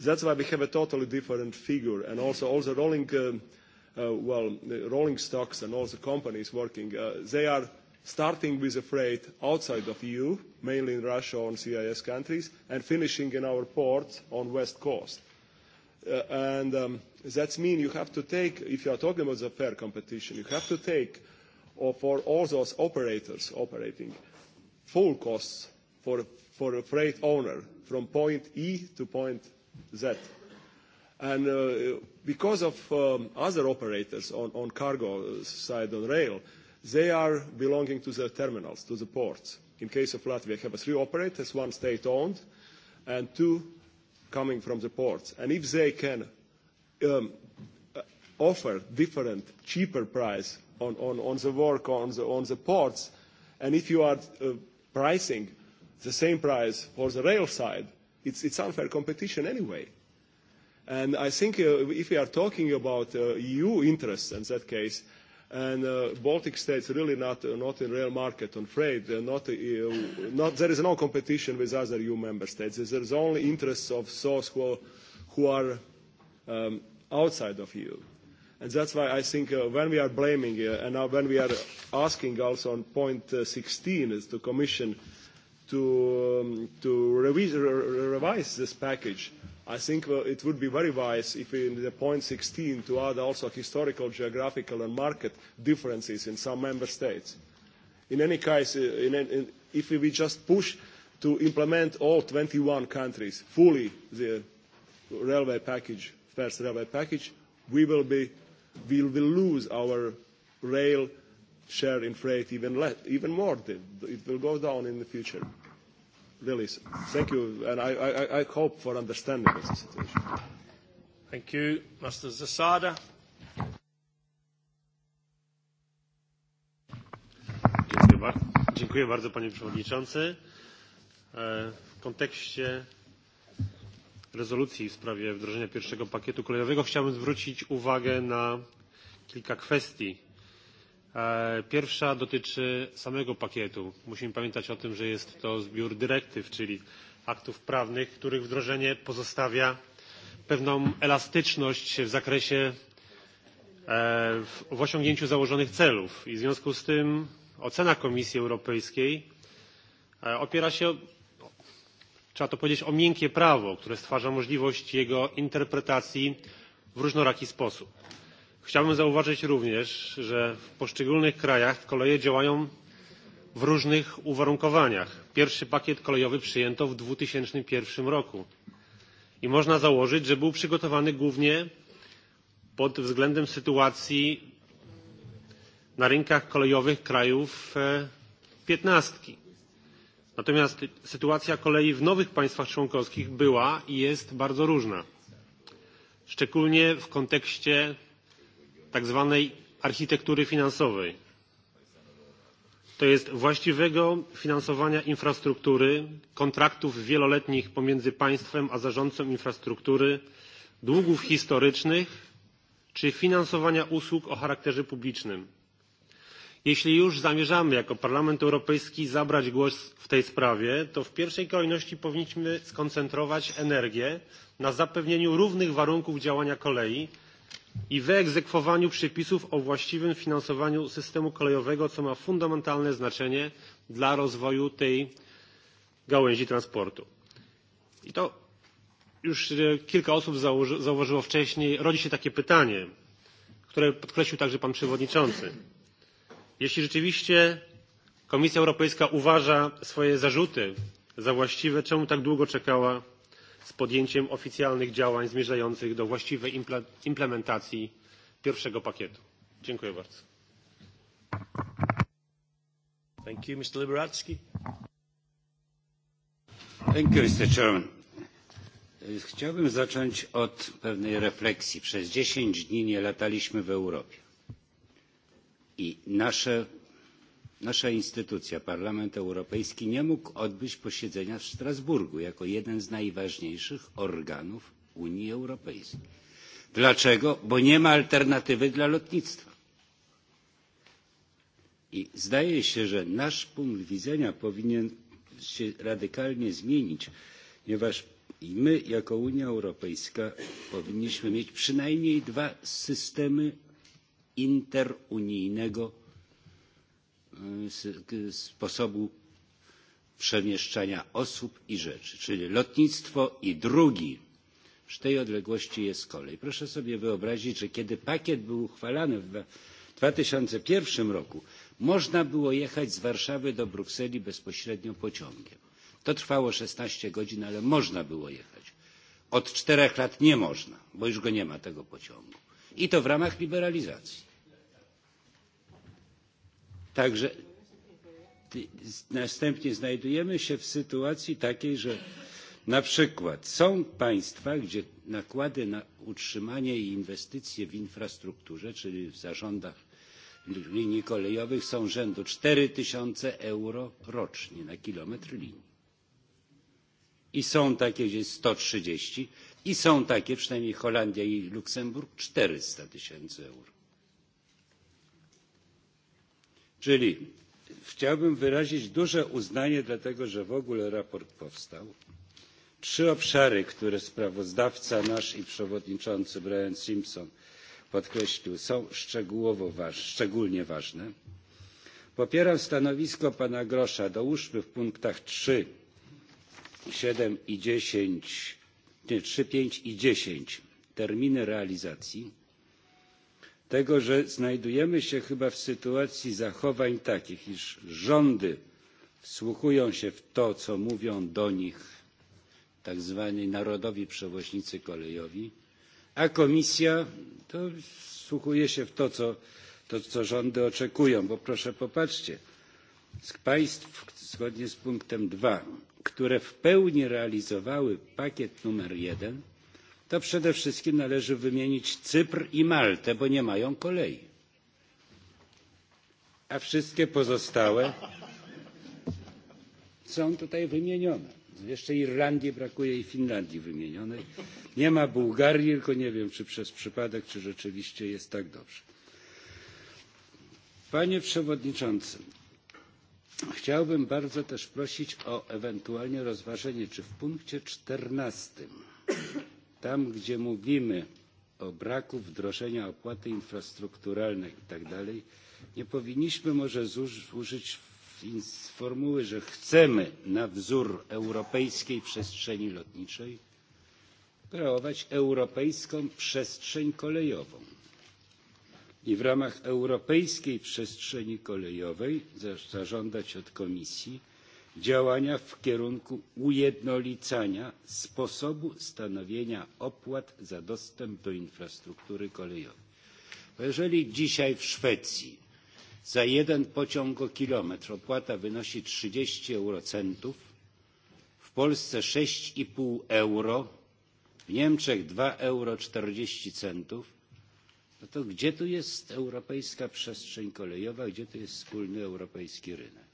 That's why we have a totally different figure. And also all the rolling, uh, uh, well, uh, rolling stocks and all the companies working, uh, they are starting with a freight outside of EU, mainly in Russia and CIS countries, and finishing in our ports on West Coast. Uh, and um, that means you have to take, if you are talking about the fair competition, you have to take or uh, for all those operators operating full costs for, for a freight owner from point E to point that. And uh, because of um, other operators on, on cargo side on rail, they are belonging to the terminals, to the ports. In case of Latvia, we have three operators, one state-owned and two coming from the ports. And if they can um, uh, offer different, cheaper price on, on, on the work on the, on the ports, and if you are uh, pricing the same price for the rail side, It's, it's unfair competition anyway. And I think uh, if we are talking about uh, EU interests in that case, and uh, Baltic states really not uh, not in real market on freight. Uh, not, uh, not there is no competition with other EU member states. There is only interests of those who, who are um, outside of EU, and that's why I think uh, when we are blaming uh, and now when we are asking also on point uh, 16 is the Commission to, um, to revise, re, revise this package, I think well, it would be very wise if in the point 16 to add also historical, geographical and market differences in some member states. In any case, uh, in, in, if we just push to implement all 21 countries fully the railway package, first railway package, we will, be, we will lose our rail share in freight even, less, even more. It will go down in the future. Really, thank you, and I, I, I hope
for understanding of the situation. Thank you. Mr. Zasada. Dziękuję, bar
dziękuję bardzo, panie przewodniczący. E, w kontekście rezolucji w sprawie wdrożenia pierwszego pakietu kolejowego chciałbym zwrócić uwagę na kilka kwestii E, pierwsza dotyczy samego pakietu. Musimy pamiętać o tym, że jest to zbiór dyrektyw, czyli aktów prawnych, których wdrożenie pozostawia pewną elastyczność w zakresie e, w osiągnięciu założonych celów i w związku z tym ocena Komisji Europejskiej e, opiera się trzeba to powiedzieć o miękkie prawo, które stwarza możliwość jego interpretacji w różnoraki sposób. Chciałbym zauważyć również, że w poszczególnych krajach koleje działają w różnych uwarunkowaniach. Pierwszy pakiet kolejowy przyjęto w 2001 roku i można założyć, że był przygotowany głównie pod względem sytuacji na rynkach kolejowych krajów e, piętnastki. Natomiast sytuacja kolei w nowych państwach członkowskich była i jest bardzo różna, szczególnie w kontekście tak zwanej architektury finansowej to jest właściwego finansowania infrastruktury kontraktów wieloletnich pomiędzy państwem a zarządcą infrastruktury długów historycznych czy finansowania usług o charakterze publicznym. Jeśli już zamierzamy jako Parlament Europejski zabrać głos w tej sprawie, to w pierwszej kolejności powinniśmy skoncentrować energię na zapewnieniu równych warunków działania kolei i wyegzekwowaniu przepisów o właściwym finansowaniu systemu kolejowego, co ma fundamentalne znaczenie dla rozwoju tej gałęzi transportu. I to już e, kilka osób zauważyło wcześniej, rodzi się takie pytanie, które podkreślił także pan przewodniczący. Jeśli rzeczywiście Komisja Europejska uważa swoje zarzuty za właściwe, czemu tak długo czekała z podjęciem oficjalnych działań zmierzających do właściwej implementacji pierwszego pakietu. Dziękuję bardzo. Thank you, Mr. Liberadzki.
Thank you, Mr. Chairman. E, chciałbym zacząć od pewnej refleksji. Przez 10 dni nie lataliśmy w Europie i nasze nasza instytucja, Parlament Europejski, nie mógł odbyć posiedzenia w Strasburgu jako jeden z najważniejszych organów Unii Europejskiej. Dlaczego? Bo nie ma alternatywy dla lotnictwa. I zdaje się, że nasz punkt widzenia powinien się radykalnie zmienić, ponieważ i my jako Unia Europejska powinniśmy mieć przynajmniej dwa systemy interunijnego sposobu przemieszczania osób i rzeczy, czyli lotnictwo i drugi. W tej odległości jest kolej. Proszę sobie wyobrazić, że kiedy pakiet był uchwalany w 2001 roku, można było jechać z Warszawy do Brukseli bezpośrednio pociągiem. To trwało 16 godzin, ale można było jechać. Od czterech lat nie można, bo już go nie ma tego pociągu. I to w ramach liberalizacji. Także następnie znajdujemy się w sytuacji takiej, że na przykład są państwa, gdzie nakłady na utrzymanie i inwestycje w infrastrukturze, czyli w zarządach linii kolejowych są rzędu 4 tysiące euro rocznie na kilometr linii. I są takie, gdzie jest 130 i są takie, przynajmniej Holandia i Luksemburg, 400 tysięcy euro. Czyli chciałbym wyrazić duże uznanie dla tego, że w ogóle sprawozdanie powstało. Trzy obszary, które nasz sprawozdawca i przewodniczący Brian Simpson podkreślił, są szczególnie ważne. Popieram stanowisko pana Grosza. Dołóżmy w punktach trzy 7 i dziesięć terminy realizacji tego, że znajdujemy się chyba w sytuacji zachowań takich, iż rządy wsłuchują się w to, co mówią do nich tak zwani narodowi przewoźnicy kolejowi, a komisja to wsłuchuje się w to, co, to, co rządy oczekują, bo proszę popatrzcie, z państw zgodnie z punktem dwa które w pełni realizowały pakiet numer jeden to przede wszystkim należy wymienić cypr i maltę bo nie mają kolei a wszystkie pozostałe są tutaj wymienione. Jeszcze Irlandii brakuje i Finlandii wymienionej. Nie ma Bułgarii, tylko nie wiem, czy przez przypadek, czy rzeczywiście jest tak dobrze. Panie Przewodniczący, chciałbym bardzo też prosić o ewentualnie rozważenie, czy w punkcie czternastym tam, gdzie mówimy o braku wdrożenia opłaty infrastrukturalnej itd., nie powinniśmy może użyć formuły, że chcemy na wzór europejskiej przestrzeni lotniczej kreować europejską przestrzeń kolejową i w ramach europejskiej przestrzeni kolejowej zażądać od komisji działania w kierunku ujednolicania sposobu stanowienia opłat za dostęp do infrastruktury kolejowej. Bo jeżeli dzisiaj w Szwecji za jeden pociąg o kilometr opłata wynosi trzydzieści eurocentów, w Polsce sześć 6,5 euro, w Niemczech 2,40 euro, centów no to gdzie tu jest europejska przestrzeń kolejowa, gdzie tu jest wspólny europejski rynek?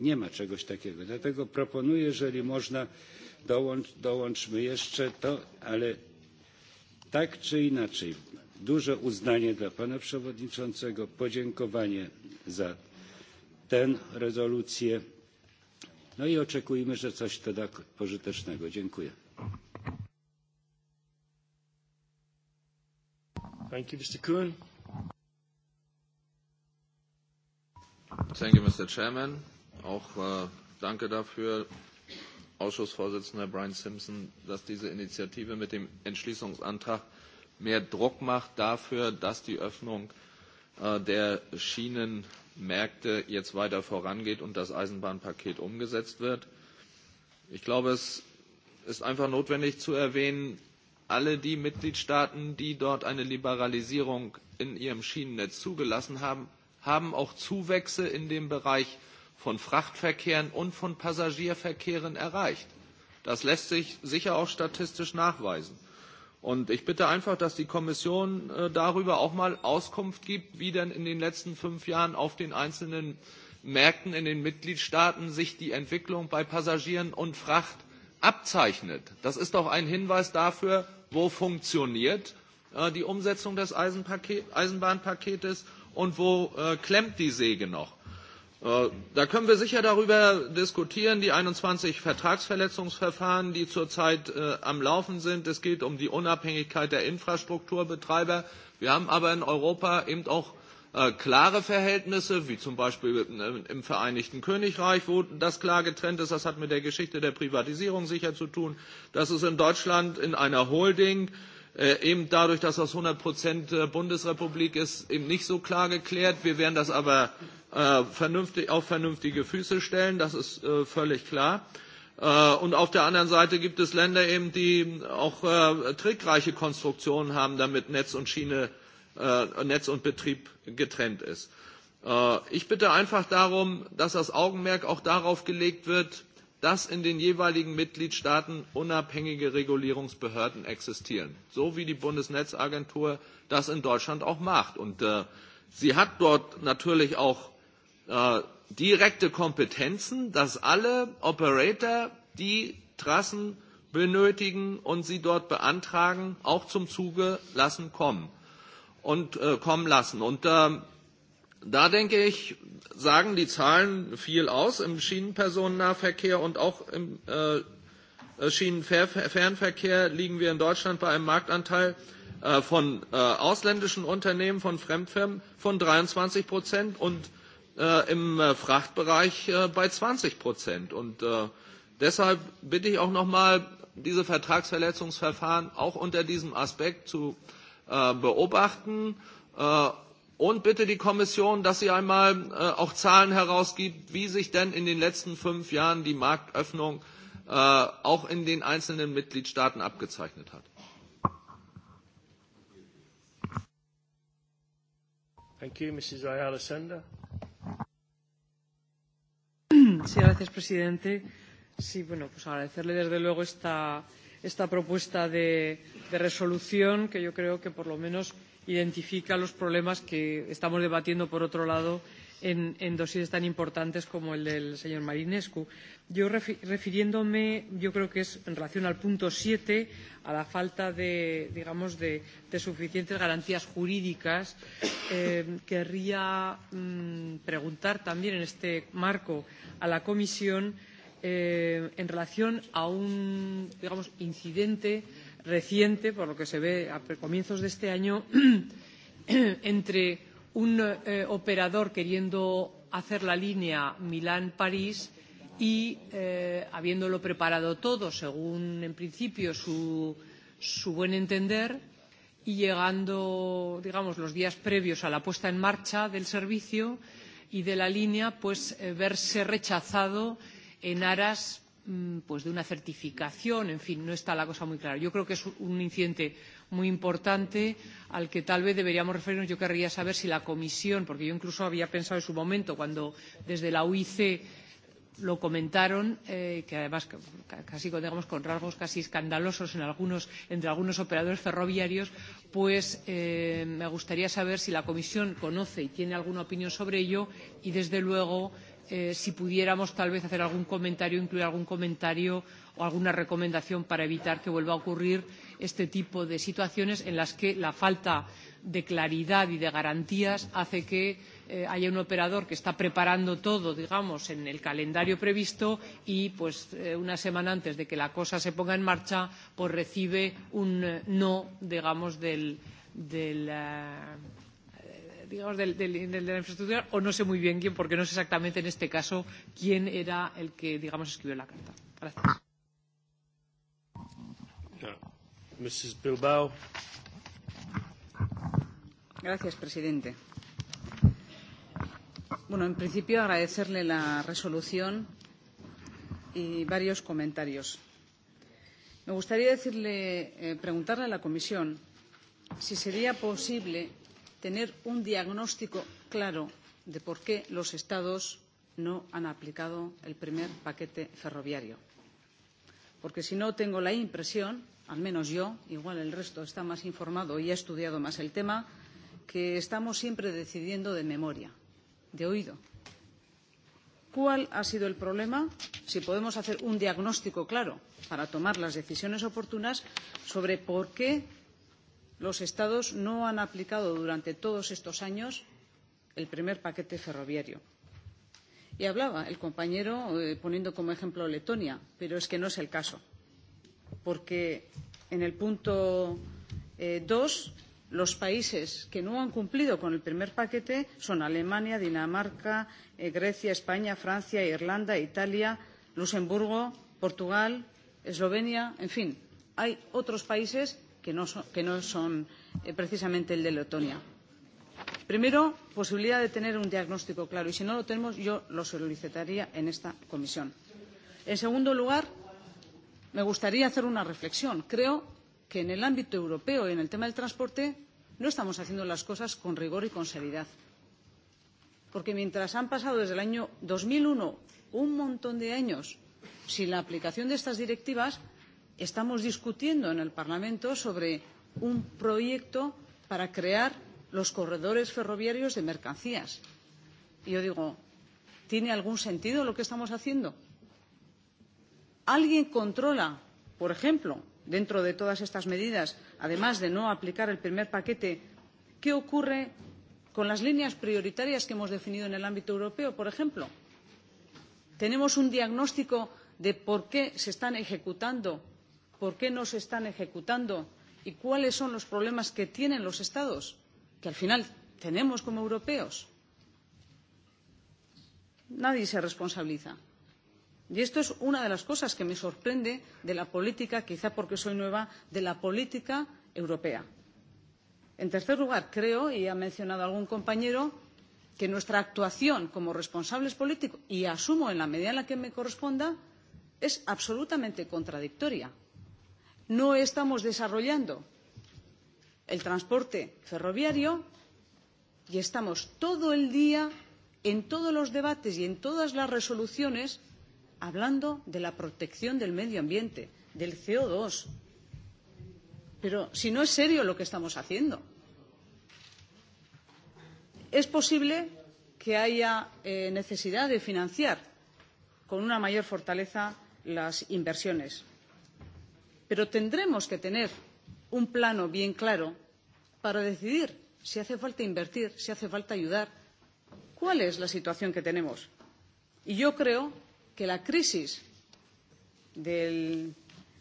Nie ma czegoś takiego. Dlatego proponuję, jeżeli można, dołącz, dołączmy jeszcze to, ale tak czy inaczej duże uznanie dla pana przewodniczącego, podziękowanie za tę rezolucję. No i oczekujmy, że coś to da pożytecznego. Dziękuję.
Thank you, Mr. Kuhn.
Thank you, Mr. Chairman. Auch äh, danke dafür, Ausschussvorsitzender Brian Simpson, dass diese Initiative mit dem Entschließungsantrag mehr Druck macht dafür, dass die Öffnung äh, der Schienenmärkte jetzt weiter vorangeht und das Eisenbahnpaket umgesetzt wird. Ich glaube, es ist einfach notwendig zu erwähnen, alle die Mitgliedstaaten, die dort eine Liberalisierung in ihrem Schienennetz zugelassen haben, haben auch Zuwächse in dem Bereich von Frachtverkehren und von Passagierverkehren erreicht. Das lässt sich sicher auch statistisch nachweisen. Und ich bitte einfach, dass die Kommission äh, darüber auch mal Auskunft gibt, wie denn in den letzten fünf Jahren auf den einzelnen Märkten in den Mitgliedstaaten sich die Entwicklung bei Passagieren und Fracht abzeichnet. Das ist doch ein Hinweis dafür, wo funktioniert äh, die Umsetzung des Eisenpaket, Eisenbahnpaketes und wo äh, klemmt die Säge noch. Äh, da können wir sicher darüber diskutieren, die 21 Vertragsverletzungsverfahren, die zurzeit äh, am Laufen sind. Es geht um die Unabhängigkeit der Infrastrukturbetreiber. Wir haben aber in Europa eben auch äh, klare Verhältnisse, wie zum Beispiel äh, im Vereinigten Königreich, wo das klar getrennt ist. Das hat mit der Geschichte der Privatisierung sicher zu tun. Das ist in Deutschland in einer Holding äh, Äh, eben dadurch, dass das 100 Prozent äh, Bundesrepublik ist, eben nicht so klar geklärt. Wir werden das aber äh, vernünftig, auf vernünftige Füße stellen, das ist völlig klar. Und auf der anderen Seite gibt es Länder eben, die auch trickreiche Konstruktionen haben, damit Netz und Schiene, Netz und Betrieb getrennt ist. Ich bitte einfach darum, dass das Augenmerk auch darauf gelegt wird, dass in den jeweiligen Mitgliedstaaten unabhängige Regulierungsbehörden existieren, so wie die Bundesnetzagentur das in Deutschland auch macht. Und äh, sie hat dort natürlich auch äh, direkte Kompetenzen, dass alle Operator, die Trassen benötigen und sie dort beantragen, auch zum Zuge lassen kommen und äh, kommen lassen. Und äh, Da denke ich, sagen die Zahlen viel aus im Schienenpersonennahverkehr und auch im äh, Schienenfernverkehr liegen wir in Deutschland bei einem Marktanteil äh, von äh, ausländischen Unternehmen, von Fremdfirmen von 23 Prozent und äh, im äh, Frachtbereich äh, bei 20 Prozent. Und äh, deshalb bitte ich auch nochmal, diese Vertragsverletzungsverfahren auch unter diesem Aspekt zu äh, beobachten. Äh, Und bitte die Kommission, dass sie einmal äh, auch Zahlen herausgibt, wie sich denn in den letzten fünf Jahren die Marktöffnung äh, auch in den einzelnen Mitgliedstaaten abgezeichnet hat.
Thank you, Mrs. Ayala Sender.
(clears throat) Sí, gracias, presidente. Sí, bueno, pues agradecerle desde luego esta, esta propuesta de, de resolución que yo creo que por lo menos identifica los problemas que estamos debatiendo, por otro lado, en, en dosis tan importantes como el del señor Marinescu. Yo refiriéndome, yo creo que es en relación al punto 7, a la falta de, digamos, de, de suficientes garantías jurídicas, eh, querría mm, preguntar también en este marco a la Comisión eh, en relación a un, digamos, incidente eh, reciente, por lo que se ve a comienzos de este año, (clears throat) entre un eh, operador queriendo hacer la línea Milán-París y eh, habiéndolo preparado todo según en principio su, su buen entender y llegando digamos los días previos a la puesta en marcha del servicio y de la línea pues eh, verse rechazado en aras Mm, pues de una certificación, en fin, no está la cosa muy clara. Yo creo que es un incidente muy importante al que tal vez deberíamos referirnos. Yo querría saber si la Comisión, porque yo incluso había pensado en su momento, cuando desde la UIC lo comentaron, eh, que además casi digamos, con rasgos casi escandalosos en algunos, entre algunos operadores ferroviarios, pues eh, me gustaría saber si la Comisión conoce y tiene alguna opinión sobre ello y, desde luego, eh, si pudiéramos tal vez hacer algún comentario, incluir algún comentario o alguna recomendación para evitar que vuelva a ocurrir este tipo de situaciones en las que la falta de claridad y de garantías hace que eh, haya un operador que está preparando todo, digamos, en el calendario previsto y, pues, eh, una semana antes de que la cosa se ponga en marcha, pues recibe un eh, no, digamos, del, del, uh, digamos, del, del, del, de la infraestructura, o no sé muy bien quién, porque no sé exactamente en este caso quién era el que, digamos, escribió la carta. Gracias.
Mrs. Bilbao. Gracias, presidente. Bueno, en principio agradecerle la resolución y varios comentarios. Me gustaría decirle, eh, preguntarle a la Comisión si sería posible tener un diagnóstico claro de por qué los Estados no han aplicado el primer paquete ferroviario. Porque si no, tengo la impresión, al menos yo, igual el resto está más informado y ha estudiado más el tema, que estamos siempre decidiendo de memoria, de oído. ¿Cuál ha sido el problema? Si podemos hacer un diagnóstico claro para tomar las decisiones oportunas sobre por qué los Estados no han aplicado durante todos estos años el primer paquete ferroviario. Y hablaba el compañero eh, poniendo como ejemplo Letonia, pero es que no es el caso, porque en el punto 2 eh, los países que no han cumplido con el primer paquete son Alemania, Dinamarca, eh, Grecia, España, Francia, Irlanda, Italia, Luxemburgo, Portugal, Eslovenia, en fin, hay otros países que no son, que no son eh, precisamente el de Letonia. Primero, posibilidad de tener un diagnóstico claro y si no lo tenemos yo lo solicitaría en esta comisión. En segundo lugar, me gustaría hacer una reflexión. Creo que en el ámbito europeo y en el tema del transporte no estamos haciendo las cosas con rigor y con seriedad. Porque mientras han pasado desde el año 2001 un montón de años sin la aplicación de estas directivas, estamos discutiendo en el Parlamento sobre un proyecto para crear los corredores ferroviarios de mercancías. Y yo digo, ¿tiene algún sentido lo que estamos haciendo? ¿Alguien controla, por ejemplo, dentro de todas estas medidas, además de no aplicar el primer paquete, qué ocurre con las líneas prioritarias que hemos definido en el ámbito europeo, por ejemplo? ¿Tenemos un diagnóstico de por qué se están ejecutando por qué no se están ejecutando y cuáles son los problemas que tienen los estados que al final tenemos como europeos nadie se responsabiliza. Y esto es una de las cosas que me sorprende de la política, quizá porque soy nueva, de la política europea. En tercer lugar, creo, y ha mencionado algún compañero, que nuestra actuación como responsables políticos, y asumo en la medida en la que me corresponda, es absolutamente contradictoria no estamos desarrollando el transporte ferroviario y estamos todo el día en todos los debates y en todas las resoluciones hablando de la protección del medio ambiente, del CO2. Pero si no es serio lo que estamos haciendo. Es posible que haya eh, necesidad de financiar con una mayor fortaleza las inversiones pero tendremos que tener un plano bien claro para decidir si hace falta invertir si hace falta ayudar cuál es la situación que tenemos. y yo creo que la crisis del,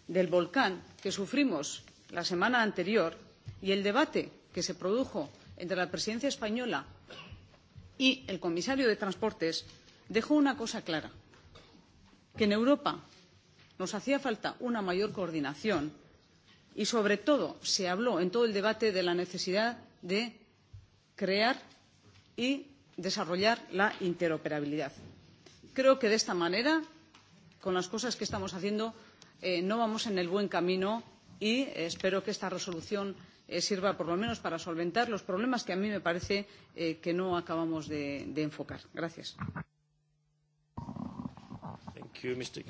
del volcán que sufrimos la semana anterior y el debate que se produjo entre la presidencia española y el comisario de transportes dejó una cosa clara que en europa nos hacía falta una mayor coordinación y sobre todo se habló en todo el debate de la necesidad de crear y desarrollar la interoperabilidad. creo que de esta manera con las cosas que estamos haciendo eh, no vamos en el buen camino y espero que esta resolución eh, sirva por lo menos para solventar los problemas que a mí me parece eh, que no acabamos de, de enfocar. gracias.
Thank you, Mr.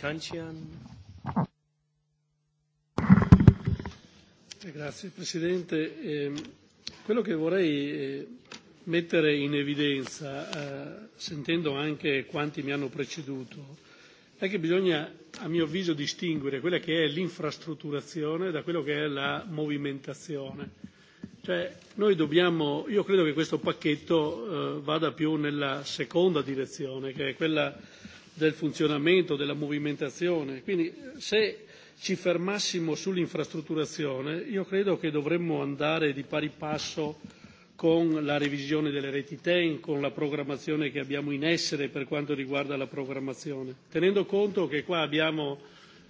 Eh, grazie Presidente. onorevoli ehm, colleghi quello che vorrei eh, mettere in evidenza, eh, sentendo anche quanti mi hanno preceduto, è che bisogna, a mio avviso, distinguere quella che è l'infrastrutturazione da quello che è la movimentazione. Cioè, noi dobbiamo, io credo che questo pacchetto vada più nella seconda direzione, che è quella del funzionamento, della movimentazione. Quindi se ci fermassimo sull'infrastrutturazione, io credo che dovremmo andare di pari passo con la revisione delle reti TEN, con la programmazione che abbiamo in essere per quanto riguarda la programmazione, tenendo conto che qua abbiamo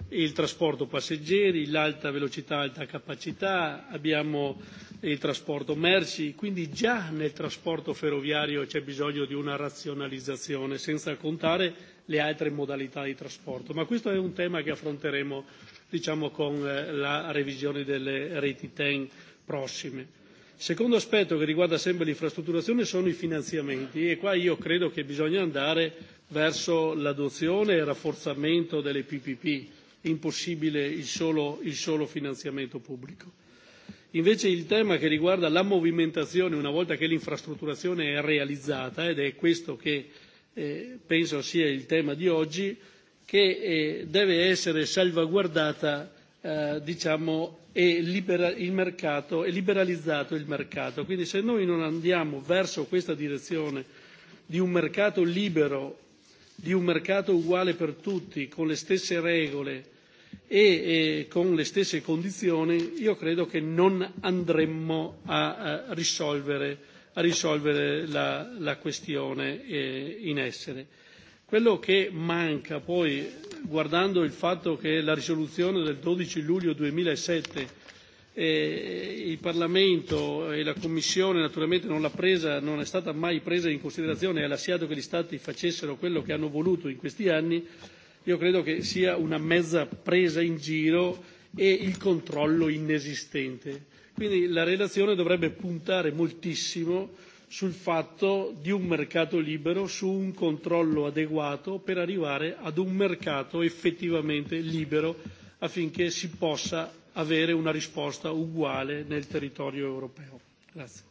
il trasporto passeggeri, l'alta velocità, alta capacità, abbiamo il trasporto merci, quindi già nel trasporto ferroviario c'è bisogno di una razionalizzazione, senza contare le altre modalità di trasporto. Ma questo è un tema che affronteremo diciamo, con eh, la revisione delle reti TEN prossime. Secondo aspetto che riguarda sempre l'infrastrutturazione sono i finanziamenti e qua io credo che bisogna andare verso l'adozione e il rafforzamento delle PPP, impossibile il solo, il solo finanziamento pubblico. Invece il tema che riguarda la movimentazione una volta che l'infrastrutturazione è realizzata, ed è questo che Eh, penso sia il tema di oggi, che eh, deve essere salvaguardata eh, diciamo, e libera- il mercato, è e liberalizzato il mercato. Quindi se noi non andiamo verso questa direzione di un mercato libero, di un mercato uguale per tutti, con le stesse regole e eh, con le stesse condizioni, io credo che non andremmo a, a risolvere a risolvere la, la questione eh, in essere. Quello che manca poi, guardando il fatto che la risoluzione del 12 luglio 2007 eh, il Parlamento e la Commissione naturalmente non l'ha presa, non è stata mai presa in considerazione e ha lasciato che gli Stati facessero quello che hanno voluto in questi anni, io credo che sia una mezza presa in giro e il controllo inesistente Quindi la relazione dovrebbe puntare moltissimo sul fatto di un mercato libero, su un controllo adeguato per arrivare ad un mercato effettivamente libero affinché si possa avere una risposta uguale nel territorio europeo.
Grazie.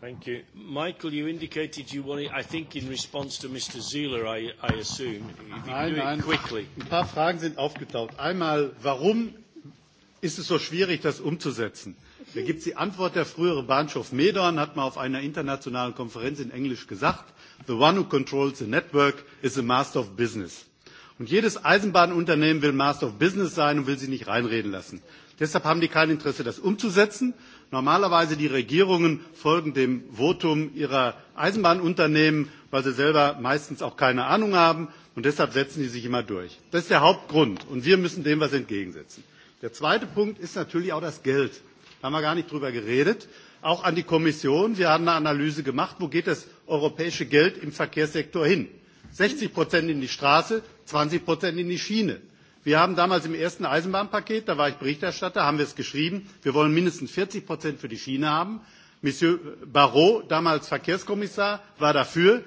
Thank you. Michael, you indicated you wanted, I think in response to Mr. Zieler, I, I assume. If you nein, do nein. It quickly.
Ein paar Fragen sind aufgetaucht. Einmal, warum ist es so schwierig, das umzusetzen? Da gibt es die Antwort, der frühere Bahnhof Medorn hat mal auf einer internationalen Konferenz in Englisch gesagt, the one who controls the network is the master of business. Und jedes Eisenbahnunternehmen will Master of Business sein und will sie nicht reinreden lassen. Deshalb haben die kein Interesse, das umzusetzen. Normalerweise die Regierungen folgen dem Votum ihrer Eisenbahnunternehmen, weil sie selber meistens auch keine Ahnung haben. Und deshalb setzen die sich immer durch. Das ist der Hauptgrund. Und wir müssen dem was entgegensetzen. Der zweite Punkt ist natürlich auch das Geld. Da haben wir gar nicht drüber geredet. Auch an die Kommission. Wir haben eine Analyse gemacht, wo geht das europäische Geld im Verkehrssektor hin? 60 Prozent in die Straße, 20 Prozent in die Schiene. Wir haben damals im ersten Eisenbahnpaket, da war ich Berichterstatter, haben wir es geschrieben, wir wollen mindestens 40 Prozent für die Schiene haben. Monsieur Barrot, damals Verkehrskommissar, war dafür.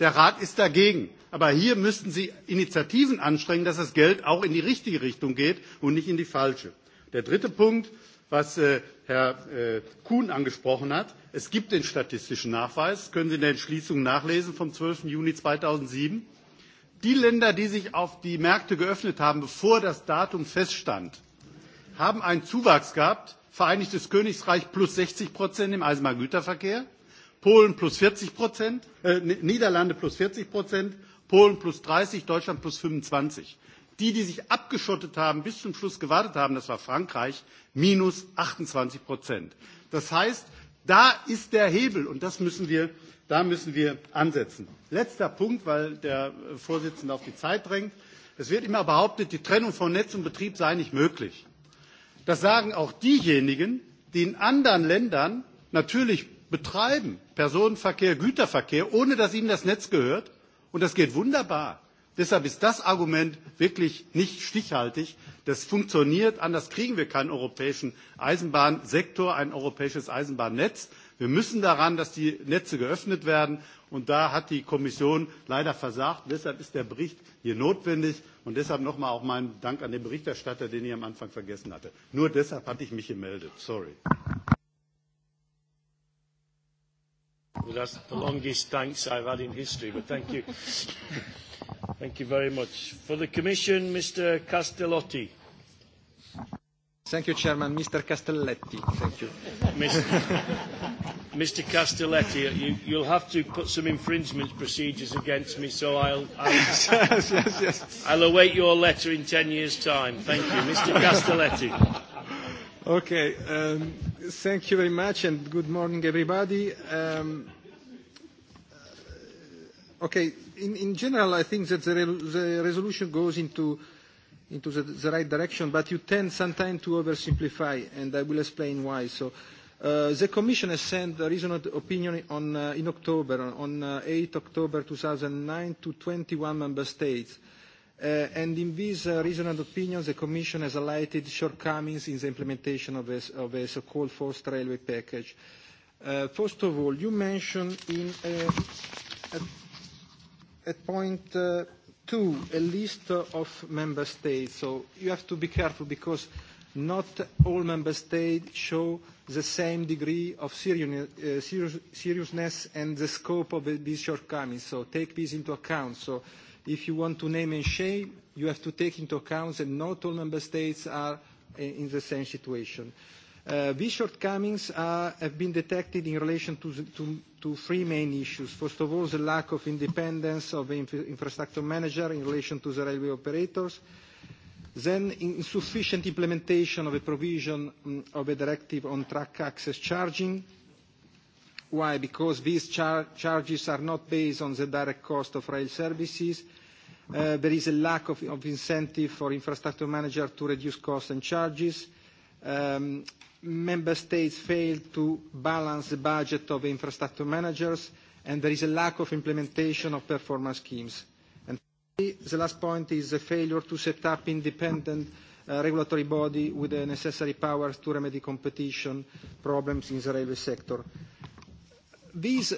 Der Rat ist dagegen. Aber hier müssten Sie Initiativen anstrengen, dass das Geld auch in die richtige Richtung geht und nicht in die falsche. Der dritte Punkt, was äh, Herr äh, Kuhn angesprochen hat. Es gibt den statistischen Nachweis, können Sie in der Entschließung nachlesen vom 12. Juni 2007. Die Länder, die sich auf die Märkte geöffnet haben, bevor das Datum feststand, haben einen Zuwachs gehabt. Vereinigtes Königreich plus 60 Prozent im Eisenbahngüterverkehr, Polen plus 40 Prozent, äh, Niederlande plus 40 Prozent Polen plus 30, Deutschland plus 25. Die, die sich abgeschottet haben, bis zum Schluss gewartet haben, das war Frankreich, minus 28 Prozent. Das heißt, da ist der Hebel und das müssen wir, da müssen wir ansetzen. Letzter Punkt, weil der Vorsitzende auf die Zeit drängt. Es wird immer behauptet, die Trennung von Netz und Betrieb sei nicht möglich. Das sagen auch diejenigen, die in anderen Ländern natürlich betreiben, Personenverkehr, Güterverkehr, ohne dass ihnen das Netz gehört, Und das geht wunderbar. Deshalb ist das Argument wirklich nicht stichhaltig. Das funktioniert, anders kriegen wir keinen europäischen Eisenbahnsektor, ein europäisches Eisenbahnnetz. Wir müssen daran, dass die Netze geöffnet werden. Und da hat die Kommission leider versagt. Deshalb ist der Bericht hier notwendig. Und deshalb nochmal auch meinen Dank an den Berichterstatter, den ich am Anfang vergessen hatte. Nur deshalb hatte ich mich gemeldet. Sorry.
Well, that's the longest thanks I've had in history, but thank you. (laughs) thank you very much. For the Commission, Mr Castellotti. Thank you, Chairman. Mr. Castelletti. Thank you. Mr. (laughs) Castelletti, you, you'll have to put some infringement procedures against me, so I'll, I'll, (laughs) yes, yes, yes. I'll await your letter in 10 years' time. Thank you. Mr. Castelletti.
Okay. Um, Thank you very much and good morning everybody. Um, uh, okay, in, in general I think that the, re the resolution goes into, into the, the right direction, but you tend sometimes to oversimplify and I will explain why. So uh, the Commission has sent a reasoned opinion on, uh, in October, on uh, 8 October 2009 to 21 member states Uh, and in this uh, reasoned opinion, the Commission has highlighted shortcomings in the implementation of this, of this so-called forced railway package. Uh, first of all, you mentioned in, uh, at, at point uh, two a list of member states. So you have to be careful because not all member states show the same degree of serious, uh, serious, seriousness and the scope of these shortcomings. So take this into account. So if you want to name and shame, you have to take into account that not all member states are eh, in the same situation. Uh, these shortcomings are, have been detected in relation to, the, to, to three main issues. First of all, the lack of independence of the infra infrastructure manager in relation to the railway operators. Then insufficient implementation of a provision mm, of a directive on track access charging Why? Because these char charges are not based on the direct cost of rail services. Uh, there is a lack of, of incentive for infrastructure manager to reduce costs and charges. Um, member states fail to balance the budget of infrastructure managers, and there is a lack of implementation of performance schemes. And the last point is the failure to set up independent uh, regulatory body with the necessary powers to remedy competition problems in the railway sector. This,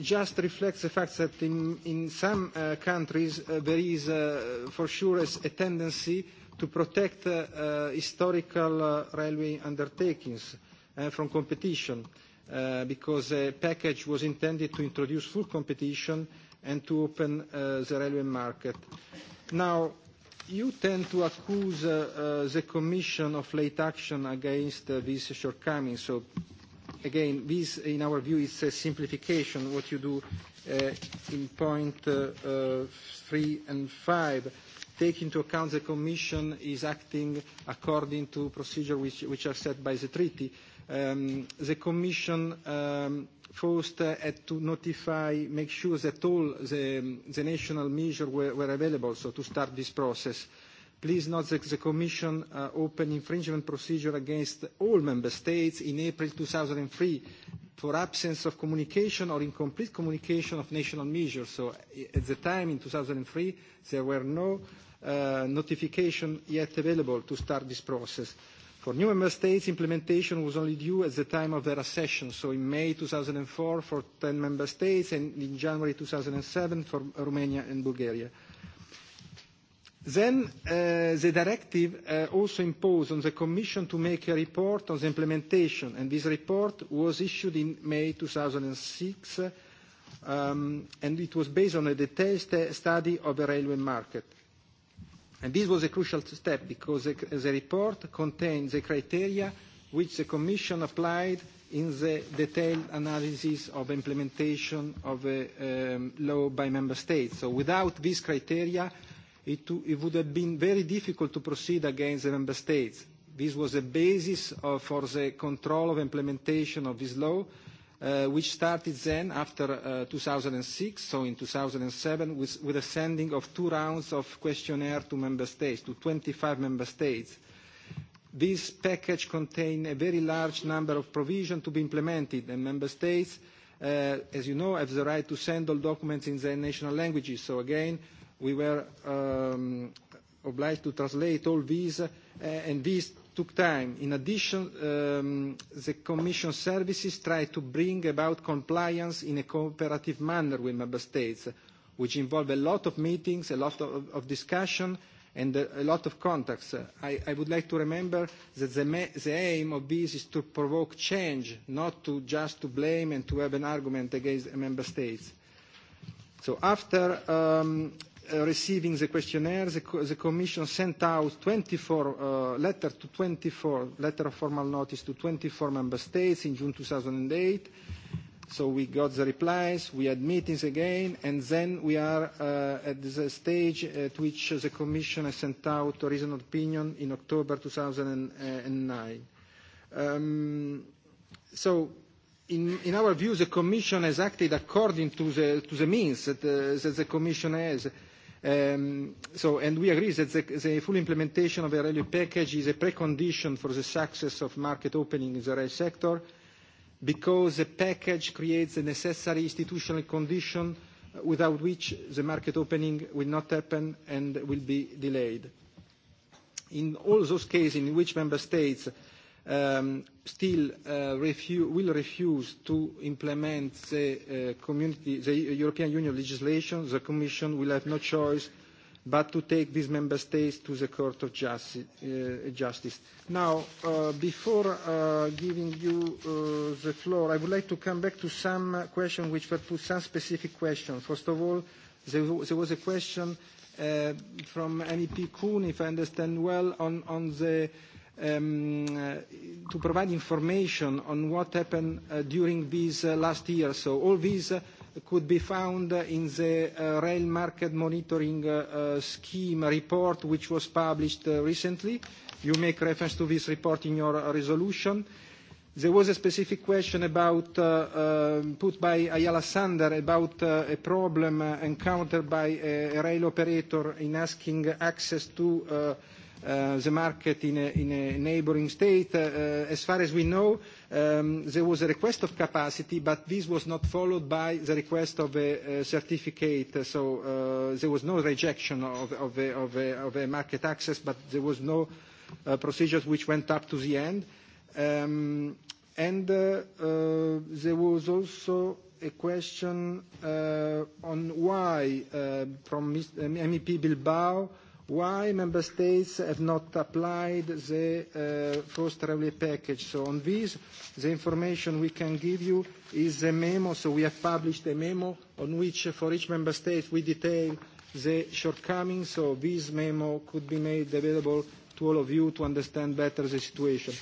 just reflects the fact that in, in some uh, countries uh, there is uh, for sure a, a tendency to protect uh, uh, historical uh, railway undertakings uh, from competition uh, because the package was intended to introduce full competition and to open uh, the railway market. Now, you tend to accuse uh, uh, the Commission of late action against uh, these shortcomings, so again, this, in our view, is a simplification, what you do uh, in point uh, uh, 3 and 5. Take into account the Commission is acting according to procedures which, which are set by the treaty. Um, the Commission um, first uh, had to notify, make sure that all the, the national measures were, were available, so to start this process. Uh, Please note that the Commission uh, opened infringement procedure against all Member States in April 2003 for absence of communication or incomplete communication of national measures. So at the time, in 2003, there were no uh, notification yet available to start this process. For new member states, implementation was only due at the time of their accession, so in May 2004 for 10 member states and in January 2007 for Romania and Bulgaria. Then uh, the directive uh, also imposed on the Commission to make a report on the implementation, and this report was issued in May 2006, um, and it was based on a detailed study of the railway market. And this was a crucial step because the, report contained the criteria which the Commission applied in the detailed analysis of implementation of the uh, um, law by Member States. So without these criteria, it, it would have been very difficult to proceed against the member states. This was the basis of, for the control of implementation of this law, uh, which started then after uh, 2006, so in 2007, with, with the sending of two rounds of questionnaire to member states, to 25 member states. This package contained a very large number of provisions to be implemented, and member states, uh, as you know, have the right to send all documents in their national languages. So again, we were um, obliged to translate all these, uh, and these took time. In addition, um, the Commission services tried to bring about compliance in a cooperative manner with Member States, which involved a lot of meetings, a lot of, of discussion, and a lot of contacts. I, I would like to remember that the, the aim of this is to provoke change, not to just to blame and to have an argument against member states. So after um, Uh, receiving the questionnaire, the, co the Commission sent out 24 uh, letter to 24 letter of formal notice to 24 member states in June 2008. So we got the replies, we had meetings again, and then we are uh, at the stage at which the Commission has sent out a reasoned opinion in October 2009. Um, so In, in our view, the Commission has acted according to the, to the means that, uh, that the Commission has. Um, so, and we agree that the, the full implementation of the RLU package is a precondition for the success of market opening in the rail sector because the package creates the necessary institutional condition without which the market opening will not happen and will be delayed. In all those cases in which member states um, still uh, refu will refuse to implement the, uh, community, the European Union legislation, the Commission will have no choice but to take these member states to the Court of Justice. Uh, justice. Now, uh, before uh, giving you uh, the floor, I would like to come back to some questions which were put, some specific questions. First of all, there, there was a question uh, from MEP Kuhn, if I understand well, on, on the uh, Um, uh, to provide information on what happened uh, during this uh, last year. So all these could be found in the rail market monitoring scheme report, which was published recently. You make reference to this report in your resolution. There was a specific question about, um, put by Ayala Sander about a problem encountered by a rail operator in asking access to Uh, the market in a, in neighboring state. Uh, uh, as far as we know, um, there was a request of capacity, but this was not followed by the request of a, a certificate. So uh, there was no rejection of, of, a, of, a, of a market access, but there was no uh, procedures which went up to the end. Um, and uh, uh, there was also a question uh, on why uh, from Mr. MEP Bilbao why member states have not applied the uh, first travel package. So on this, the information we can give you is a memo. So we have published a memo on which uh, for each member state we detail the shortcomings. So this memo could be made available to all of you to understand better the situation.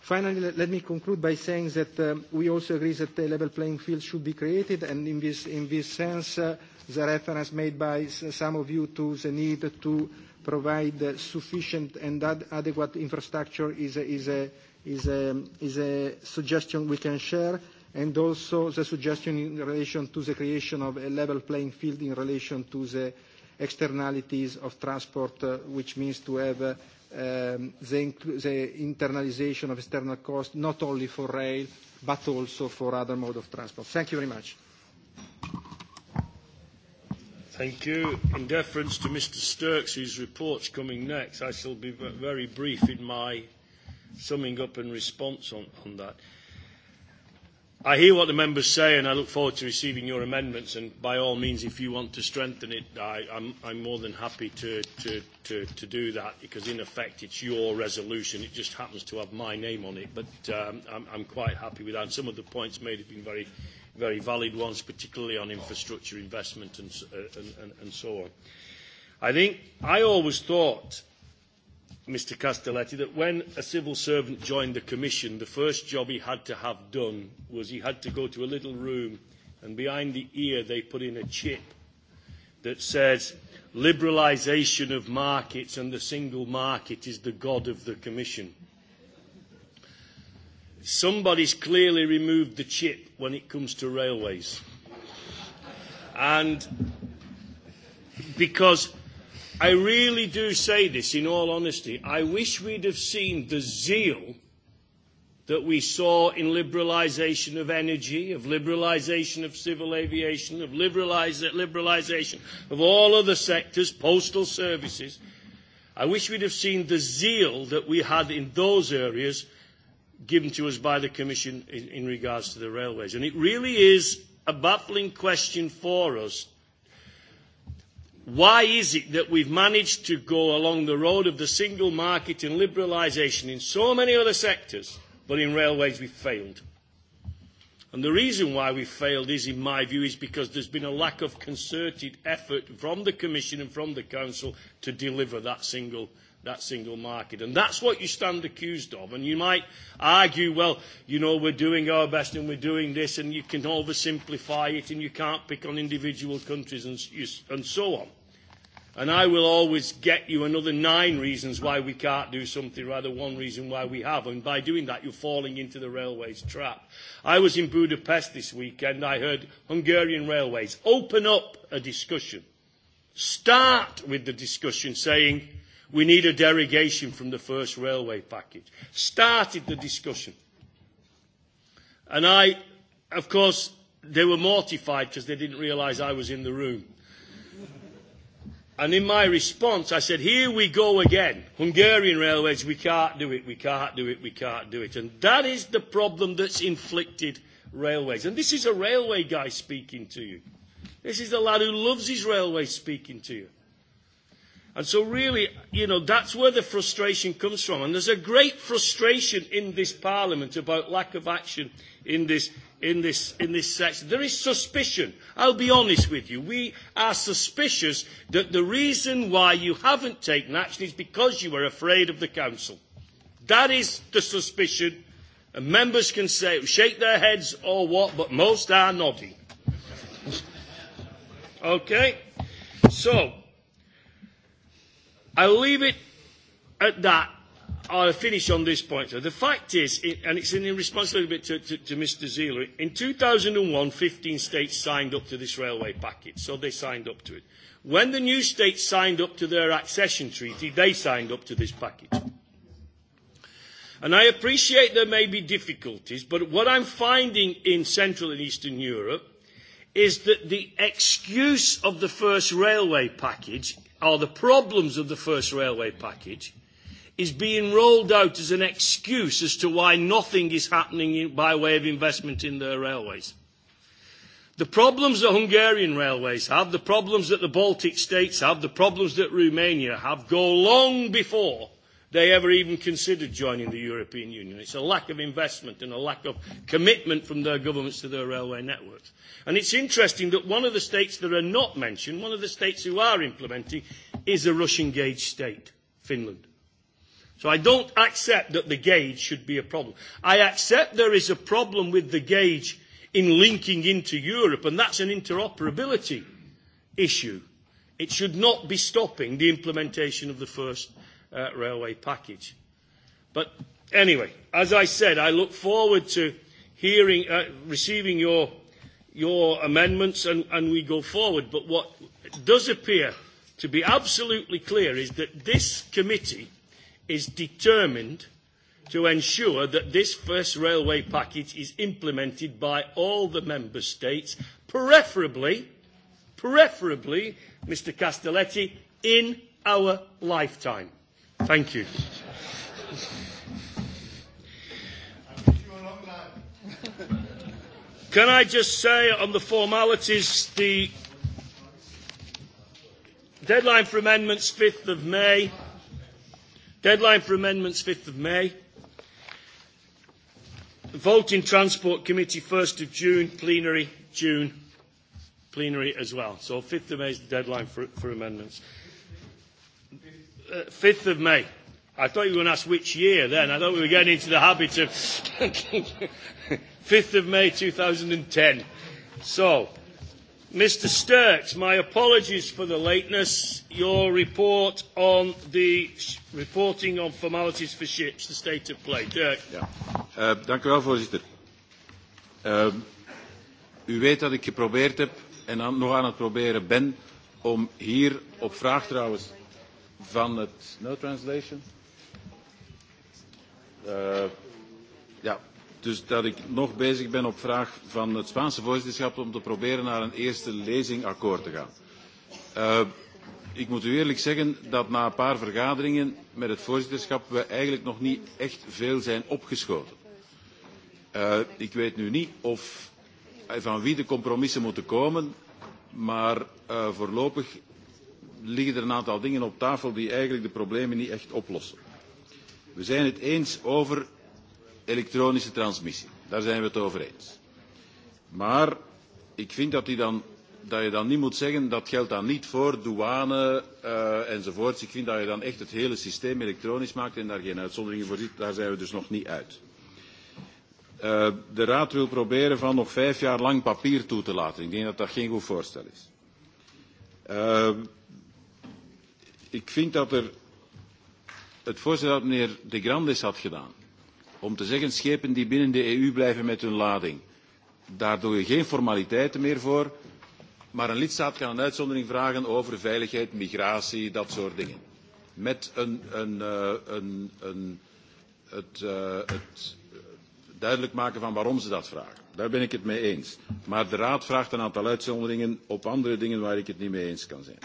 Finally, let, let me conclude by saying that um, we also agree that a level playing field should be created, and in this, in this sense, uh, the reference made by some of you to the need to provide sufficient and ad adequate infrastructure is a, is, a, is, a, is a suggestion we can share, and also the suggestion in relation to the creation of a level playing field in relation to the externalities of transport, uh, which means to have uh, um, the, the internalization of external costs, not only for rail, but also for other modes of transport. Thank you very much.
Thank you. In deference to Mr. Sturks, whose report's coming next, I shall be very brief in my summing up and response on, on that. I hear what the members say, and I look forward to receiving your amendments. And by all means, if you want to strengthen it, I, I'm, I'm more than happy to, to, to, to do that, because in effect, it's your resolution. It just happens to have my name on it, but um, I'm, I'm quite happy with that. And some of the points made have been very very valid ones, particularly on infrastructure investment and, uh, and, and, and so on. I think I always thought, Mr Castelletti, that when a civil servant joined the Commission, the first job he had to have done was he had to go to a little room and behind the ear they put in a chip that says liberalisation of markets and the single market is the god of the Commission somebody's clearly removed the chip when it comes to railways. And because I really do say this in all honesty, I wish we'd have seen the zeal that we saw in liberalisation of energy, of liberalisation of civil aviation, of liberalisation of all other sectors, postal services. I wish we'd have seen the zeal that we had in those areas given to us by the Commission in, in regards to the railways. And it really is a baffling question for us. Why is it that we've managed to go along the road of the single market and liberalisation in so many other sectors, but in railways we failed? And the reason why we failed is, in my view, is because there's been a lack of concerted effort from the Commission and from the Council to deliver that single market that single market. And that's what you stand accused of. And you might argue, well, you know, we're doing our best and we're doing this, and you can oversimplify it and you can't pick on individual countries and, and so on. And I will always get you another nine reasons why we can't do something, rather one reason why we have. And by doing that, you're falling into the railways trap. I was in Budapest this weekend. I heard Hungarian railways open up a discussion. Start with the discussion saying, We need a derogation from the first railway package. Started the discussion. And I, of course, they were mortified because they didn't realise I was in the room. And in my response, I said, here we go again. Hungarian railways, we can't do it, we can't do it, we can't do it. And that is the problem that's inflicted railways. And this is a railway guy speaking to you. This is a lad who loves his railways speaking to you. And so really, you know, that's where the frustration comes from. And there's a great frustration in this parliament about lack of action in this, in this, in this section. There is suspicion. I'll be honest with you. We are suspicious that the reason why you haven't taken action is because you were afraid of the council. That is the suspicion. And members can say, shake their heads or what, but most are nodding. (laughs) okay? So, I leave it at that. I'll finish on this point. So the fact is, and it's in response a little bit to, to, to Mr. Zeeler, in 2001, 15 states signed up to this railway package, so they signed up to it. When the new states signed up to their accession treaty, they signed up to this package. And I appreciate there may be difficulties, but what I'm finding in Central and Eastern Europe is that the excuse of the first railway package or the problems of the first railway package is being rolled out as an excuse as to why nothing is happening in, by way of investment in their railways. The problems that Hungarian railways have, the problems that the Baltic states have, the problems that Romania have go long before they ever even considered joining the European Union. It's a lack of investment and a lack of commitment from their governments to their railway networks. And it's interesting that one of the states that are not mentioned, one of the states who are implementing, is a Russian gauge state, Finland. So I don't accept that the gauge should be a problem. I accept there is a problem with the gauge in linking into Europe, and that's an interoperability issue. It should not be stopping the implementation of the first uh, railway package. But anyway, as I said, I look forward to hearing, uh, receiving your, your amendments and, and we go forward. But what does appear to be absolutely clear is that this committee is determined to ensure that this first railway package is implemented by all the member states, preferably, preferably, Mr Castelletti, in our lifetime. Thank you. Can I just say on the formalities, the deadline for amendments 5th of May. Deadline for amendments 5th of May. Vote in Transport Committee 1st of June, plenary June, plenary as well. So 5th of May is the deadline for, for amendments. 5th uh, of May. I thought you were going to ask which year then. I thought we were getting into the habit of 5th (laughs) of May 2010. So, Mr Sturks, my apologies for the lateness. Your report on the reporting on formalities for ships, the state of play. Dirk. Ja.
Uh, dank u wel, voorzitter. Uh, u weet dat ik geprobeerd heb en aan, nog aan het proberen ben om hier op vraag trouwens van het... No translation? Uh, ja, dus dat ik nog bezig ben op vraag van het Spaanse voorzitterschap om te proberen naar een eerste lezing akkoord te gaan. Uh, ik moet u eerlijk zeggen dat na een paar vergaderingen met het voorzitterschap we eigenlijk nog niet echt veel zijn opgeschoten. Uh, ik weet nu niet of, van wie de compromissen moeten komen, maar uh, voorlopig liggen er een aantal dingen op tafel die eigenlijk de problemen niet echt oplossen. We zijn het eens over elektronische transmissie. Daar zijn we het over eens. Maar ik vind dat, die dan, dat je dan niet moet zeggen dat geldt dan niet voor douane uh, enzovoorts. Ik vind dat je dan echt het hele systeem elektronisch maakt en daar geen uitzonderingen voor ziet. Daar zijn we dus nog niet uit. Uh, de Raad wil proberen van nog vijf jaar lang papier toe te laten. Ik denk dat dat geen goed voorstel is. Uh, ik vind dat er het voorstel dat meneer De Grandes had gedaan, om te zeggen schepen die binnen de EU blijven met hun lading, daar doe je geen formaliteiten meer voor, maar een lidstaat kan een uitzondering vragen over veiligheid, migratie, dat soort dingen. Met een, een, eh, een, een, het, uh, het duidelijk maken van waarom ze dat vragen. Daar ben ik het mee eens. Maar de Raad vraagt een aantal uitzonderingen op andere dingen waar ik het niet mee eens kan zijn.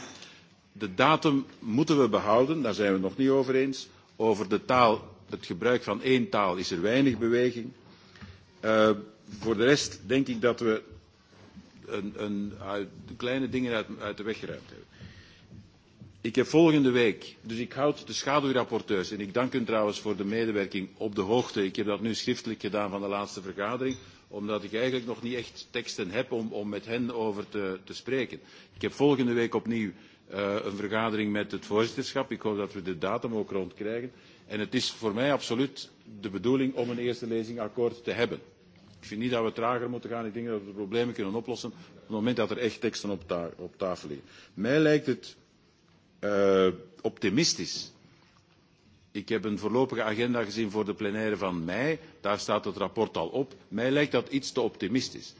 De datum moeten we behouden, daar zijn we het nog niet over eens. Over de taal, het gebruik van één taal is er weinig beweging. Uh, voor de rest denk ik dat we een, een, uit, kleine dingen uit, uit de weg geruimd hebben. Ik heb volgende week, dus ik houd de schaduwrapporteurs, en ik dank u trouwens voor de medewerking op de hoogte. Ik heb dat nu schriftelijk gedaan van de laatste vergadering, omdat ik eigenlijk nog niet echt teksten heb om, om met hen over te, te spreken. Ik heb volgende week opnieuw Eh, een vergadering met het voorzitterschap. Ik hoop dat we de datum ook rond krijgen. En het is voor mij absoluut de bedoeling om een eerste lezing akkoord te hebben. Ik vind niet dat we trager moeten gaan. Ik denk dat we de problemen kunnen oplossen op het moment dat er echt teksten op, op tafel liggen. Mij lijkt het uh, optimistisch. Ik heb een voorlopige agenda gezien voor de plenaire van mei. Daar staat het rapport al op. Mij lijkt dat iets te optimistisch.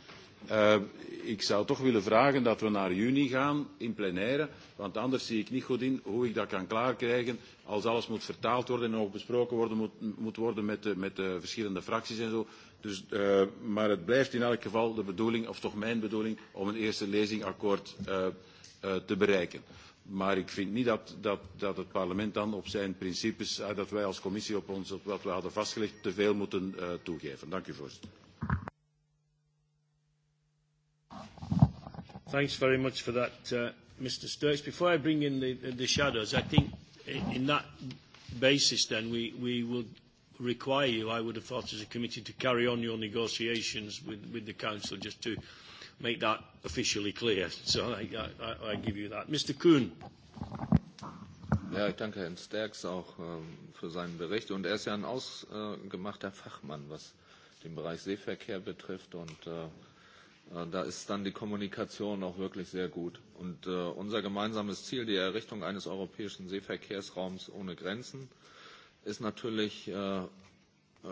Uh, ik zou toch willen vragen dat we naar juni gaan in plenaire, want anders zie ik niet goed in hoe ik dat kan klaarkrijgen als alles moet vertaald worden en ook besproken worden, moet, moet worden met de, met de verschillende fracties en zo. Dus, uh, maar het blijft in elk geval de bedoeling, of toch mijn bedoeling, om een eerste lezingakkoord uh, uh, te bereiken. Maar ik vind niet dat, dat, dat het parlement dan op zijn principes, uh, dat wij als commissie op, ons, op wat we hadden vastgelegd, te veel moeten uh, toegeven. Dank u, voorzitter.
Thanks very much for that, uh, Mr. Sturks. Before I bring in the, the shadows, I think in that basis then we, we will require you, I would have thought, as a committee to carry on your negotiations with, with the Council just to make that officially clear. So I, I, I give you that. Mr. Kuhn. Ja, ich danke Herrn Sterks auch ähm, für seinen Bericht.
Und er ist ja ein ausgemachter Fachmann, was den Bereich Seeverkehr betrifft. Und äh, Äh, da ist dann die Kommunikation auch wirklich sehr gut. Und äh, unser gemeinsames Ziel, die Errichtung eines europäischen Seeverkehrsraums ohne Grenzen, ist natürlich äh,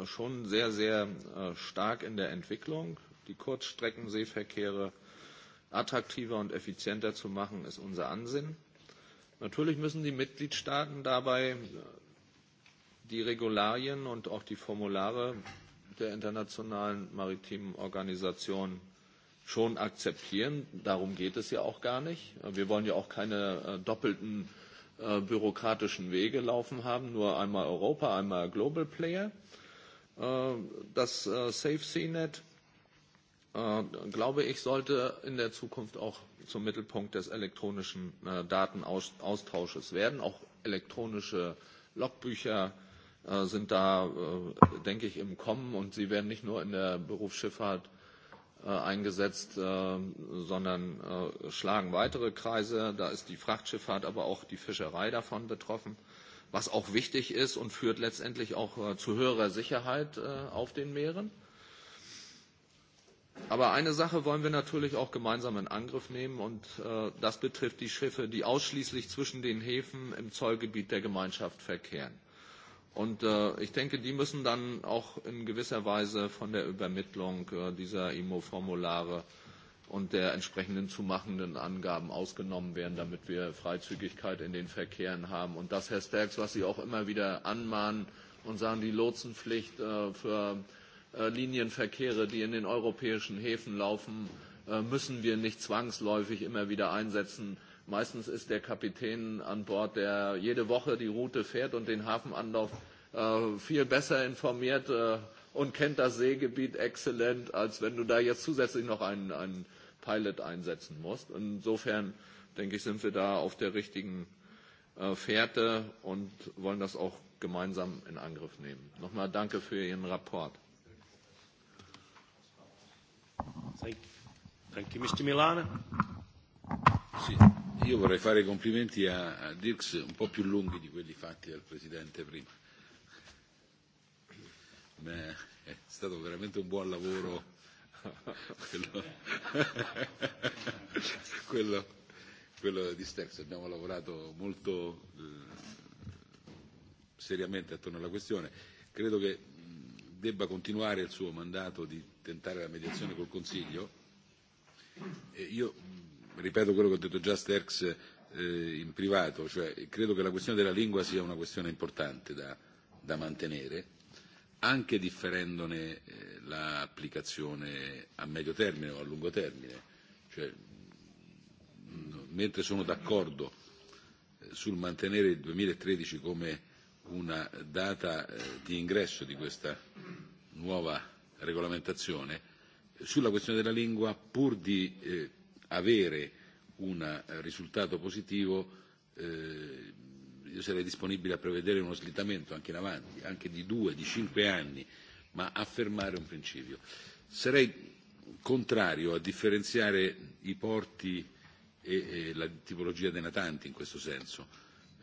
schon sehr, sehr stark in der Entwicklung. Die Kurzstreckenseeverkehre attraktiver und effizienter zu machen, ist unser Ansinnen. Natürlich müssen die Mitgliedstaaten dabei die Regularien und auch die Formulare der Internationalen Maritimen Organisation schon akzeptieren. Darum geht es ja auch gar nicht. Wir wollen ja auch keine äh, doppelten äh, bürokratischen Wege laufen haben, nur einmal Europa, einmal Global Player. Äh, das Safe CNET, glaube ich, sollte in der Zukunft auch zum Mittelpunkt des elektronischen Datenaustausches werden. Auch elektronische Logbücher sind da, denke ich, im Kommen und sie werden nicht nur in der Berufsschifffahrt Äh, eingesetzt, äh, sondern äh, schlagen weitere Kreise. Da ist die Frachtschifffahrt, aber auch die Fischerei davon betroffen, was auch wichtig ist und führt letztendlich auch zu höherer Sicherheit auf den Meeren. Aber eine Sache wollen wir natürlich auch gemeinsam in Angriff nehmen, und das betrifft die Schiffe, die ausschließlich zwischen den Häfen im Zollgebiet der Gemeinschaft verkehren. Und äh, ich denke, die müssen dann auch in gewisser Weise von der Übermittlung äh, dieser IMO-Formulare und der entsprechenden zumachenden Angaben ausgenommen werden, damit wir Freizügigkeit in den Verkehren haben. Und das, Herr Sterks, was Sie auch immer wieder anmahnen und sagen, die Lotsenpflicht äh, für äh, Linienverkehre, die in den europäischen Häfen laufen, äh, müssen wir nicht zwangsläufig immer wieder einsetzen Meistens ist der Kapitän an Bord, der jede Woche die Route fährt und den Hafenanlauf äh, viel besser informiert äh, und kennt das Seegebiet exzellent, als wenn du da jetzt zusätzlich noch einen, einen Pilot einsetzen musst. Insofern denke ich, sind wir da auf der richtigen äh, Fährte und wollen das auch gemeinsam in Angriff nehmen. Nochmal danke für Ihren Rapport. Thank you, Mr. Milana. Sí. Io vorrei fare
i complimenti a, Dirks un po' più lunghi di quelli fatti dal Presidente prima. Beh, è stato veramente un buon lavoro quello, (laughs) quello, quello di Sterks. Abbiamo lavorato molto eh, seriamente attorno alla questione. Credo che debba continuare il suo mandato di tentare la mediazione col Consiglio. E io ripeto quello che ho detto già a sterckx eh, in privato cioè credo che la questione della lingua sia una questione importante da, da mantenere anche differendone eh, l'applicazione a medio termine o a lungo termine. Cioè, mentre sono d'accordo eh, sul mantenere il 2013 come una data di ingresso di questa nuova regolamentazione, sulla questione della lingua, pur di eh, avere un eh, risultato positivo eh, io sarei disponibile a prevedere uno slittamento anche in avanti, anche di due, di cinque anni, ma affermare un principio. Sarei contrario a differenziare i porti e, e la tipologia dei natanti in questo senso,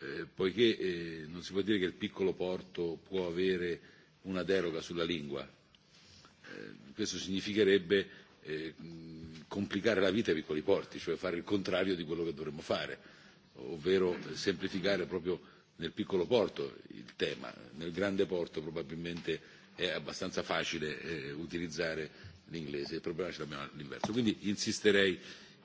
eh, poiché eh, non si può dire che il piccolo porto può avere una deroga sulla lingua. Eh, questo significherebbe E, complicare la vita ai piccoli porti, cioè fare il contrario di quello che dovremmo fare, ovvero eh, semplificare proprio nel piccolo porto il tema. Nel grande porto probabilmente è abbastanza facile eh, utilizzare l'inglese, il problema ce l'abbiamo all'inverso. Quindi insisterei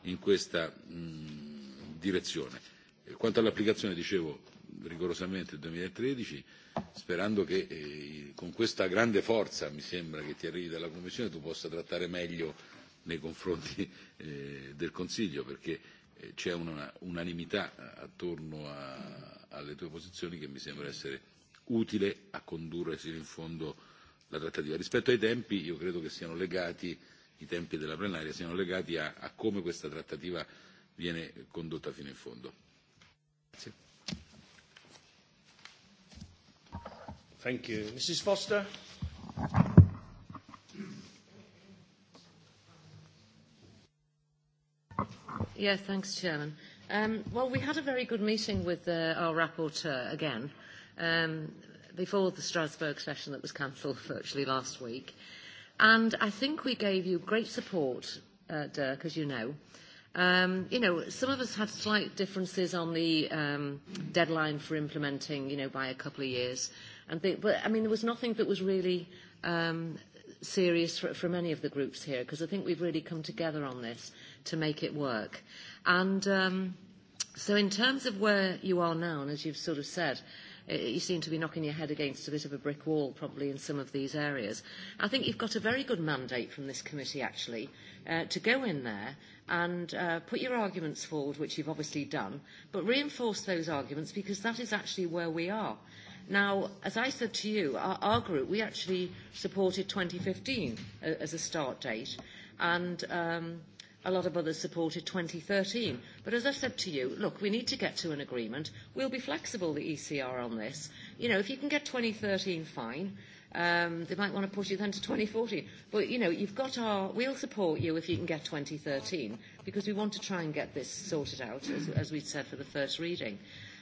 in questa mh, direzione. E quanto all'applicazione, dicevo rigorosamente il 2013, sperando che eh, con questa grande forza, mi sembra, che ti arrivi dalla Commissione, tu possa trattare meglio nei confronti eh, del Consiglio, perché eh, c'è un'unanimità eh, attorno a, alle tue posizioni che mi sembra essere utile a condurre fino in fondo la trattativa. Rispetto ai tempi, io credo che siano legati, i tempi della plenaria siano legati a, a come questa trattativa viene condotta fino in fondo. Grazie.
Thank you. Mrs. Foster.
Yeah, thanks, Chairman. Um, well, we had a very good meeting with uh, our rapporteur again um, before the Strasbourg session that was cancelled (laughs) virtually last week. And I think we gave you great support, uh, Dirk, as you know. Um, you know, some of us had slight differences on the um, deadline for implementing, you know, by a couple of years. And they, but, I mean, there was nothing that was really um, series for, for many of the groups here, because I think we've really come together on this to make it work. And um, so in terms of where you are now, and as you've sort of said, you seem to be knocking your head against a bit of a brick wall probably in some of these areas. I think you've got a very good mandate from this committee actually uh, to go in there and uh, put your arguments forward, which you've obviously done, but reinforce those arguments because that is actually where we are. Now, as I said to you, our, our group, we actually supported 2015 uh, as a start date, and um, a lot of others supported 2013. But as I said to you, look, we need to get to an agreement. We'll be flexible, the ECR, on this. You know, if you can get 2013, fine. Um, they might want to push you then to 2014. But, you know, you've got our... We'll support you if you can get 2013, because we want to try and get this sorted out, as, as we said, for the first reading.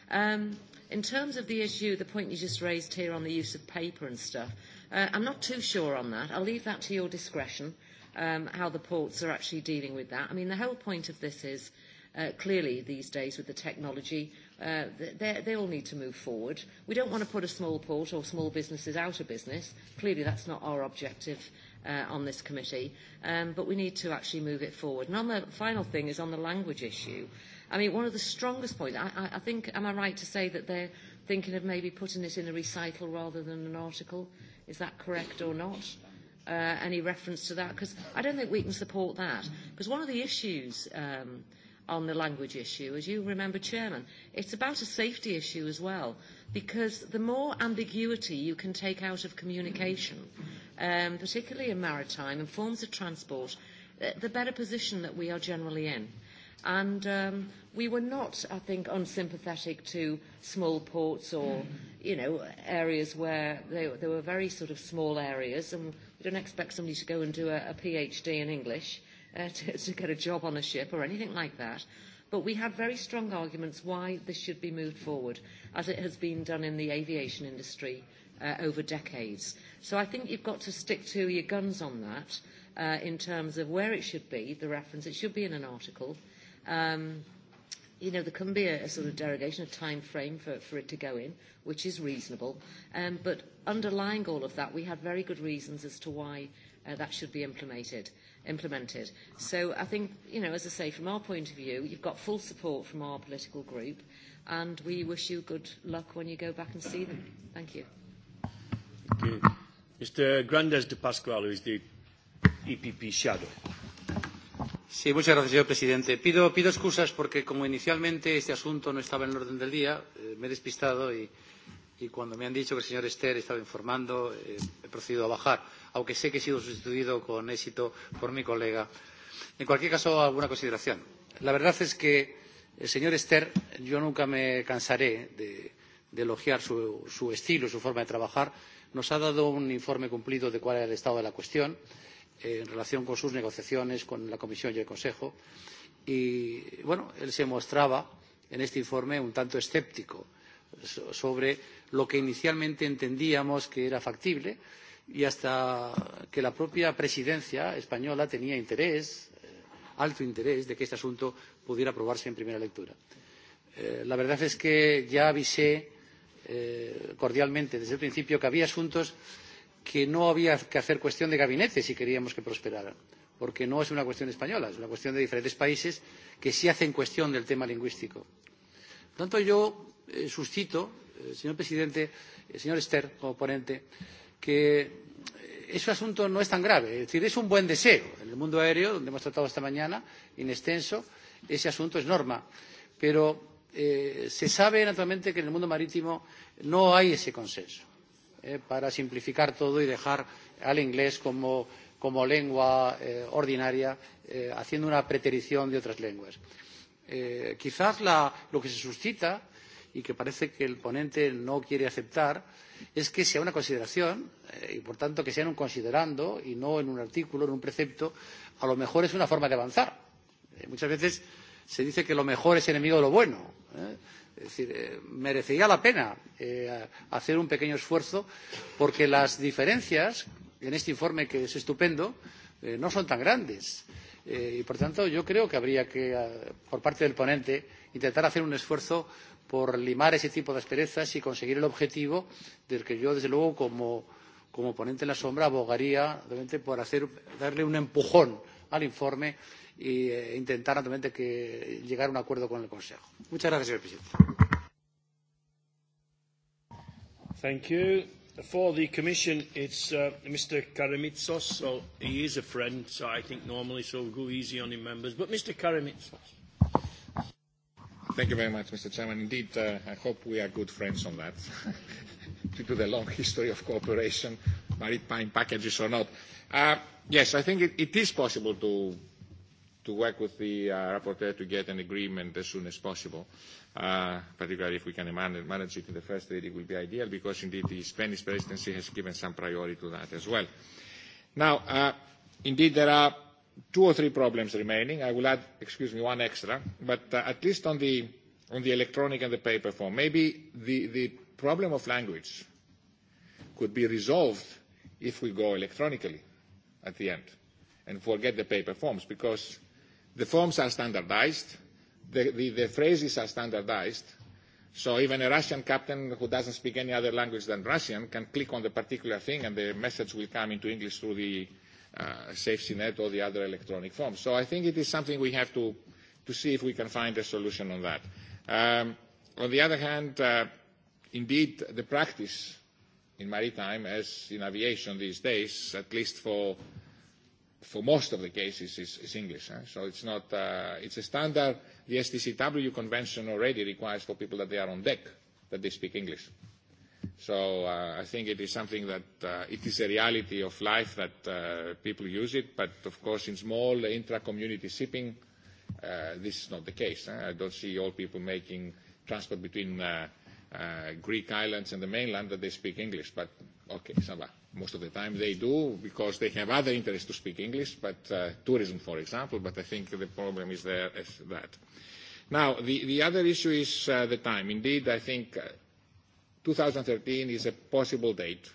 Um, in terms of the issue, the point you just raised here on the use of paper and stuff, uh, I'm not too sure on that. I'll leave that to your discretion, um, how the ports are actually dealing with that. I mean, the whole point of this is uh, clearly these days with the technology, uh, they, all need to move forward. We don't want to put a small port or small businesses out of business. Clearly, that's not our objective uh, on this committee, um, but we need to actually move it forward. And on the final thing is on the language issue. I mean, one of the strongest points, I, I, I think, am I right to say that they're thinking of maybe putting it in a recital rather than an article? Is that correct or not? Uh, any reference to that? Because I don't think we can support that. Because one of the issues um, on the language issue, as you remember, Chairman, it's about a safety issue as well. Because the more ambiguity you can take out of communication, um, particularly in maritime and forms of transport, the better position that we are generally in. And um, we were not, I think, unsympathetic to small ports or, you know, areas where they, they were very sort of small areas. And we don't expect somebody to go and do a, a PhD in English uh, (laughs) to, to get a job on a ship or anything like that. But we had very strong arguments why this should be moved forward, as it has been done in the aviation industry uh, over decades. So I think you've got to stick to your guns on that uh, in terms of where it should be, the reference. It should be in an article. Uh, Um, you know, there can be a, a sort of derogation, a time frame for, for it to go in, which is reasonable. Um, but underlying all of that, we had very good reasons as to why uh, that should be implemented. Implemented. So I think, you know, as I say, from our point of view, you've got full support from our political group, and we wish you good luck when you go back and see them. Thank you.
Thank you. Mr. Grandes de Pascual, who is the EPP shadow.
Sí, muchas gracias, señor presidente. Pido, pido excusas porque, como inicialmente este asunto no estaba en el orden del día, eh, me he despistado y, y cuando me han dicho que el señor Ester estaba informando, eh, he procedido a bajar, aunque sé que he sido sustituido con éxito por mi colega. En cualquier caso, alguna consideración. La verdad es que el señor Ester, yo nunca me cansaré de, de elogiar su, su estilo y su forma de trabajar. Nos ha dado un informe cumplido de cuál era el estado de la cuestión. Eh, en relación con sus negociaciones con la Comisión y el Consejo. Y bueno, él se mostraba en este informe un tanto escéptico sobre lo que inicialmente entendíamos que era factible y hasta que la propia presidencia española tenía interés, eh, alto interés, de que este asunto pudiera aprobarse en primera lectura. Eh, la verdad es que ya avisé eh, cordialmente desde el principio que había asuntos eh, que no había que hacer cuestión de gabinete si queríamos que prosperara, porque no es una cuestión española, es una cuestión de diferentes países que sí hacen cuestión del tema lingüístico. Por tanto, yo eh, suscito, eh, señor presidente, eh, señor Ster, como ponente, que eh, ese asunto no es tan grave. Es decir, es un buen deseo. En el mundo aéreo, donde hemos tratado esta mañana, in extenso, ese asunto es norma. Pero eh, se sabe, naturalmente, que en el mundo marítimo no hay ese consenso eh, para simplificar todo y dejar al inglés como, como lengua eh, ordinaria, eh, haciendo una preterición de otras lenguas. Eh, quizás la, lo que se suscita y que parece que el ponente no quiere aceptar es que sea una consideración eh, y, por tanto, que sea en un considerando y no en un artículo, en un precepto, a lo mejor es una forma de avanzar. Eh, muchas veces se dice que lo mejor es enemigo de lo bueno. ¿eh? Es decir, eh, merecería la pena eh, hacer un pequeño esfuerzo porque las diferencias en este informe, que es estupendo, eh, no son tan grandes. Eh, y, por tanto, yo creo que habría que, eh, por parte del ponente, intentar hacer un esfuerzo por limar ese tipo de asperezas y conseguir el objetivo del que yo, desde luego, como, como ponente en la sombra, abogaría realmente por hacer, darle un empujón al informe e eh, intentar naturalmente que llegar a un acuerdo con el Consejo. Muchas gracias, señor
presidente. Thank you. For the Commission, it's uh, Mr. so he is a friend, so I think normally,
so we'll go easy
on him members. But Mr.
Thank you very much, Mr. Chairman. Indeed, uh, I hope we are good friends on that, (laughs) due to the long history of cooperation, maritime packages or not. Uh, yes, I think it, it is possible to to work with the uh, rapporteur to get an agreement as soon as possible. Uh, particularly if we can man manage it in the first read, it will be ideal because indeed the Spanish presidency has given some priority to that as well. Now, uh, indeed there are two or three problems remaining. I will add, excuse me, one extra, but uh, at least on the, on the electronic and the paper form, maybe the, the problem of language could be resolved if we go electronically at the end and forget the paper forms because The forms are standardized. The, the, the phrases are standardized. So even a Russian captain who doesn't speak any other language than Russian can click on the particular thing and the message will come into English through the uh, safety net or the other electronic form. So I think it is something we have to, to see if we can find a solution on that. Um, on the other hand, uh, indeed, the practice in maritime, as in aviation these days, at least for uh, for most of the cases is, is English. Eh? So it's not, uh, it's a standard. The STCW convention already requires for people that they are on deck that they speak English. So uh, I think it is something that uh, it is a reality of life that uh, people use it, but of course in small intra-community shipping, uh, this is not the case. Eh? I don't see all people making transport between uh, uh, Greek islands and the mainland that they speak English, but okay, ça va most of the time they do because they have other interests to speak English, but uh, tourism, for example, but I think the problem is there as that. Now, the, the other issue is uh, the time. Indeed, I think uh, 2013 is a possible date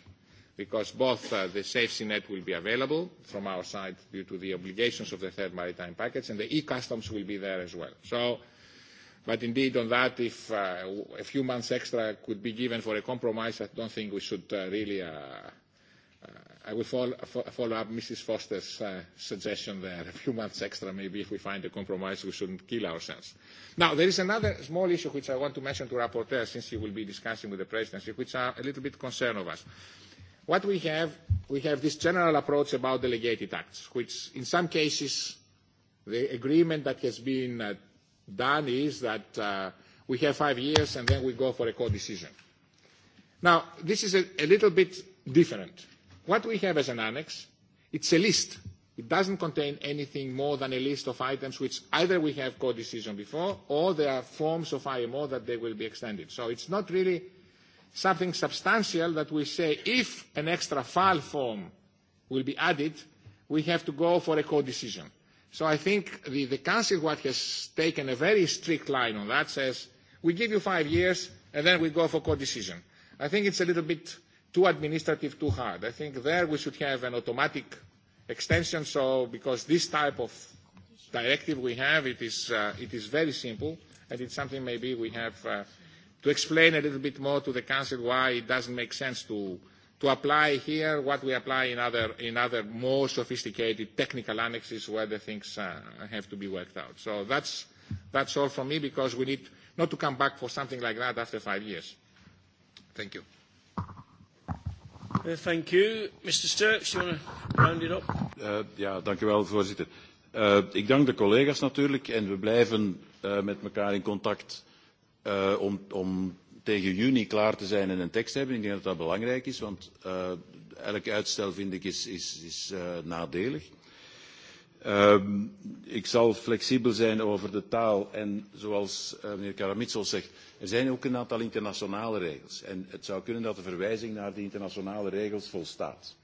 because both uh, the safety net will be available from our side due to the obligations of the third maritime package and the e-customs will be there as well. So But indeed, on that, if uh, a few months extra could be given for a compromise, I don't think we should uh, really uh, I will follow, follow up Mrs. Foster's uh, suggestion there. (laughs) A few months extra, maybe, if we find a compromise, we shouldn't kill ourselves. Now, there is another small issue which I want to mention to Rapporteur, since he will be discussing with the Presidency, which are a little bit concern of us. What we have, we have this general approach about delegated acts, which in some cases, the agreement that has been uh, done is that uh, we have five years and then we go for a co-decision. Now, this is a, a little bit different What we have as an annex, it's a list. It doesn't contain anything more than a list of items which either we have co-decision before or there are forms of IMO that they will be extended. So it's not really something substantial that we say if an extra file form will be added, we have to go for a co-decision. So I think the, the Council what has taken a very strict line on that says we give you five years and then we go for co-decision. I think it's a little bit too administrative, too hard. I think there we should have an automatic extension, so because this type of directive we have, it is, uh, it is very simple, and it's something maybe we have uh, to explain a little bit more to the Council why it doesn't make sense to, to apply here what we apply in other, in other more sophisticated technical annexes where the things uh, have to be worked out. So that's, that's all from me because we need not to come back for something like that after five years. Thank you. Eh,
eh, voorzitter. Eh, ik dank de collega's natuurlijk en we blijven met elkaar in contact om, tegen juni klaar te zijn en een tekst te hebben. Ik denk dat dat belangrijk is, want elk uitstel vind ik is, nadelig. Ehm, ik zal flexibel zijn over de taal en zoals mijnheer meneer zegt, Er zijn ook een aantal internationale regels. En het zou kunnen dat de verwijzing naar die internationale regels volstaat.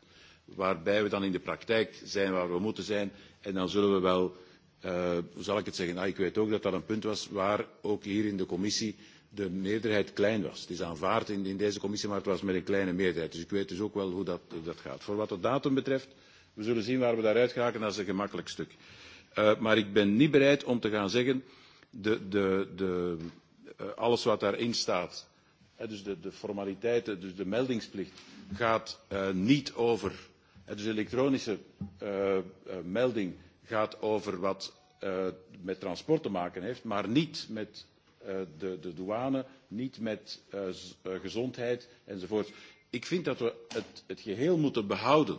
Waarbij we dan in de praktijk zijn waar we moeten zijn. En dan zullen we wel, uh, hoe zal ik het zeggen, ah, ik weet ook dat dat een punt was waar ook hier in de commissie de meerderheid klein was. Het is aanvaard in, in deze commissie, maar het was met een kleine meerderheid. Dus ik weet dus ook wel hoe dat, dat gaat. Voor wat de datum betreft, we zullen zien waar we daaruit geraken. Dat is een gemakkelijk stuk. Uh, maar ik ben niet bereid om te gaan zeggen, de, de, de Eh, alles wat daarin staat, dus de, de formaliteiten, dus de meldingsplicht, gaat uh, niet over. dus de elektronische uh, uh, melding gaat over wat uh, met transport te maken heeft, maar niet met uh, de, de douane, niet met uh, uh, gezondheid enzovoort. Ik vind dat we het, het geheel moeten behouden,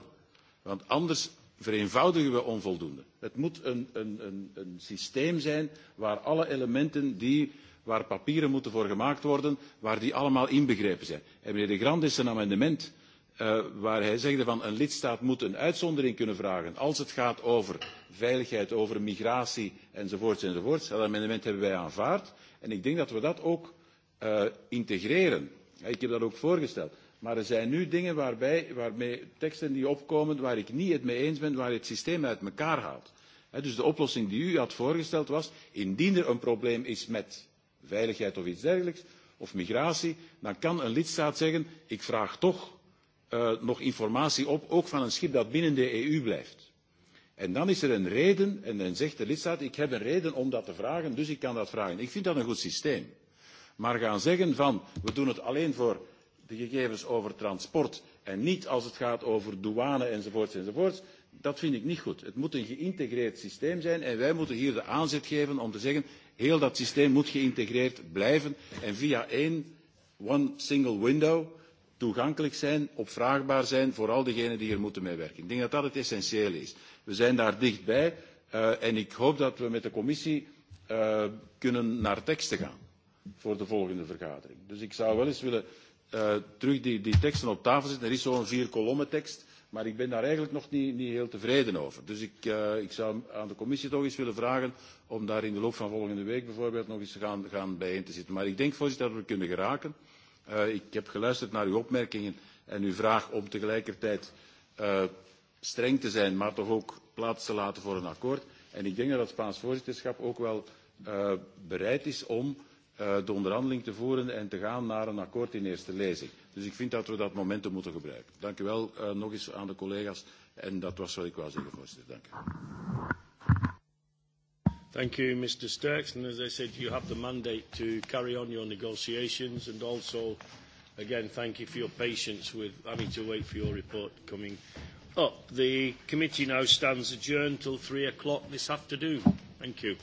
want anders vereenvoudigen we onvoldoende. Het moet een, een, een, een systeem zijn waar alle elementen die waar papieren moeten voor gemaakt worden, waar die allemaal inbegrepen zijn. En meneer De Grandes een amendement uh, waar hij zegt dat een lidstaat moet een uitzondering kunnen vragen als het gaat over veiligheid, over migratie enzovoorts enzovoorts. Dat amendement hebben wij aanvaard en ik denk dat we dat ook uh, integreren. Ik heb dat ook voorgesteld. Maar er zijn nu dingen waarbij, waarmee teksten die opkomen waar ik niet het mee eens ben, waar het systeem uit elkaar haalt. He, dus de oplossing die u had voorgesteld was, indien er een probleem is met veiligheid of iets dergelijks, of migratie, dan kan een lidstaat zeggen, ik vraag toch uh, nog informatie op, ook van een schip dat binnen de EU blijft. En dan is er een reden, en dan zegt de lidstaat, ik heb een reden om dat te vragen, dus ik kan dat vragen. Ik vind dat een goed systeem. Maar gaan zeggen van, we doen het alleen voor de gegevens over transport en niet als het gaat over douane enzovoorts enzovoorts, dat vind ik niet goed. Het moet een geïntegreerd systeem zijn en wij moeten hier de aanzet geven om te zeggen, Heel dat systeem moet geïntegreerd blijven en via één one single window toegankelijk zijn, opvraagbaar zijn voor al diegenen die er moeten mee werken. Ik denk dat dat het essentiële is. We zijn daar dichtbij uh, en ik hoop dat we met de commissie uh, kunnen naar teksten gaan voor de volgende vergadering. Dus ik zou wel eens willen uh, terug die, die teksten op tafel zetten. Er is zo'n vier kolommen tekst Maar ik ben daar eigenlijk nog niet, niet heel tevreden over. Dus ik, uh, ik zou aan de commissie toch eens willen vragen om daar in de loop van volgende week bijvoorbeeld nog eens gaan, gaan bijeen te zitten. Maar ik denk, voorzitter, dat we kunnen geraken. Uh, ik heb geluisterd naar uw opmerkingen en uw vraag om tegelijkertijd uh, streng te zijn, maar toch ook plaats te laten voor een akkoord. En ik denk dat het Spaans voorzitterschap ook wel uh, bereid is om uh, de onderhandeling te voeren en te gaan naar een akkoord in eerste lezing. Dus ik vind dat we dat momentum moeten gebruiken. Dank u
wel uh, nog eens aan de collega's. En dat was wat ik wou zeggen, voorzitter. Dank
u.
Thank you, Mr. Sturks. And as I said, you have the mandate to carry on your negotiations. And also, again, thank you for your patience with having to wait for your report coming up. The committee now stands adjourned till three o'clock this afternoon. Thank you.